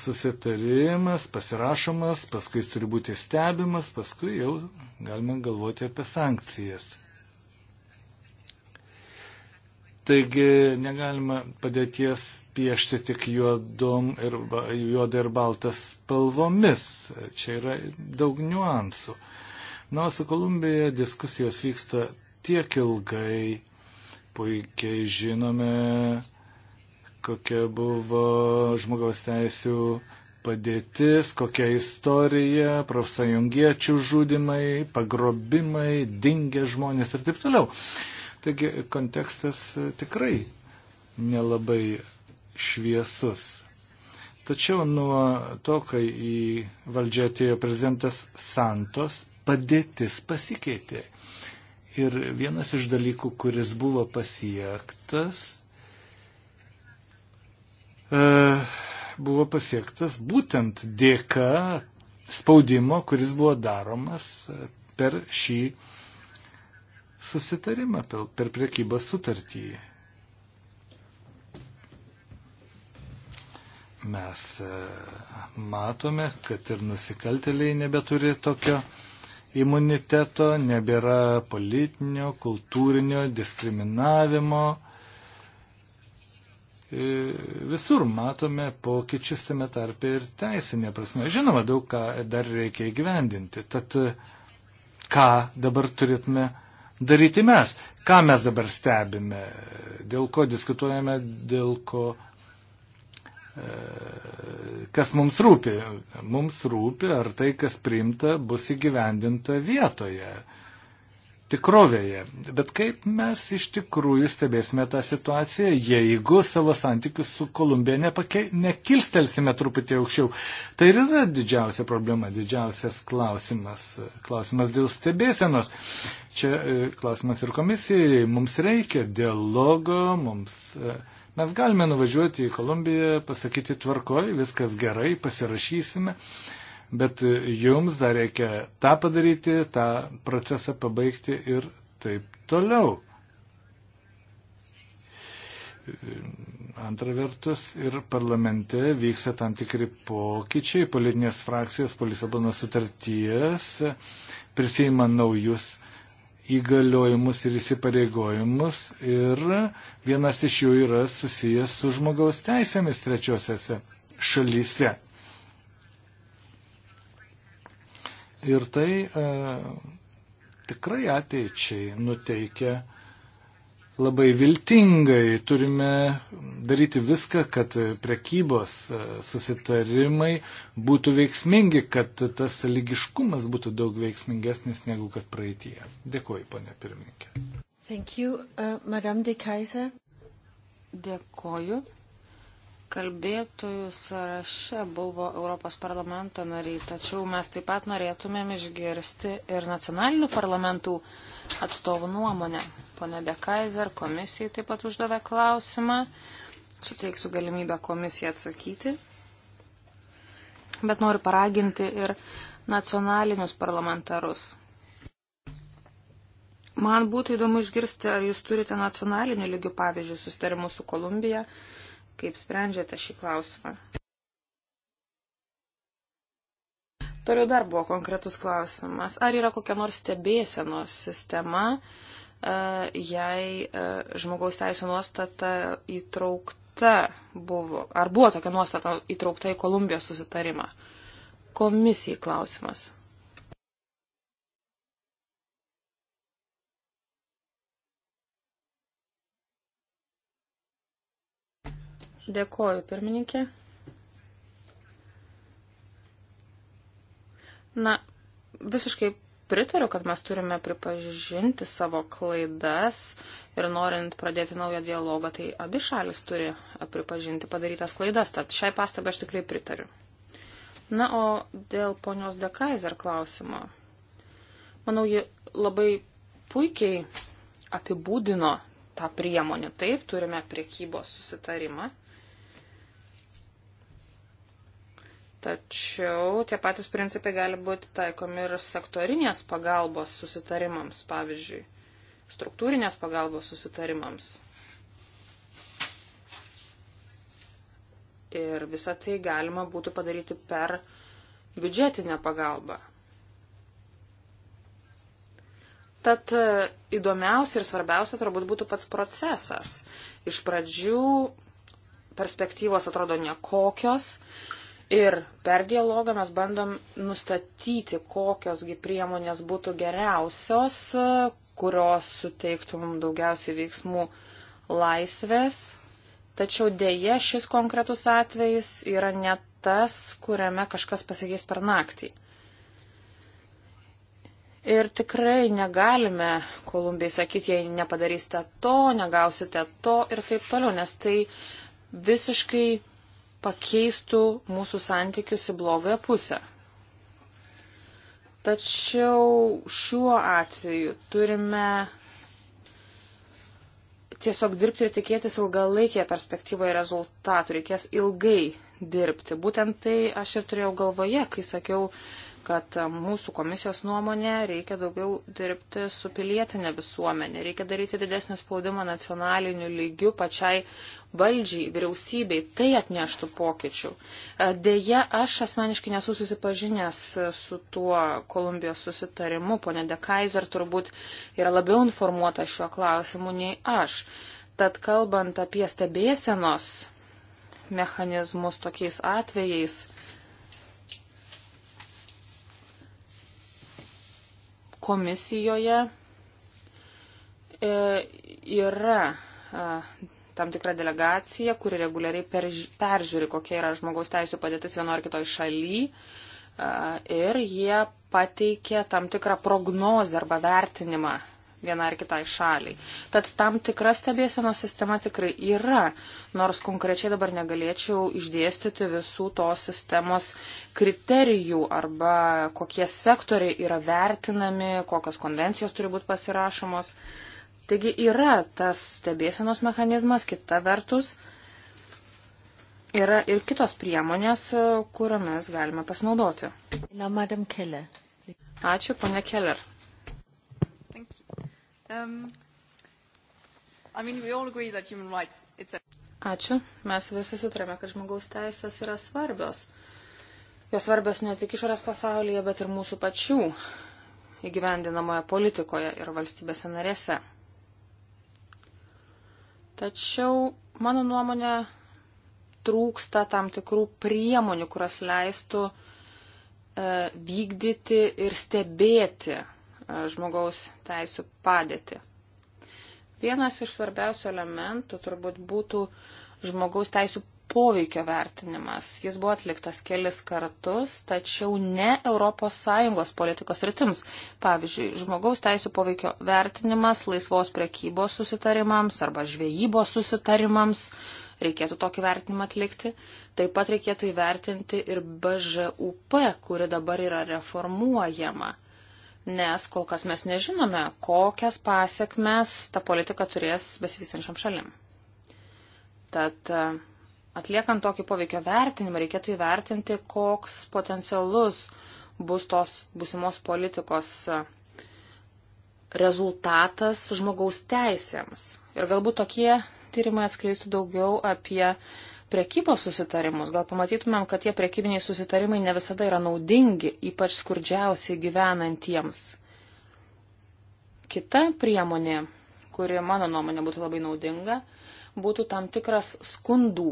Susitarimas pasirašomas, paskui jis turi būti stebimas, paskui jau galima galvoti apie sankcijas. Taigi negalima padėties piešti tik juodom ir juoda ir baltas spalvomis. Čia yra daug niuansų. Na, su Kolumbija diskusijos vyksta tiek ilgai, puikiai žinome, kokia buvo žmogaus teisų padėtis, kokia istorija, profsąjungiečių žudimai, pagrobimai, dingę žmonės ir taip toliau. Taigi kontekstas tikrai nelabai šviesus. Tačiau nuo to, kai į valdžią atėjo prezidentas Santos, padėtis pasikeitė. Ir vienas iš dalykų, kuris buvo pasiektas, e, buvo pasiektas būtent dėka spaudimo, kuris buvo daromas per šį susitarimą, per priekybos sutartį. Mes e, matome, kad ir nusikalteliai nebeturi tokio imuniteto, nebėra politinio, kultūrinio diskriminavimo. E, visur matome pokyčius tame tarpe ir teisinė prasme. Žinoma, daug ką dar reikia įgyvendinti. Tad ką dabar turėtume daryti mes. Ką mes dabar stebime, dėl ko diskutuojame, dėl ko, e, kas mums rūpi. Mums rūpi, ar tai, kas priimta, bus įgyvendinta vietoje tikrovėje. Bet kaip mes iš tikrųjų stebėsime tą situaciją, jeigu savo santykius su Kolumbija nepake, nekilstelsime truputį aukščiau. Tai ir yra didžiausia problema, didžiausias klausimas. Klausimas dėl stebėsenos. Čia e, klausimas ir komisijai. Mums reikia dialogo, mums. E, mes galime nuvažiuoti į Kolumbiją, pasakyti tvarkoj, viskas gerai, pasirašysime. Uh, bet e, jums dar reikia tą padaryti, tą procesą pabaigti ir taip toliau. Antra vertus, ir parlamente vyksta tam tikri pokyčiai, politinės frakcijas po Lisabono sutarties prisima naujus įgaliojimus ir įsipareigojimus ir vienas iš jų yra susijęs su žmogaus teisėmis trečiosiose šalyse. Ir tai e, tikrai ateičiai nuteikia labai viltingai. Turime daryti viską, kad prekybos e, susitarimai būtų veiksmingi, kad tas lygiškumas būtų daug veiksmingesnis negu kad praeitie. Dėkuoju, ponė pirmininkė. Thank you, uh, Madame de Kaiser. Dėkoju. Kalbėtojų sąraše buvo Europos parlamento nariai, tačiau mes taip pat norėtumėm išgirsti ir nacionalinių parlamentų atstovų nuomonę. Pone Dekaiser komisijai taip pat uždavė klausimą. Suteiksiu galimybę komisijai atsakyti. Bet noriu paraginti ir nacionalinius parlamentarus. Man būtų įdomu išgirsti, ar jūs turite nacionalinių lygių, pavyzdžiui, susitarimų su Kolumbija kaip sprendžiate šį klausimą. Toliau dar buvo konkretus klausimas. Ar yra kokia nors stebėsenos sistema, e, jei e, žmogaus teisų nuostata įtraukta buvo? Ar buvo tokia nuostata įtraukta į Kolumbijos susitarimą? Komisijai klausimas. Dėkoju, pirmininkė. Na, visiškai pritariu, kad mes turime pripažinti savo klaidas ir norint pradėti naują dialogą, tai abi šalis turi pripažinti padarytas klaidas, tad šiai pastabai aš tikrai pritariu. Na, o dėl ponios Dekaiser klausimo. Manau, ji labai puikiai apibūdino tą priemonę. Taip, turime priekybos susitarimą. Tačiau tie patys principai gali būti taikomi ir sektorinės pagalbos susitarimams, pavyzdžiui, struktūrinės pagalbos susitarimams. Ir visą tai galima būtų padaryti per biudžetinę pagalbą. Tad e, įdomiausia ir svarbiausia turbūt būtų pats procesas. Iš pradžių perspektyvos atrodo nekokios, Ir per dialogą mes bandom nustatyti, kokiosgi priemonės būtų geriausios, kurios suteiktų mums daugiausiai veiksmų laisvės. Tačiau dėje šis konkretus atvejis yra ne tas, kuriame kažkas pasikeis per naktį. Ir tikrai negalime Kolumbijai sakyti, jei nepadarysite to, negausite to ir taip toliau, nes tai visiškai pakeistų mūsų santykius į blogąją pusę. Tačiau šiuo atveju turime tiesiog dirbti ir tikėtis ilgalaikėje perspektyvoje rezultatų. Reikės ilgai dirbti. Būtent tai aš ir turėjau galvoje, kai sakiau, kad mūsų komisijos nuomonė reikia daugiau dirbti su pilietinė visuomenė, reikia daryti didesnį spaudimą nacionaliniu lygiu pačiai valdžiai, vyriausybei, tai atneštų pokyčių. E, Deja, aš asmeniškai nesu susipažinęs e, su tuo Kolumbijos susitarimu, ponė De Kaiser turbūt yra labiau informuota šiuo klausimu nei aš. Tad kalbant apie stebėsenos mechanizmus tokiais atvejais, komisijoje e, yra tam tikrą delegaciją, kuri reguliariai peržiūri, kokia yra žmogaus teisų padėtis vieno ar kitoj šaly. Ir jie pateikė tam tikrą prognozę arba vertinimą vienai ar kitai šaliai. Tad tam tikra stebėsenos sistema tikrai yra, nors konkrečiai dabar negalėčiau išdėstyti visų tos sistemos kriterijų arba kokie sektoriai yra vertinami, kokios konvencijos turi būti pasirašomos. Uh, Taigi yra tas stebėsenos mechanizmas, kita vertus yra ir kitos priemonės, kuriomis galime pasinaudoti. Na, madam Keller. Ačiū, ponia Keller. Um, I mean, rights, a... Ačiū. Mes visi sutarėme, kad žmogaus teisės yra svarbios. Jos svarbios ne tik išorės pasaulyje, bet ir mūsų pačių įgyvendinamoje politikoje ir valstybėse narėse. Tačiau, mano nuomonė, trūksta tam tikrų priemonių, kurios leistų e, vykdyti ir stebėti e, žmogaus teisų padėtį. Vienas iš svarbiausių elementų turbūt būtų žmogaus teisų poveikio vertinimas. Jis buvo atliktas kelis kartus, tačiau ne ES politikos rytims. Pavyzdžiui, žmogaus teisų poveikio vertinimas laisvos prekybos susitarimams arba žvejybos susitarimams. Reikėtų tokį vertinimą atlikti. Taip pat reikėtų įvertinti ir BŽUP, kuri dabar yra reformuojama. Nes kol kas mes nežinome, kokias pasiekmes ta politika turės besivystančiam šalim. Tad uh, Atliekant tokį poveikio vertinimą, reikėtų įvertinti, koks potencialus bus tos būsimos politikos e, rezultatas žmogaus teisėms. Ir galbūt tokie tyrimai atskleistų daugiau apie prekybos susitarimus. Gal pamatytumėm, kad tie prekybiniai susitarimai ne visada yra naudingi, ypač skurdžiausiai gyvenantiems. Kita priemonė, kuri mano nuomonė būtų labai naudinga, būtų tam tikras skundų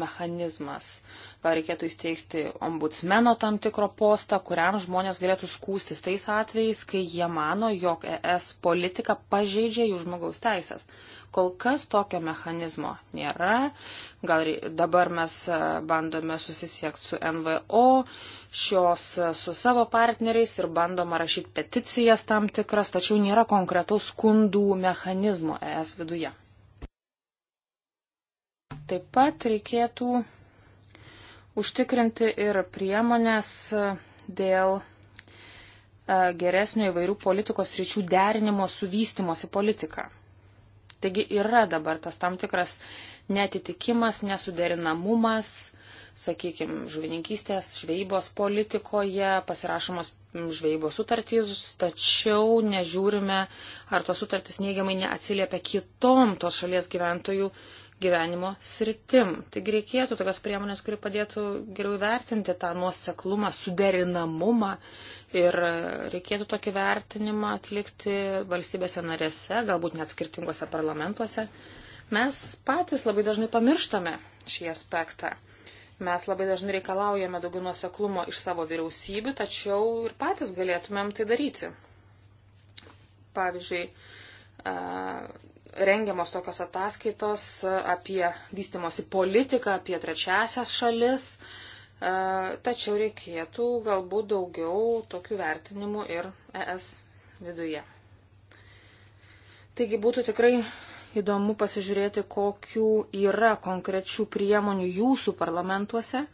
mechanizmas. Gal reikėtų įsteigti ombudsmeno tam tikro postą, kuriam žmonės galėtų skūstis tais atvejais, kai jie mano, jog ES politika pažeidžia jų žmogaus teisės. Kol kas tokio mechanizmo nėra. Gal dabar mes e, bandome susisiekti su NVO, šios e, su savo partneriais ir bandoma rašyti peticijas tam tikras, tačiau nėra konkretaus skundų mechanizmo ES viduje. Taip pat reikėtų užtikrinti ir priemonės dėl e, geresnio įvairių politikos ryčių derinimo su vystimosi politika. Taigi yra dabar tas tam tikras netitikimas, nesuderinamumas, sakykime, žuvininkystės, žvejybos politikoje, pasirašomos žvejybos sutartys, tačiau nežiūrime, ar tos sutartys neigiamai neatsiliepia kitom tos šalies gyventojų uh, gyvenimo sritim. Taigi reikėtų tokios priemonės, kuri padėtų geriau vertinti tą nuoseklumą, suderinamumą ir reikėtų tokį vertinimą atlikti valstybėse narėse, galbūt net skirtingose parlamentuose. Mes patys labai dažnai pamirštame šį aspektą. Mes labai dažnai reikalaujame daugiau nuoseklumo iš savo vyriausybių, tačiau ir patys galėtumėm tai daryti. Pavyzdžiui, rengiamos tokios ataskaitos e, apie vystimosi politiką, apie trečiasias šalis, e, tačiau reikėtų galbūt daugiau tokių vertinimų ir ES viduje. Taigi būtų tikrai įdomu pasižiūrėti, kokių yra konkrečių priemonių jūsų parlamentuose,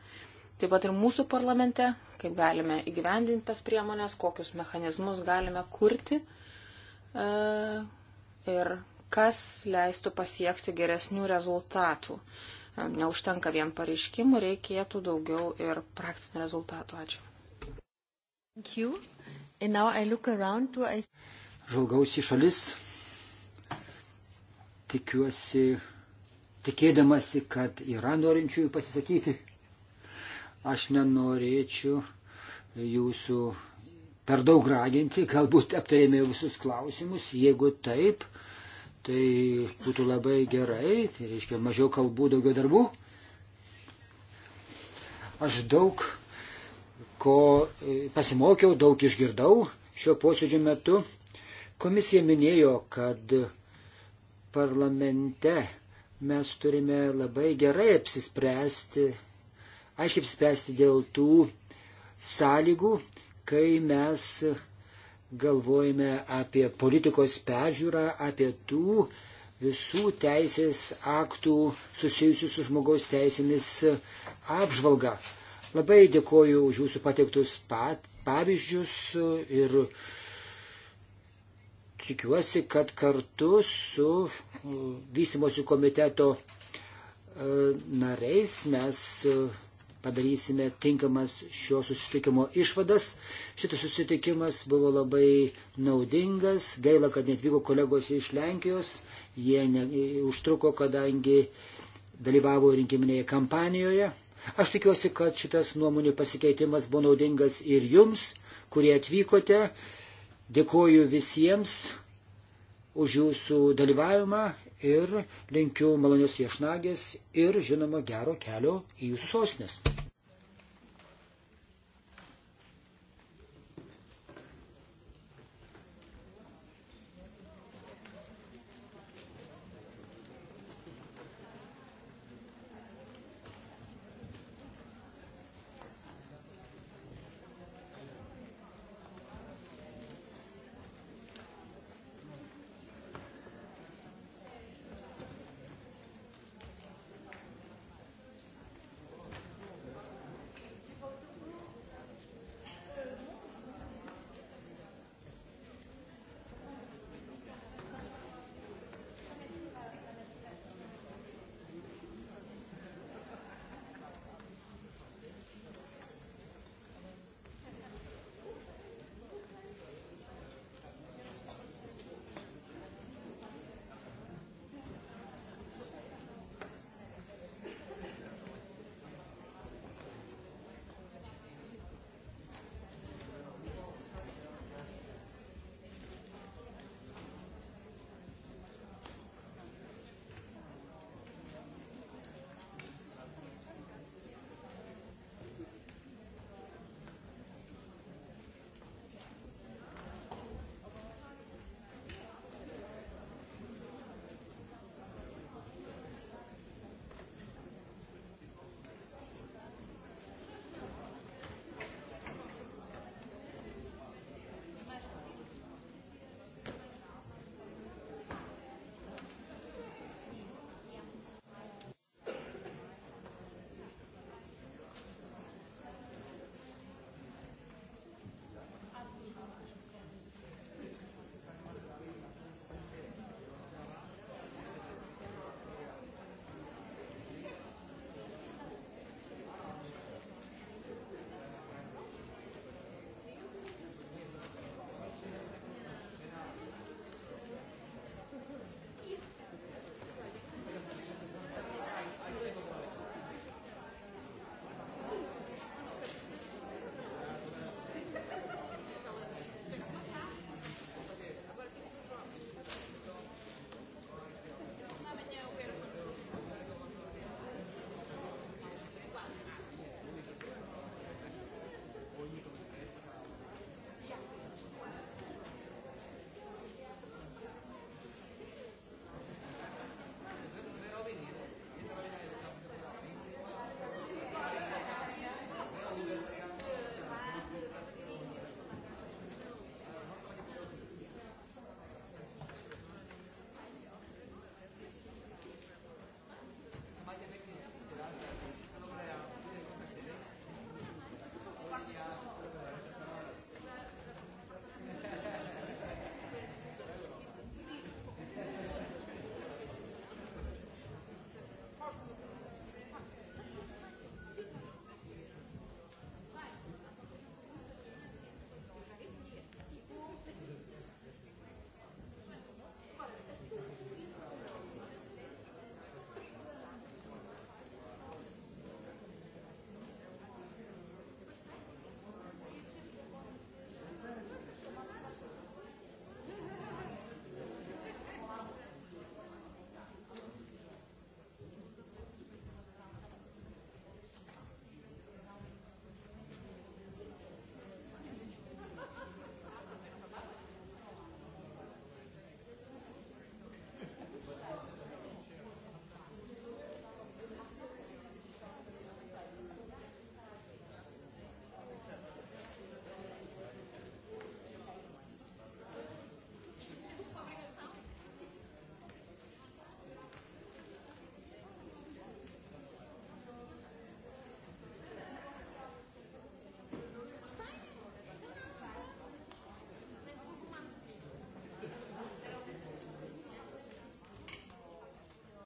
taip pat ir mūsų parlamente, kaip galime įgyvendinti tas priemonės, kokius mechanizmus galime kurti. E, ir kas leistų pasiekti geresnių rezultatų. Neužtenka vien pareiškimų, reikėtų daugiau ir praktinių rezultatų. Ačiū. To... Žalgausi šalis, tikiuosi, tikėdamasi, kad yra norinčiųjų pasisakyti. Aš nenorėčiau jūsų per daug raginti, galbūt aptarėme visus klausimus, jeigu taip, Tai būtų labai gerai, tai reiškia mažiau kalbų, daugiau darbų. Aš daug ko e, pasimokiau, daug išgirdau šio posėdžio metu. Komisija minėjo, kad parlamente mes turime labai gerai apsispręsti, aiškiai apsispręsti dėl tų sąlygų, kai mes galvojame apie politikos peržiūrą, apie tų visų teisės aktų susijusių su žmogaus teisėmis apžvalgą. Labai dėkoju už jūsų pateiktus pat, pavyzdžius ir tikiuosi, kad kartu su uh, vystimosi komiteto uh, nariais mes uh, padarysime tinkamas šio susitikimo išvadas. Šitas susitikimas buvo labai naudingas. Gaila, kad netvyko kolegos iš Lenkijos. Jie ne, užtruko, kadangi dalyvavo rinkiminėje kampanijoje. Aš tikiuosi, kad šitas nuomonių pasikeitimas buvo naudingas ir jums, kurie atvykote. Dėkoju visiems už jūsų dalyvavimą ir linkiu malonios viešnagės ir žinoma gero kelio į jūsų sostinės.